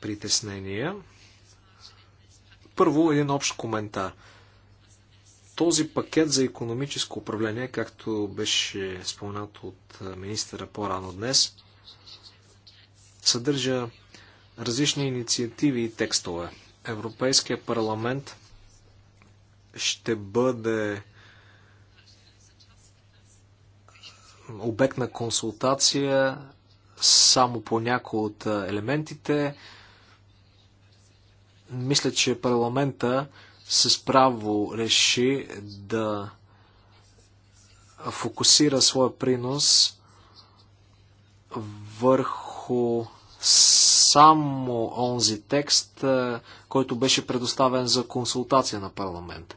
притеснения. Първо един общ коментар. Този пакет за економическо управление, както беше споменато от министъра по-рано днес, съдържа различни инициативи и текстове. Европейския парламент ще бъде обект на консултация само по някои от елементите. Мисля, че парламента с право реши да фокусира своя принос върху само онзи текст, който беше предоставен за консултация на парламента.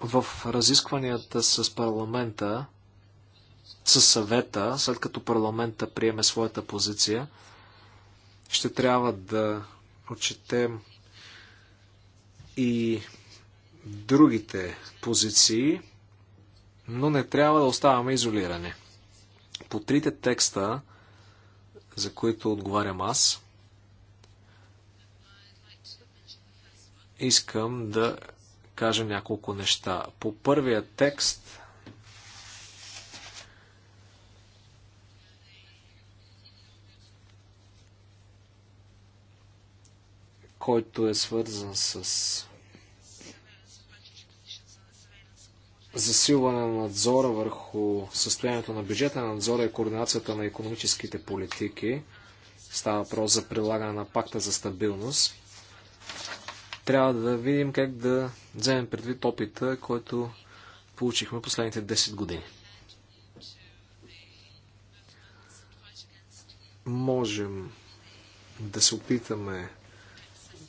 в разискванията с парламента, с съвета, след като парламента приеме своята позиция, ще трябва да прочетем и другите позиции, но не трябва да оставаме изолирани. По трите текста, за които отговарям аз, искам да кажем няколко неща. По първия текст който е свързан с засилване на надзора върху състоянието на бюджета, надзора и координацията на економическите политики. Става въпрос за прилагане на пакта за стабилност. Трябва да видим как да вземем предвид опита, който получихме последните 10 години. Можем да се опитаме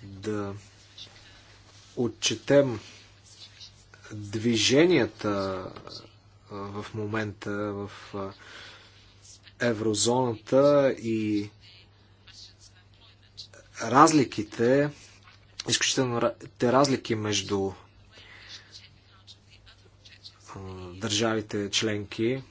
да отчетем движенията в момента в еврозоната и разликите изключителните разлики между държавите членки.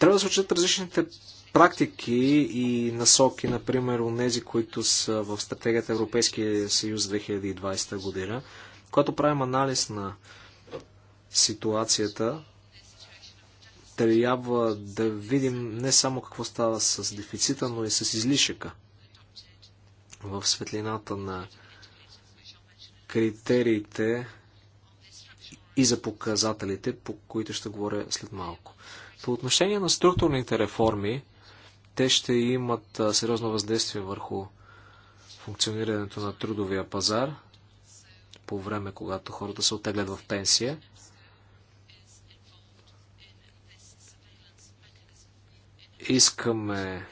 Трябва да се учат различните практики и насоки, например, у нези, които са в стратегията Европейския съюз 2020 година. Когато правим анализ на ситуацията, трябва да видим не само какво става с дефицита, но и с излишъка в светлината на критериите и за показателите, по които ще говоря след малко. По отношение на структурните реформи, те ще имат сериозно въздействие върху функционирането на трудовия пазар по време, когато хората се отеглят в пенсия. Искаме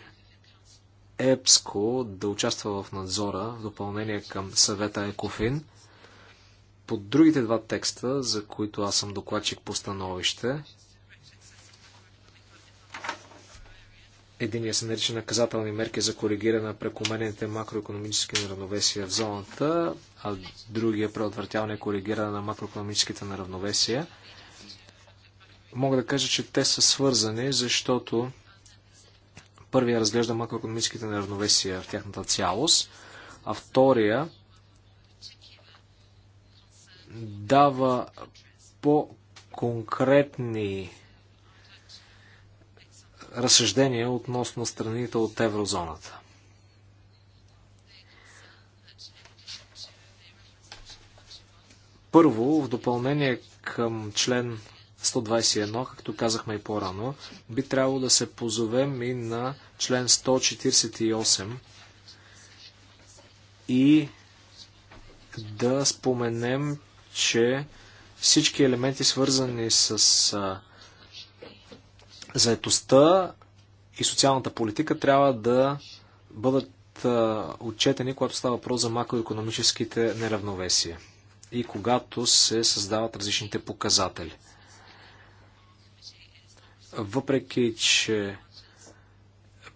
ЕПСКО да участва в надзора в допълнение към съвета ЕКОФИН. По другите два текста, за които аз съм докладчик по становище, Единия се нарича наказателни мерки за коригиране на прекомерните макроекономически неравновесия в зоната, а другия е преотвъртяване и коригиране на макроекономическите неравновесия. Мога да кажа, че те са свързани, защото Първия разглежда макроекономическите неравновесия в тяхната цялост, а втория дава по-конкретни разсъждения относно страните от еврозоната. Първо, в допълнение към член 121, както казахме и по-рано, би трябвало да се позовем и на член 148 и да споменем, че всички елементи свързани с заетостта и социалната политика трябва да бъдат отчетени, когато става въпрос за макроекономическите неравновесия и когато се създават различните показатели въпреки че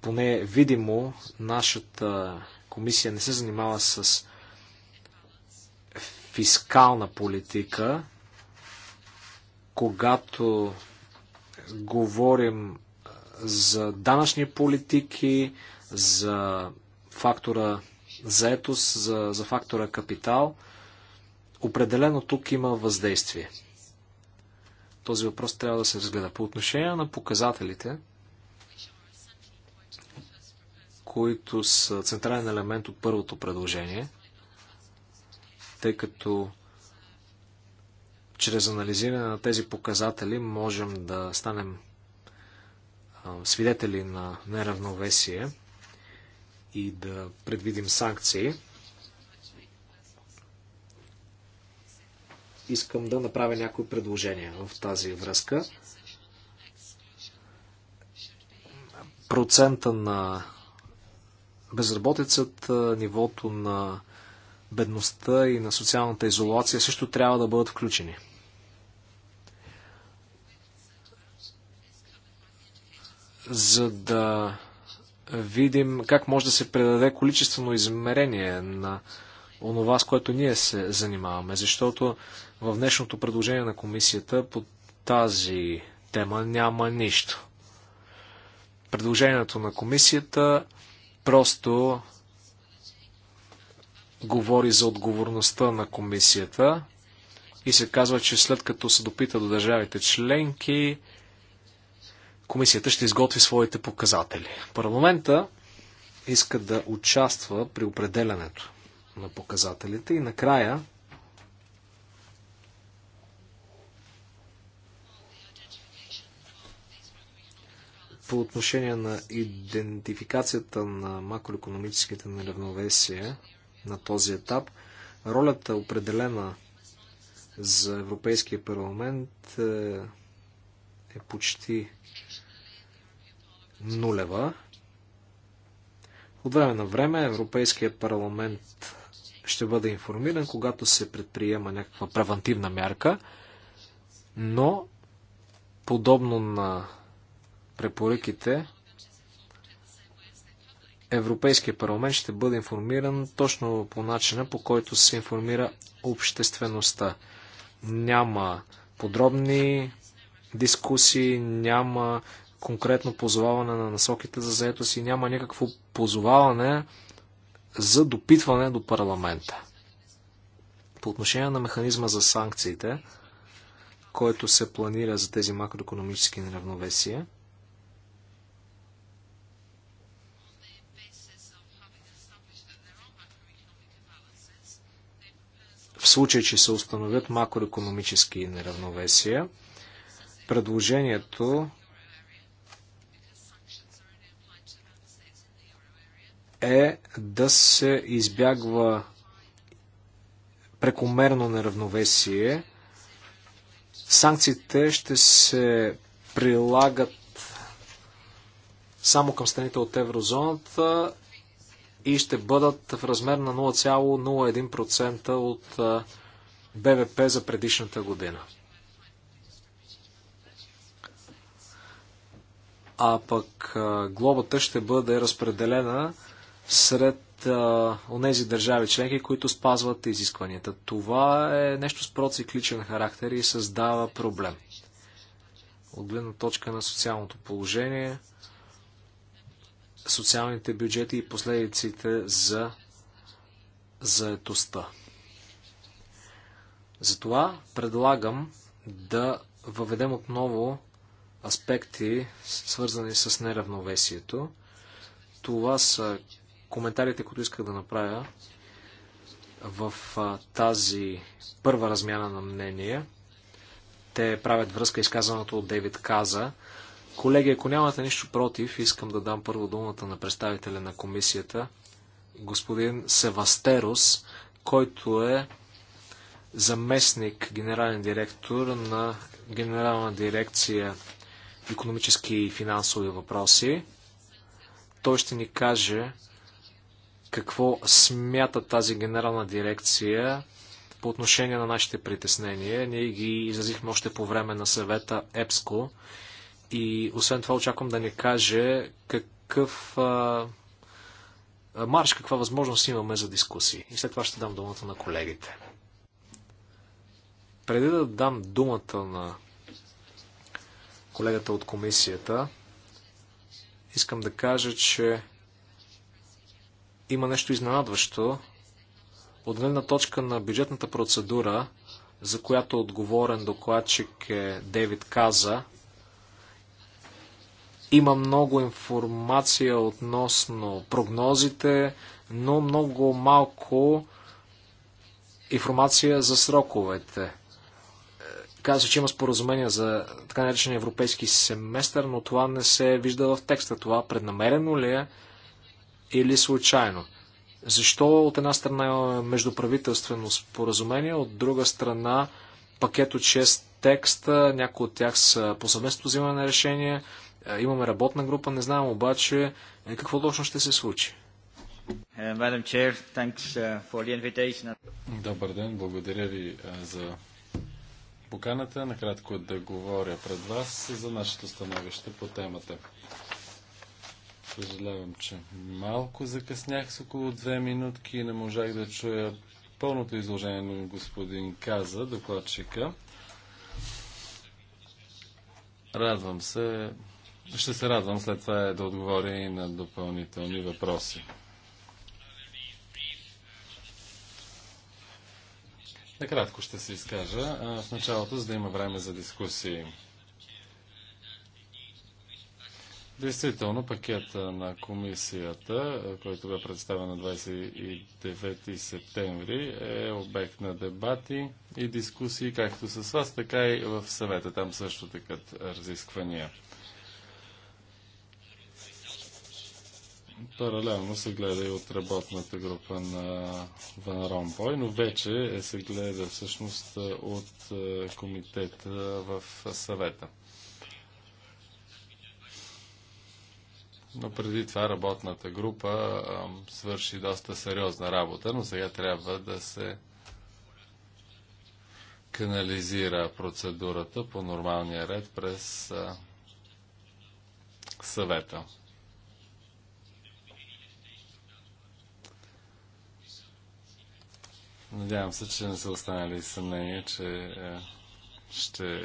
поне е видимо нашата комисия не се занимава с фискална политика, когато говорим за данъчни политики, за фактора заетост, за, за фактора капитал, определено тук има въздействие. Този въпрос трябва да се разгледа. По отношение на показателите, които са централен елемент от първото предложение, тъй като чрез анализиране на тези показатели можем да станем свидетели на неравновесие и да предвидим санкции. искам да направя някои предложения в тази връзка. Процента на безработицата, нивото на бедността и на социалната изолация също трябва да бъдат включени. За да видим как може да се предаде количествено измерение на онова, с което ние се занимаваме. Защото в днешното предложение на комисията по тази тема няма нищо. Предложението на комисията просто говори за отговорността на комисията и се казва, че след като се допита до държавите членки, комисията ще изготви своите показатели. Парламента иска да участва при определенето на показателите и накрая по отношение на идентификацията на макроекономическите неравновесия на този етап, ролята определена за Европейския парламент е, е почти нулева. От време на време Европейския парламент ще бъде информиран, когато се предприема някаква превентивна мярка, но подобно на препоръките, Европейския парламент ще бъде информиран точно по начина, по който се информира обществеността. Няма подробни дискусии, няма конкретно позоваване на насоките за заетост и няма никакво позоваване за допитване до парламента. По отношение на механизма за санкциите, който се планира за тези макроекономически неравновесия, в случай, че се установят макроекономически неравновесия. Предложението е да се избягва прекомерно неравновесие. Санкциите ще се прилагат само към страните от еврозоната и ще бъдат в размер на 0,01% от БВП за предишната година. А пък глобата ще бъде разпределена сред онези държави членки, които спазват изискванията. Това е нещо с процикличен характер и създава проблем. От гледна точка на социалното положение – социалните бюджети и последиците за заетостта. Затова предлагам да въведем отново аспекти, свързани с неравновесието. Това са коментарите, които исках да направя в тази първа размяна на мнение. Те правят връзка изказаното от Дейвид Каза. Колеги, ако нямате нищо против, искам да дам първо думата на представителя на комисията, господин Севастерос, който е заместник генерален директор на Генерална дирекция економически и финансови въпроси. Той ще ни каже какво смята тази генерална дирекция по отношение на нашите притеснения. Ние ги изразихме още по време на съвета ЕПСКО и освен това очаквам да ни каже какъв а, марш, каква възможност имаме за дискусии. И след това ще дам думата на колегите. Преди да дам думата на колегата от комисията, искам да кажа, че има нещо изненадващо. От гледна точка на бюджетната процедура, за която отговорен докладчик е Дейвид Каза, има много информация относно прогнозите, но много малко информация за сроковете. Казва, че има споразумение за така наречен европейски семестър, но това не се вижда в текста. Това преднамерено ли е или случайно? Защо от една страна имаме междуправителствено споразумение, от друга страна пакет от 6 текста, някои от тях са по съвместно взимане на решения, Имаме работна група, не знам обаче е, какво точно ще се случи. Е, е, Добър ден, благодаря ви за поканата. Накратко да говоря пред вас за нашето становище по темата. Съжалявам, че малко закъснях с около две минутки и не можах да чуя пълното изложение на господин Каза, докладчика. Радвам се ще се радвам след това да отговоря и на допълнителни въпроси. Накратко ще се изкажа в началото, за да има време за дискусии. Действително, пакета на комисията, който бе представен на 29 септември, е обект на дебати и дискусии както с вас, така и в съвета. Там също така разисквания. паралелно се гледа и от работната група на Ван Ромпой, но вече е се гледа всъщност е, от е, комитета в съвета. Но преди това работната група е, свърши доста сериозна работа, но сега трябва да се канализира процедурата по нормалния ред през съвета. Надявам се, че не са останали съмнения, че е, ще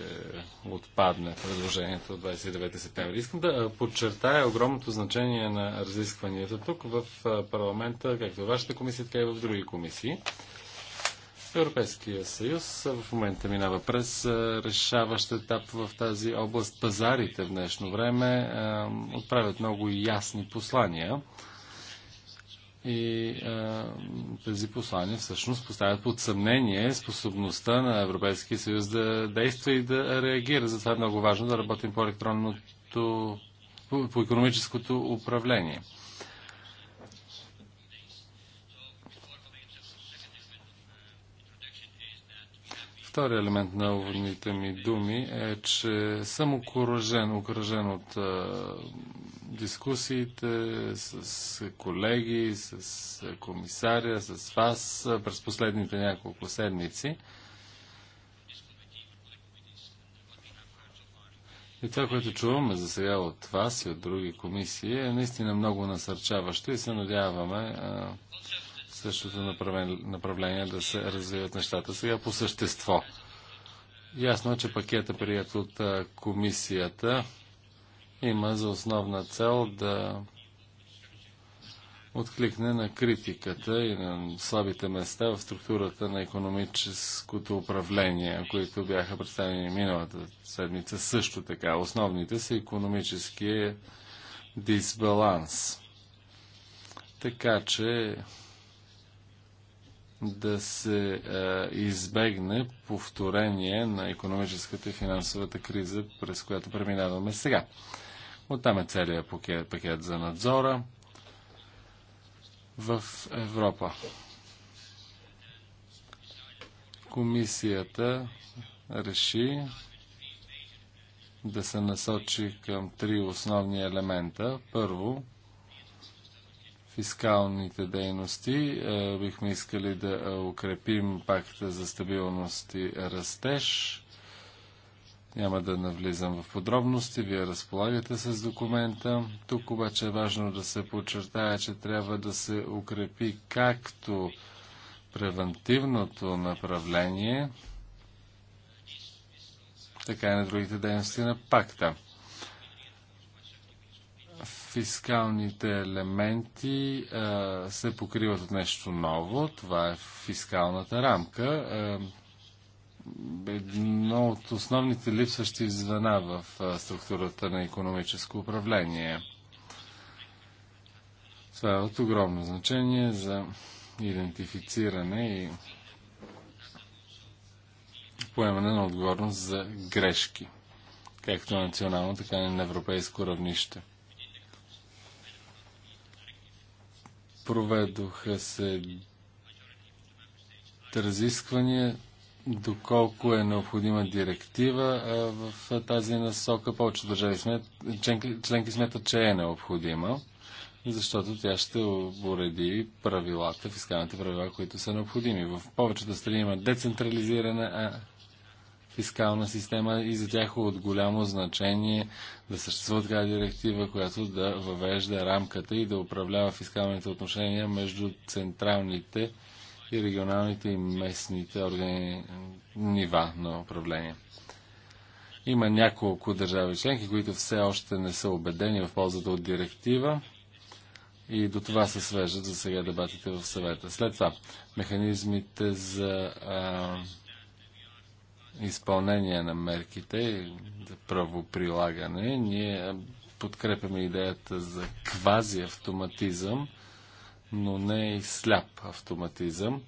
отпадне предложението от 29 септември. Искам да е, подчертая огромното значение на разискванията тук в е, парламента, както в вашата комисия, така и в други комисии. Европейския съюз в момента минава през решаващ етап в тази област. Пазарите в днешно време отправят много ясни послания и а, тези послания всъщност поставят под съмнение способността на Европейския съюз да действа и да реагира. Затова е много важно да работим по електронното, по, по економическото управление. Втори елемент на уводните ми думи е, че съм окоръжен, окоръжен от а, дискусиите с колеги, с комисаря, с вас през последните няколко седмици. И това, което чуваме за сега от вас и от други комисии, е наистина много насърчаващо и се надяваме а, същото направление да се развиват нещата. Сега по същество. Ясно е, че пакета, прият от комисията, има за основна цел да откликне на критиката и на слабите места в структурата на економическото управление, които бяха представени миналата седмица също така. Основните са економически дисбаланс. Така че да се избегне повторение на економическата и финансовата криза, през която преминаваме сега. Оттам е целият пакет, пакет за надзора в Европа. Комисията реши да се насочи към три основни елемента. Първо, фискалните дейности. Е, бихме искали да укрепим пакта за стабилност и растеж. Няма да навлизам в подробности, вие разполагате с документа. Тук обаче е важно да се подчертая, че трябва да се укрепи както превентивното направление, така и на другите дейности на пакта фискалните елементи а, се покриват от нещо ново. Това е фискалната рамка. А, едно от основните липсващи звена в а, структурата на економическо управление. Това е от огромно значение за идентифициране и поемане на отговорност за грешки, както на национално, така и на европейско равнище. Проведоха се разисквания доколко е необходима директива в тази насока. Повече държави смет, членки, членки че е необходима, защото тя ще уреди правилата, фискалните правила, които са необходими. В повечето страни има децентрализиране, а фискална система и за тях е от голямо значение да съществува така директива, която да въвежда рамката и да управлява фискалните отношения между централните и регионалните и местните органи нива на управление. Има няколко държави членки, които все още не са убедени в ползата от директива. И до това се свежат за сега дебатите в съвета. След това, механизмите за а, изпълнение на мерките за правоприлагане. Ние подкрепяме идеята за квази автоматизъм, но не и сляп автоматизъм.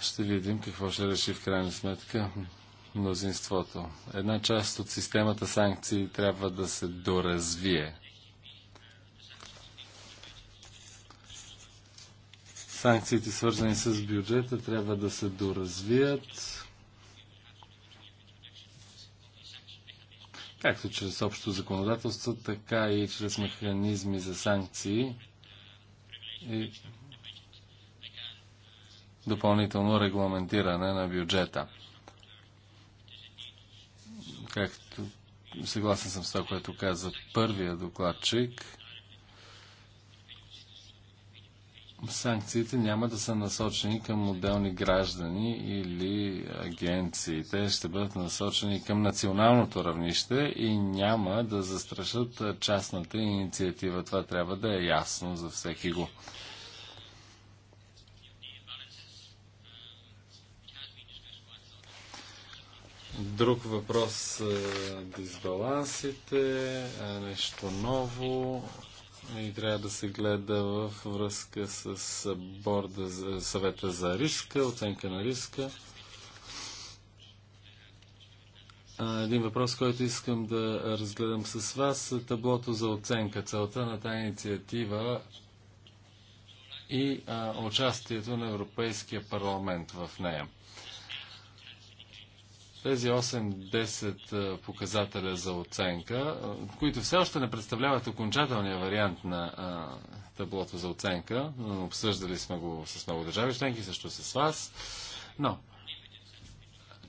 Ще видим какво ще реши в крайна сметка мнозинството. Една част от системата санкции трябва да се доразвие – Санкциите, свързани с бюджета, трябва да се доразвият. както чрез общо законодателство, така и чрез механизми за санкции и допълнително регламентиране на бюджета. Както съгласен съм с това, което каза първия докладчик, санкциите няма да са насочени към отделни граждани или агенции. Те ще бъдат насочени към националното равнище и няма да застрашат частната инициатива. Това трябва да е ясно за всеки го. Друг въпрос е, дисбалансите, е, нещо ново и трябва да се гледа в връзка с борда, съвета за риска, оценка на риска. Един въпрос, който искам да разгледам с вас, е таблото за оценка, целта на тази инициатива и а, участието на Европейския парламент в нея тези 8-10 показателя за оценка, които все още не представляват окончателния вариант на а, таблото за оценка, обсъждали сме го с много държави членки, също с вас, но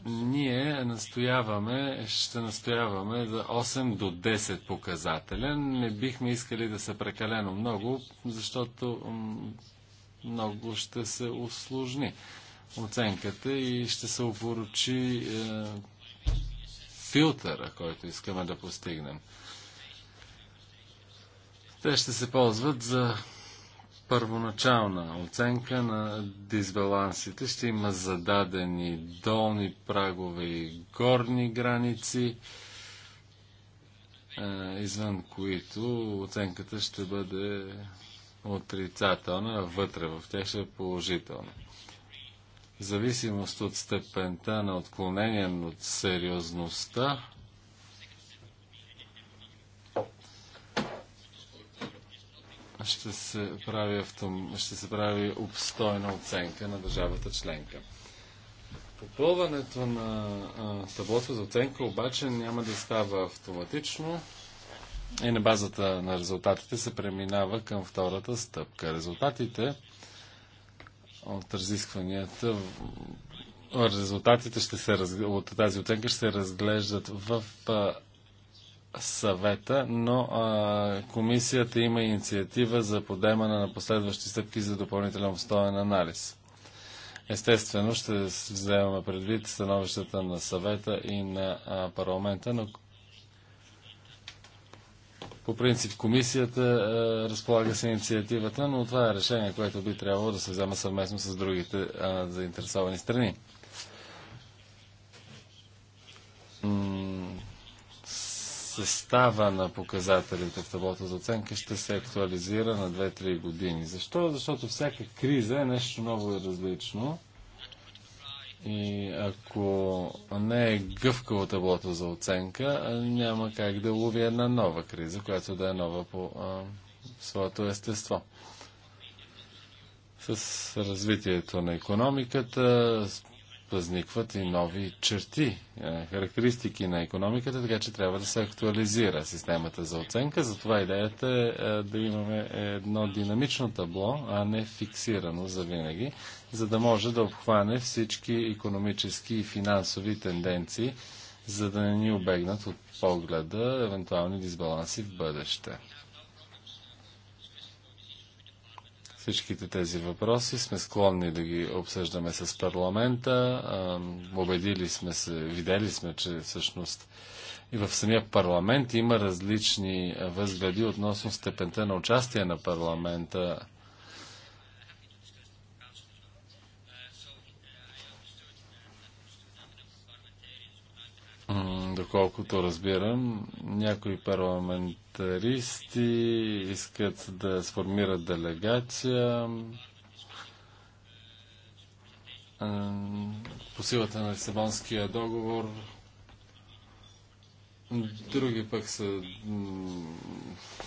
ние настояваме, ще настояваме за 8 до 10 показателя. Не бихме искали да са прекалено много, защото много ще се усложни оценката и ще се опоручи е, филтъра, който искаме да постигнем. Те ще се ползват за първоначална оценка на дисбалансите. Ще има зададени долни прагове и горни граници, е, извън които оценката ще бъде отрицателна, а вътре в тях ще е положителна в зависимост от степента на отклонение от сериозността, ще се прави, автом... ще се прави обстойна оценка на държавата членка. Попълването на а, таблото за оценка обаче няма да става автоматично и на базата на резултатите се преминава към втората стъпка. Резултатите от разискванията. Резултатите ще се разг... от тази оценка ще се разглеждат в съвета, но а, комисията има инициатива за подемане на последващи стъпки за допълнителен обстоен анализ. Естествено, ще вземаме предвид становищата на съвета и на а, парламента, но по принцип комисията е, разполага с инициативата, но това е решение, което би трябвало да се взема съвместно с другите е, заинтересовани страни. М състава на показателите в таблото за оценка ще се актуализира на 2-3 години. Защо? Защото всяка криза е нещо ново и различно и ако не е гъвкаво таблото за оценка, няма как да лови една нова криза, която да е нова по а, своето естество. С развитието на економиката, възникват и нови черти, е, характеристики на економиката, така че трябва да се актуализира системата за оценка. Затова идеята е, е да имаме едно динамично табло, а не фиксирано за винаги, за да може да обхване всички економически и финансови тенденции, за да не ни обегнат от погледа евентуални дисбаланси в бъдеще. Всичките тези въпроси сме склонни да ги обсъждаме с парламента. Убедили сме се, видели сме, че всъщност и в самия парламент има различни възгледи относно степента на участие на парламента доколкото разбирам, някои парламентаристи искат да сформират делегация по силата на Лисабонския договор. Други пък се,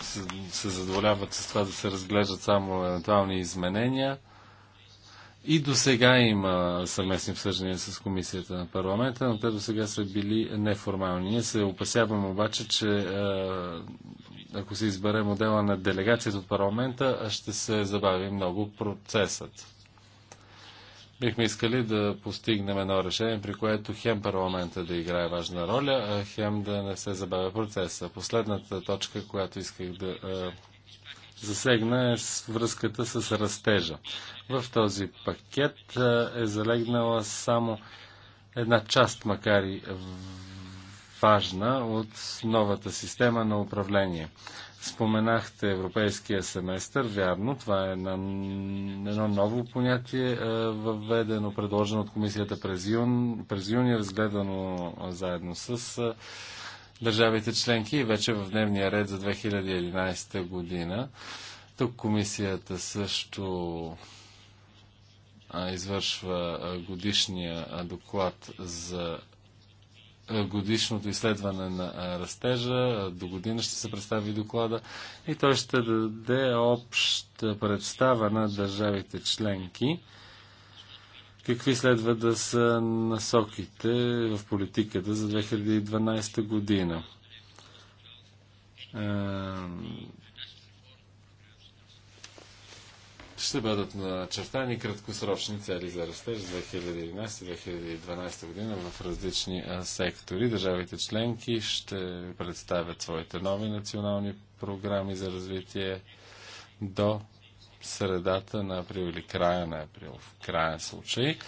се, се задоволяват с това да се разглеждат само евентуални изменения – и до сега има съвместни обсъждания с Комисията на парламента, но те до сега са били неформални. Ние се опасяваме обаче, че е, ако се избере модела на делегацията от парламента, ще се забави много процесът. Бихме искали да постигнем едно решение, при което хем парламента да играе важна роля, а хем да не се забавя процеса. Последната точка, която исках да е, засегна е с връзката с растежа. В този пакет е залегнала само една част, макар и важна, от новата система на управление. Споменахте европейския семестър, вярно, това е една, едно ново понятие, въведено, предложено от комисията през, юн, през юни, разгледано заедно с държавите членки и вече в дневния ред за 2011 година. Тук комисията също извършва годишния доклад за годишното изследване на растежа. До година ще се представи доклада и той ще даде обща представа на държавите членки какви следва да са насоките в политиката за 2012 година. Е, ще бъдат начертани краткосрочни цели за растеж 2011-2012 година в различни сектори. Държавите членки ще представят своите нови национални програми за развитие до средата на април или края на април, в крайен случай.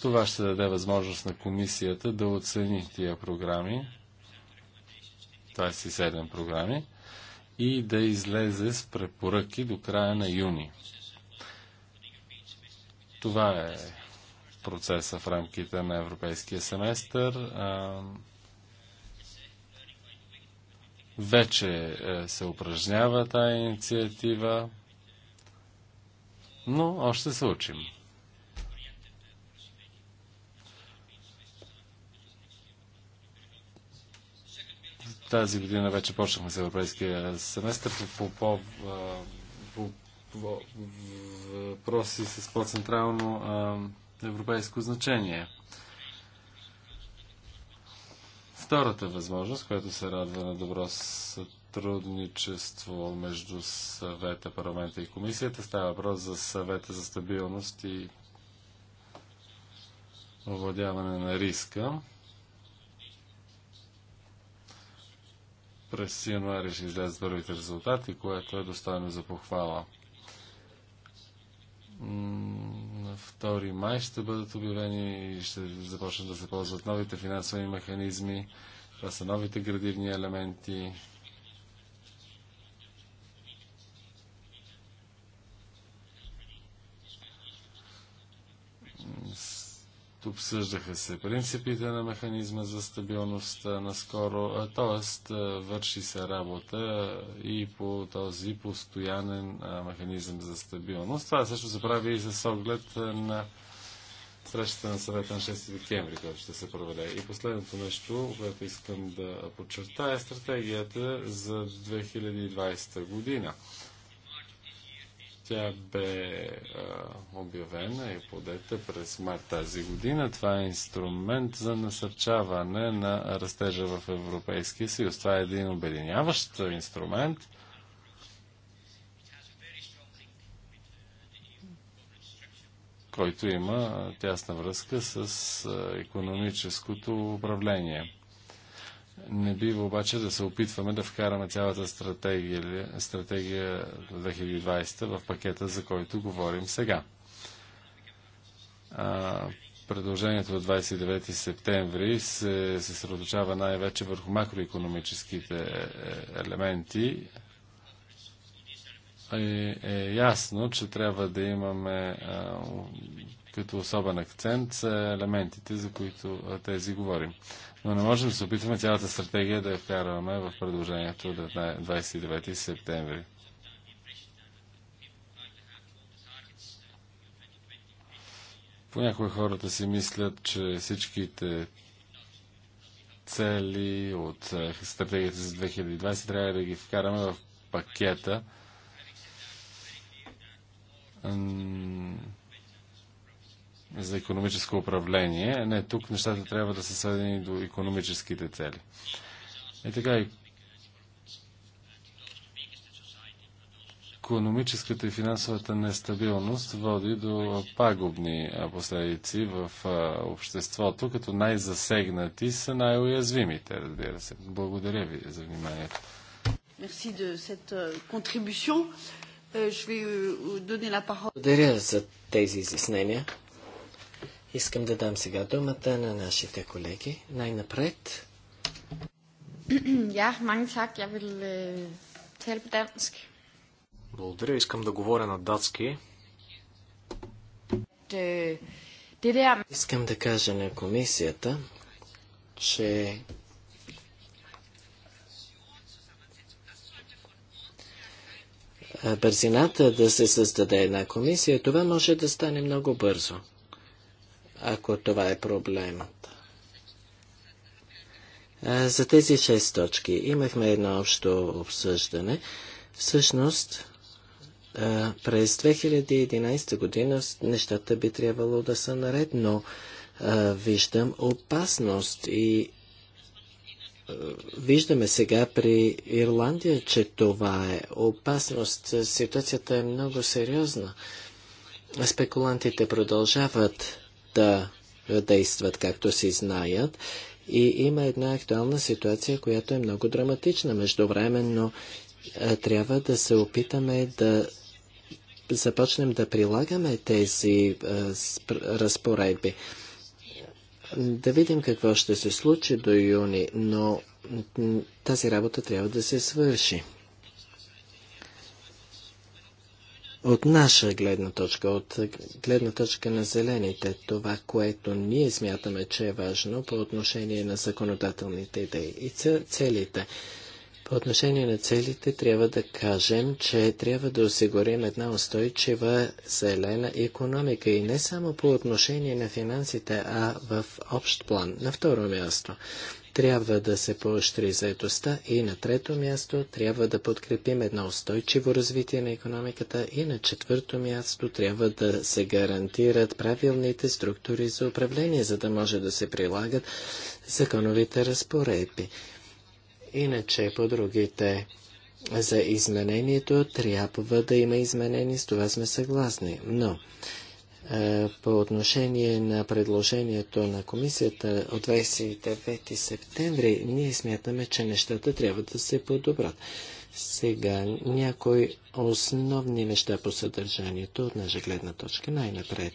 Това ще даде възможност на комисията да оцени тия програми, 27 програми, и да излезе с препоръки до края на юни. Това е процеса в рамките на европейския семестър. Вече е, се упражнява тая инициатива но още се учим. Тази година вече почнахме с европейския семестър по, по, по, по въпроси с по-централно европейско значение. Втората възможност, която се радва на добро сътрудничество между съвета, парламента и комисията. Става въпрос за съвета за стабилност и овладяване на риска. През януари ще излязат първите резултати, което е достойно за похвала. На 2 май ще бъдат обявени и ще започнат да се ползват новите финансови механизми. Това са новите градивни елементи, Обсъждаха се принципите на механизма за стабилност наскоро, т.е. върши се работа и по този постоянен механизъм за стабилност. Това също се прави и с оглед на срещата на съвета на 6 декември, който ще се проведе. И последното нещо, което искам да подчертая, е стратегията за 2020 година. Тя бе а, обявена и подета през март тази година. Това е инструмент за насърчаване на растежа в Европейския съюз. Това е един обединяващ инструмент. който има тясна връзка с економическото управление. Не бива обаче да се опитваме да вкараме цялата стратегия, стратегия 2020 в пакета, за който говорим сега. А, предложението от 29 септември се съсредоточава най-вече върху макроекономическите е, елементи. Е, е ясно, че трябва да имаме а, като особен акцент е, елементите, за които тези говорим но не можем да се опитваме цялата стратегия да я вкарваме в предложението 29 септември. Понякога хората си мислят, че всичките цели от е, стратегията за 2020 трябва да ги вкараме в пакета за економическо управление. Не, тук нещата трябва да са сведени до економическите цели. Е така, економическата и финансовата нестабилност води до пагубни последици в обществото, като най-засегнати са най-уязвимите, разбира се. Благодаря ви за вниманието. Е, Благодаря за тези изяснения. Искам да дам сега думата на нашите колеги. Най-напред. [clears throat] Øh, Благодаря. Искам да говоря на датски. Е, Искам да кажа на комисията, че бързината да се създаде една комисия, това може да стане много бързо ако това е проблем. За тези шест точки имахме едно общо обсъждане. Всъщност, през 2011 година нещата би трябвало да са наред, но виждам опасност и виждаме сега при Ирландия, че това е опасност. Ситуацията е много сериозна. Спекулантите продължават да действат както си знаят. И има една актуална ситуация, която е много драматична. Междувременно е, трябва да се опитаме да започнем да прилагаме тези е, разпоредби. Да видим какво ще се случи до юни, но тази работа трябва да се свърши. От наша гледна точка, от гледна точка на зелените, това, което ние смятаме, че е важно по отношение на законодателните идеи и целите. По отношение на целите трябва да кажем, че трябва да осигурим една устойчива зелена економика и не само по отношение на финансите, а в общ план. На второ място, трябва да се поощри заедостта и на трето място трябва да подкрепим едно устойчиво развитие на економиката и на четвърто място трябва да се гарантират правилните структури за управление, за да може да се прилагат законовите разпоредби. Иначе по другите за изменението трябва да има изменение, с това сме съгласни. Но е, по отношение на предложението на комисията от 29 септември, ние смятаме, че нещата трябва да се подобрат. Сега някои основни неща по съдържанието от наша гледна точка най-напред.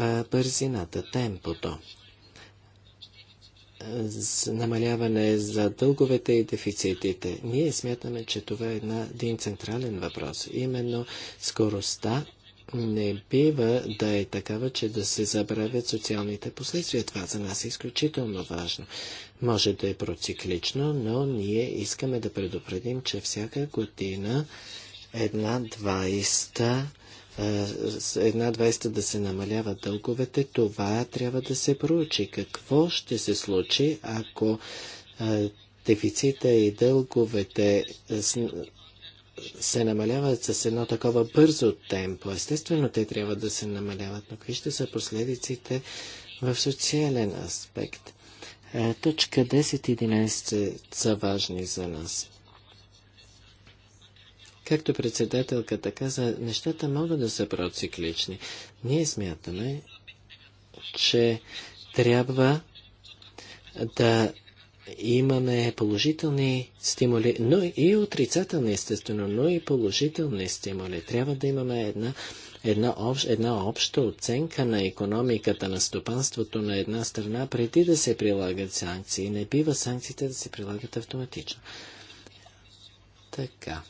Е, бързината, темпото, намаляване за дълговете и дефицитите. Ние смятаме, че това е един централен въпрос. Именно скоростта не бива да е такава, че да се забравят социалните последствия. Това за нас е изключително важно. Може да е проциклично, но ние искаме да предупредим, че всяка година една 20 една 20 да се намаляват дълговете, това трябва да се проучи. Какво ще се случи, ако дефицита и дълговете се намаляват с едно такова бързо темпо. Естествено, те трябва да се намаляват, но какви ще са последиците в социален аспект? Е, точка 10 11 са важни за нас. Както председателката каза, нещата могат да са проциклични. Ние смятаме, че трябва да имаме положителни стимули, но и отрицателни, естествено, но и положителни стимули. Трябва да имаме една, една, общ, една обща оценка на економиката, на стопанството на една страна, преди да се прилагат санкции. Не бива санкциите да се прилагат автоматично. Така.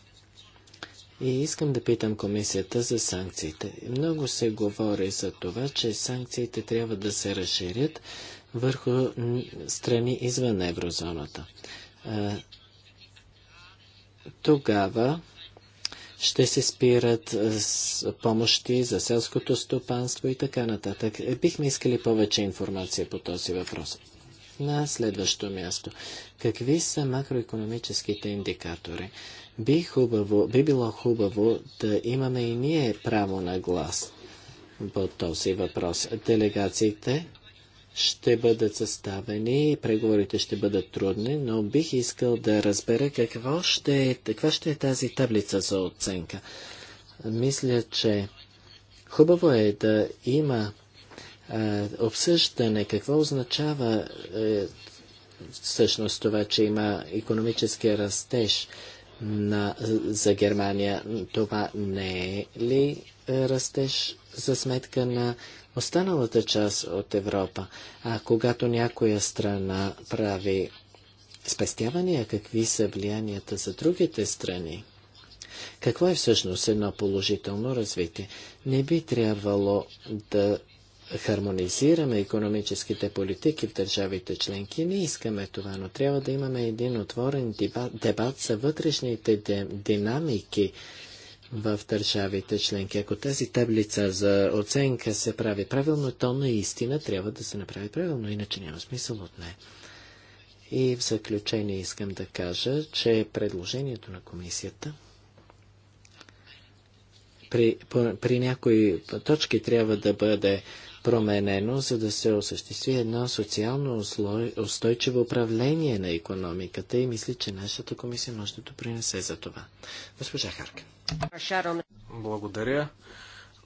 И искам да питам комисията за санкциите. Много се говори за това, че санкциите трябва да се разширят върху страни извън еврозоната. Тогава ще се спират с помощи за селското стопанство и така нататък. Е, бихме искали повече информация по този въпрос. На следващо място. Какви са макроекономическите индикатори? Би, хубаво, би било хубаво да имаме и ние право на глас по този въпрос. Делегациите ще бъдат съставени, преговорите ще бъдат трудни, но бих искал да разбера какво ще е, каква ще е тази таблица за оценка. Мисля, че хубаво е да има а, обсъждане какво означава е, всъщност това, че има економически растеж на, за Германия. Това не е ли е, растеж за сметка на останалата част от Европа. А когато някоя страна прави спестявания, какви са влиянията за другите страни? Какво е всъщност едно положително развитие? Не би трябвало да хармонизираме економическите политики в държавите членки. Не искаме това, но трябва да имаме един отворен дебат, дебат за вътрешните динамики в държавите членки. Ако тази таблица за оценка се прави правилно, то наистина трябва да се направи правилно, иначе няма смисъл от нея. И в заключение искам да кажа, че предложението на комисията при, по, при някои точки трябва да бъде променено, за да се осъществи едно социално устойчиво управление на економиката и мисля, че нашата комисия може да допринесе за това. Госпожа Харка. Благодаря.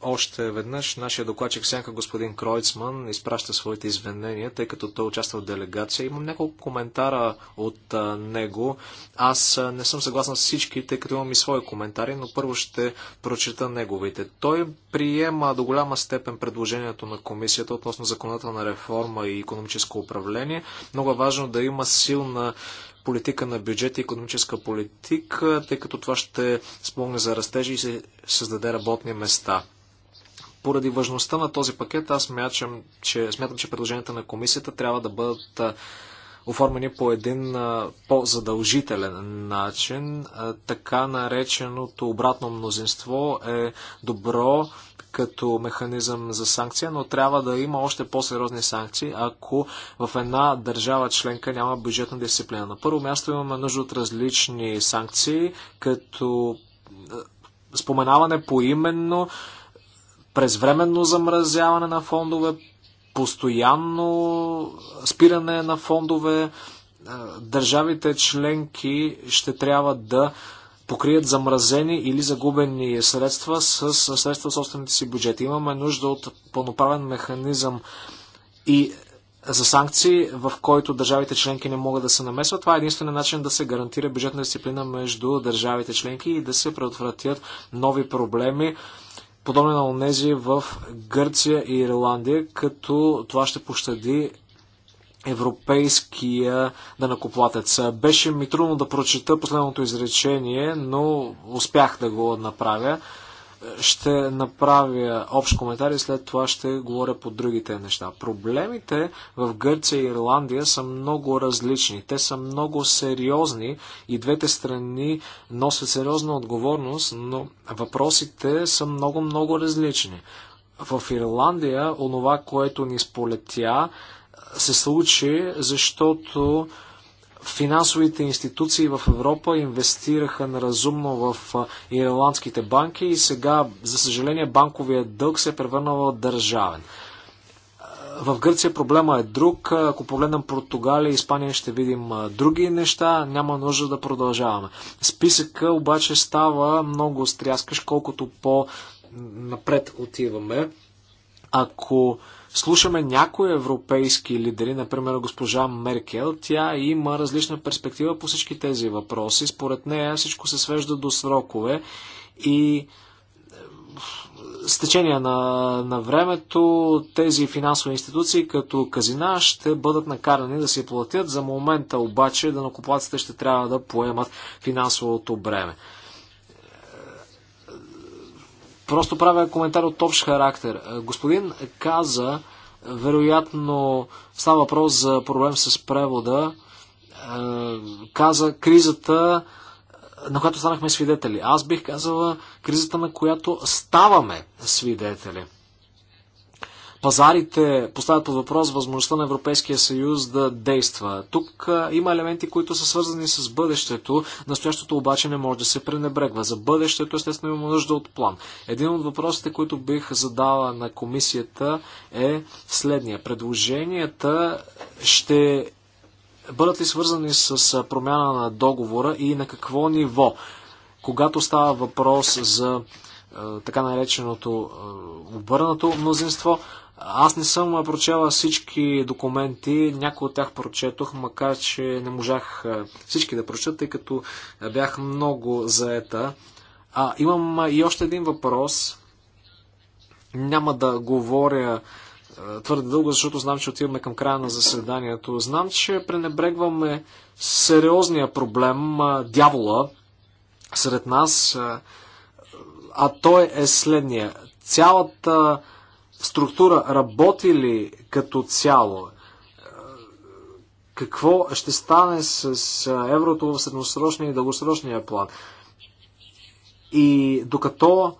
Още веднъж нашия докладчик сянка господин Кройцман изпраща своите извинения, тъй като той участва в делегация. Имам няколко коментара от а, него. Аз не съм съгласен с всички, тъй като имам и свои коментари, но първо ще прочета неговите. Той приема до голяма степен предложението на комисията относно законодателна реформа и економическо управление. Много е важно да има силна политика на бюджет и економическа политика, тъй като това ще спомня за растежи и се създаде работни места. Поради важността на този пакет, аз смятам, че, смятам, че предложенията на комисията трябва да бъдат оформени по един по-задължителен начин. Така нареченото обратно мнозинство е добро като механизъм за санкция, но трябва да има още по-сериозни санкции, ако в една държава членка няма бюджетна дисциплина. На първо място имаме нужда от различни санкции, като споменаване поименно, именно презвременно замразяване на фондове, постоянно спиране на фондове, е, държавите членки ще трябва да покрият замразени или загубени средства с средства в собствените си бюджети. Имаме нужда от пълноправен механизъм и за санкции, в който държавите членки не могат да се намесват. Това е единствения начин да се гарантира бюджетна дисциплина между държавите членки и да се предотвратят нови проблеми подобни на онези в Гърция и Ирландия, като това ще пощади европейския данакоплатец. Беше ми трудно да прочета последното изречение, но успях да го направя ще направя общ коментар и след това ще говоря по другите неща. Проблемите в Гърция и Ирландия са много различни. Те са много сериозни и двете страни носят сериозна отговорност, но въпросите са много-много различни. В Ирландия онова, което ни сполетя, се случи, защото финансовите институции в Европа инвестираха неразумно в ирландските банки и сега, за съжаление, банковия дълг се е превърнал в държавен. В Гърция проблема е друг. Ако погледнем Португалия и Испания, ще видим други неща. Няма нужда да продължаваме. Списъка обаче става много стряскаш, колкото по-напред отиваме. Ако слушаме някои европейски лидери, например госпожа Меркел, тя има различна перспектива по всички тези въпроси. Според нея всичко се свежда до срокове и е, с течение на, на времето тези финансови институции като казина ще бъдат накарани да си платят. За момента обаче да данокоплаците ще трябва да поемат финансовото бреме. Просто правя коментар от общ характер. Е, господин каза, вероятно става въпрос за проблем с превода, е, каза кризата, на която станахме свидетели. Аз бих казала кризата, на която ставаме свидетели пазарите поставят под въпрос възможността на Европейския съюз да действа. Тук има елементи, които са свързани с бъдещето, настоящото обаче не може да се пренебрегва. За бъдещето естествено има нужда от план. Един от въпросите, които бих задала на комисията е следния. Предложенията ще бъдат ли свързани с промяна на договора и на какво ниво? когато става въпрос за е, така нареченото е, обърнато мнозинство. Аз не съм прочела всички документи, някои от тях прочетох, макар че не можах е, всички да прочета, тъй като бях много заета. А, имам и още един въпрос. Няма да говоря твърде дълго, защото знам, че отиваме към края на заседанието. Знам, че пренебрегваме сериозния проблем, дявола, сред нас, а той е следния. Цялата структура работи ли като цяло? Какво ще стане с еврото в средносрочния и дългосрочния план? И докато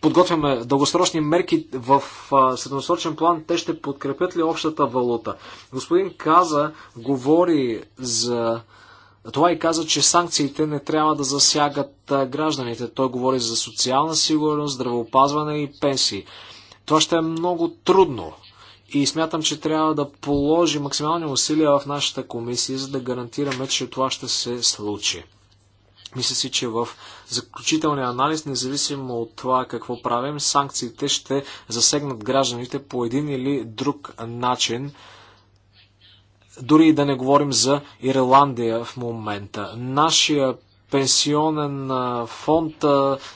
подготвяме дългосрочни мерки в средносрочен план, те ще подкрепят ли общата валута? Господин Каза говори за това и каза, че санкциите не трябва да засягат гражданите. Той говори за социална сигурност, здравеопазване и пенсии. Това ще е много трудно и смятам, че трябва да положи максимални усилия в нашата комисия, за да гарантираме, че това ще се случи. Мисля си, че в заключителния анализ, независимо от това какво правим, санкциите ще засегнат гражданите по един или друг начин дори и да не говорим за Ирландия в момента. Нашия пенсионен фонд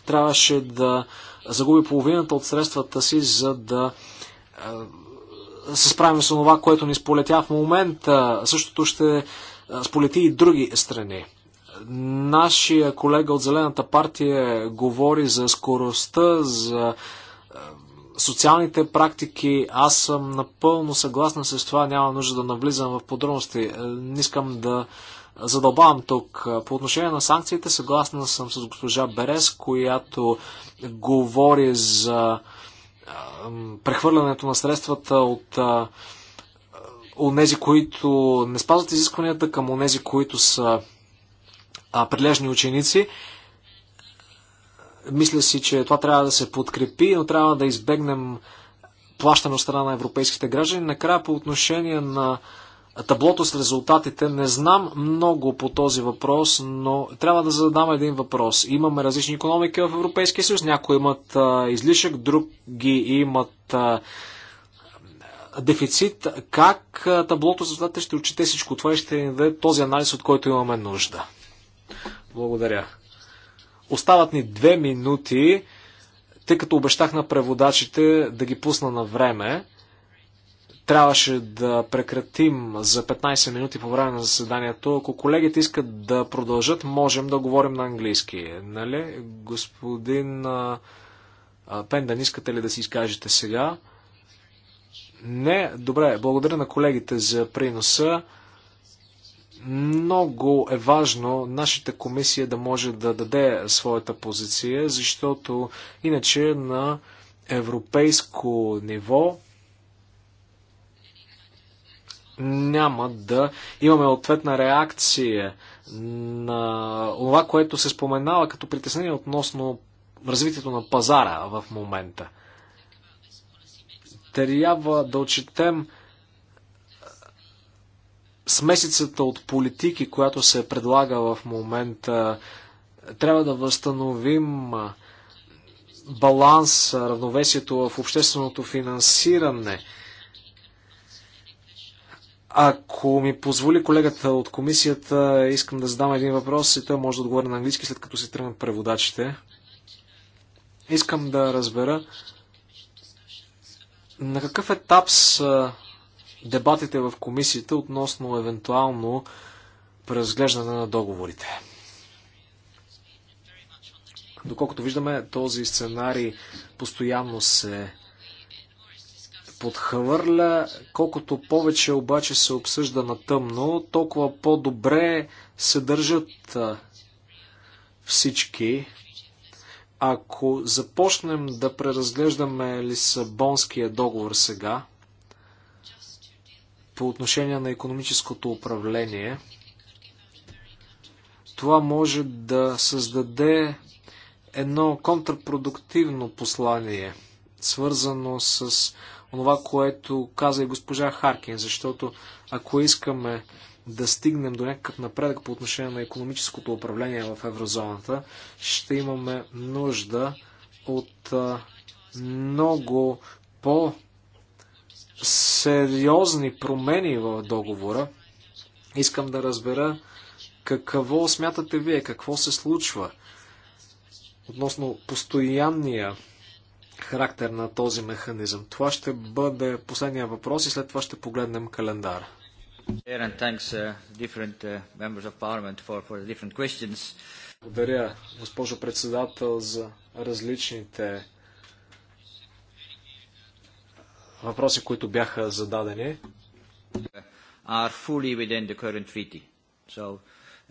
трябваше да загуби половината от средствата си, за да се справим с това, което ни сполетя в момента. Същото ще сполети и други страни. Нашия колега от Зелената партия говори за скоростта, за социалните практики, аз съм напълно съгласна с това, няма нужда да навлизам в подробности. Е, не искам да задълбавам тук. Е, по отношение на санкциите, съгласна съм с госпожа Берес, която говори за прехвърлянето на средствата от е, онези, които не спазват изискванията към онези, които са прилежни ученици. Мисля си, че това трябва да се подкрепи, но трябва да избегнем плащане от страна на европейските граждани. Накрая по отношение на таблото с резултатите, не знам много по този въпрос, но трябва да задам един въпрос. Имаме различни економики в Европейския съюз, някои имат а, излишък, други имат а, дефицит. Как а, таблото с резултатите ще отчете всичко това и ще ни даде този анализ, от който имаме нужда? Благодаря. Остават ни две минути, тъй като обещах на преводачите да ги пусна на време. Трябваше да прекратим за 15 минути по време на заседанието. Ако колегите искат да продължат, можем да говорим на английски. Нали? Господин Пендан, искате ли да си изкажете сега? Не, добре, благодаря на колегите за приноса. Много е важно нашата комисия да може да даде своята позиция, защото иначе на европейско ниво няма да имаме ответна реакция на това, което се споменава като притеснение относно развитието на пазара в момента. Трябва да отчетем смесицата от политики, която се предлага в момента, трябва да възстановим баланс, равновесието в общественото финансиране. Ако ми позволи колегата от комисията, искам да задам един въпрос и той може да отговори на английски, след като се тръгнат преводачите. Искам да разбера на какъв етап са дебатите в комисията относно евентуално преразглеждане на договорите. Доколкото виждаме, този сценарий постоянно се подхвърля. Колкото повече обаче се обсъжда на тъмно, толкова по-добре се държат всички. Ако започнем да преразглеждаме Лисабонския договор сега, по отношение на економическото управление. Това може да създаде едно контрпродуктивно послание, свързано с това, което каза и госпожа Харкин, защото ако искаме да стигнем до някакъв напредък по отношение на економическото управление в еврозоната, ще имаме нужда от много по- сериозни промени в договора. Искам да разбера какво смятате вие, какво се случва относно постоянния характер на този механизъм. Това ще бъде последния въпрос и след това ще погледнем календар. Uh, uh, Благодаря, госпожо председател, за различните въпроси, които бяха зададени. Are fully within the current treaty. So,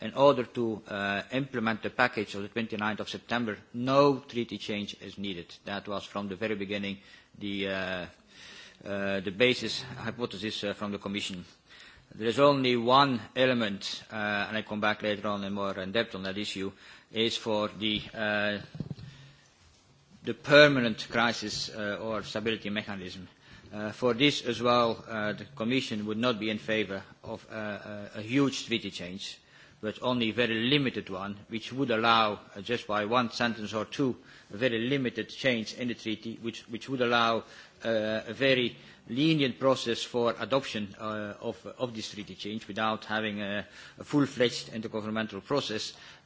in order to uh, implement the package of the 29th of September, no treaty change is needed. That was from the very beginning the, uh, uh, the basis hypothesis uh, from the Commission. There is only one element, uh, and I come back later on in more in depth on that issue, is for the, uh, the permanent crisis uh, or stability mechanism. Uh, for this as well, uh, the Commission would not be in favour of uh, a huge treaty change, but only a very limited one, which would allow, uh, just by one sentence or two, a very limited change in the treaty, which, which would allow uh, a very lenient process for adoption uh, of, of this treaty change without having a, a full-fledged intergovernmental process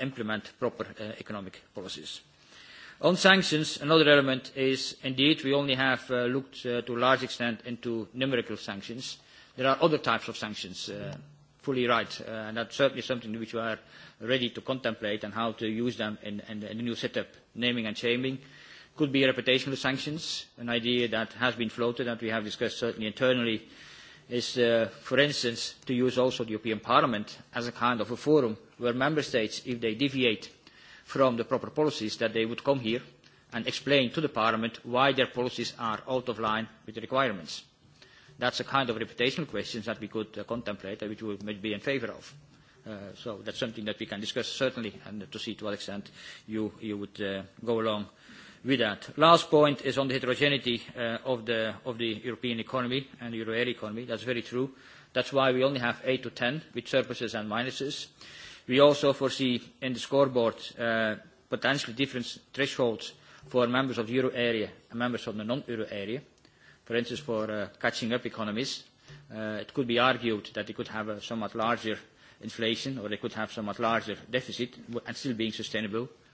implement proper economic policies. On sanctions, another element is indeed we only have looked to a large extent into numerical sanctions. There are other types of sanctions, fully right, and that's certainly something which we are ready to contemplate and how to use them in, in, the new setup, naming and shaming. Could be reputational sanctions, an idea that has been floated that we have discussed certainly internally uh, is, uh, for instance, to use also the European Parliament as a kind of a forum where member states, if they deviate from the proper policies, that they would come here and explain to the Parliament why their policies are out of line with the requirements. That's a kind of reputational question that we could uh, contemplate and which we would be in favour of. Uh, so that's something that we can discuss certainly and to see to what extent you, you would uh, go along with that. Last point is on the heterogeneity of the European economy and the euro area economy. That's very true. That's why we only have eight to 10 with surpluses and minuses. We also foresee in the scoreboard potentially different thresholds for members of the euro area and members of the non-euro area. For instance, for catching up economies, it could be argued that they could have a somewhat larger inflation, or they could have somewhat larger deficit and still being sustainable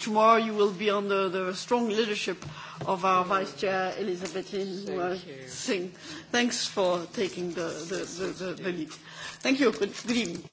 Tomorrow you will be under the strong leadership of our Vice Chair, Elizabeth Lin, who Singh. Thanks for taking the, the, the, the, the lead. Thank you. Good, good evening.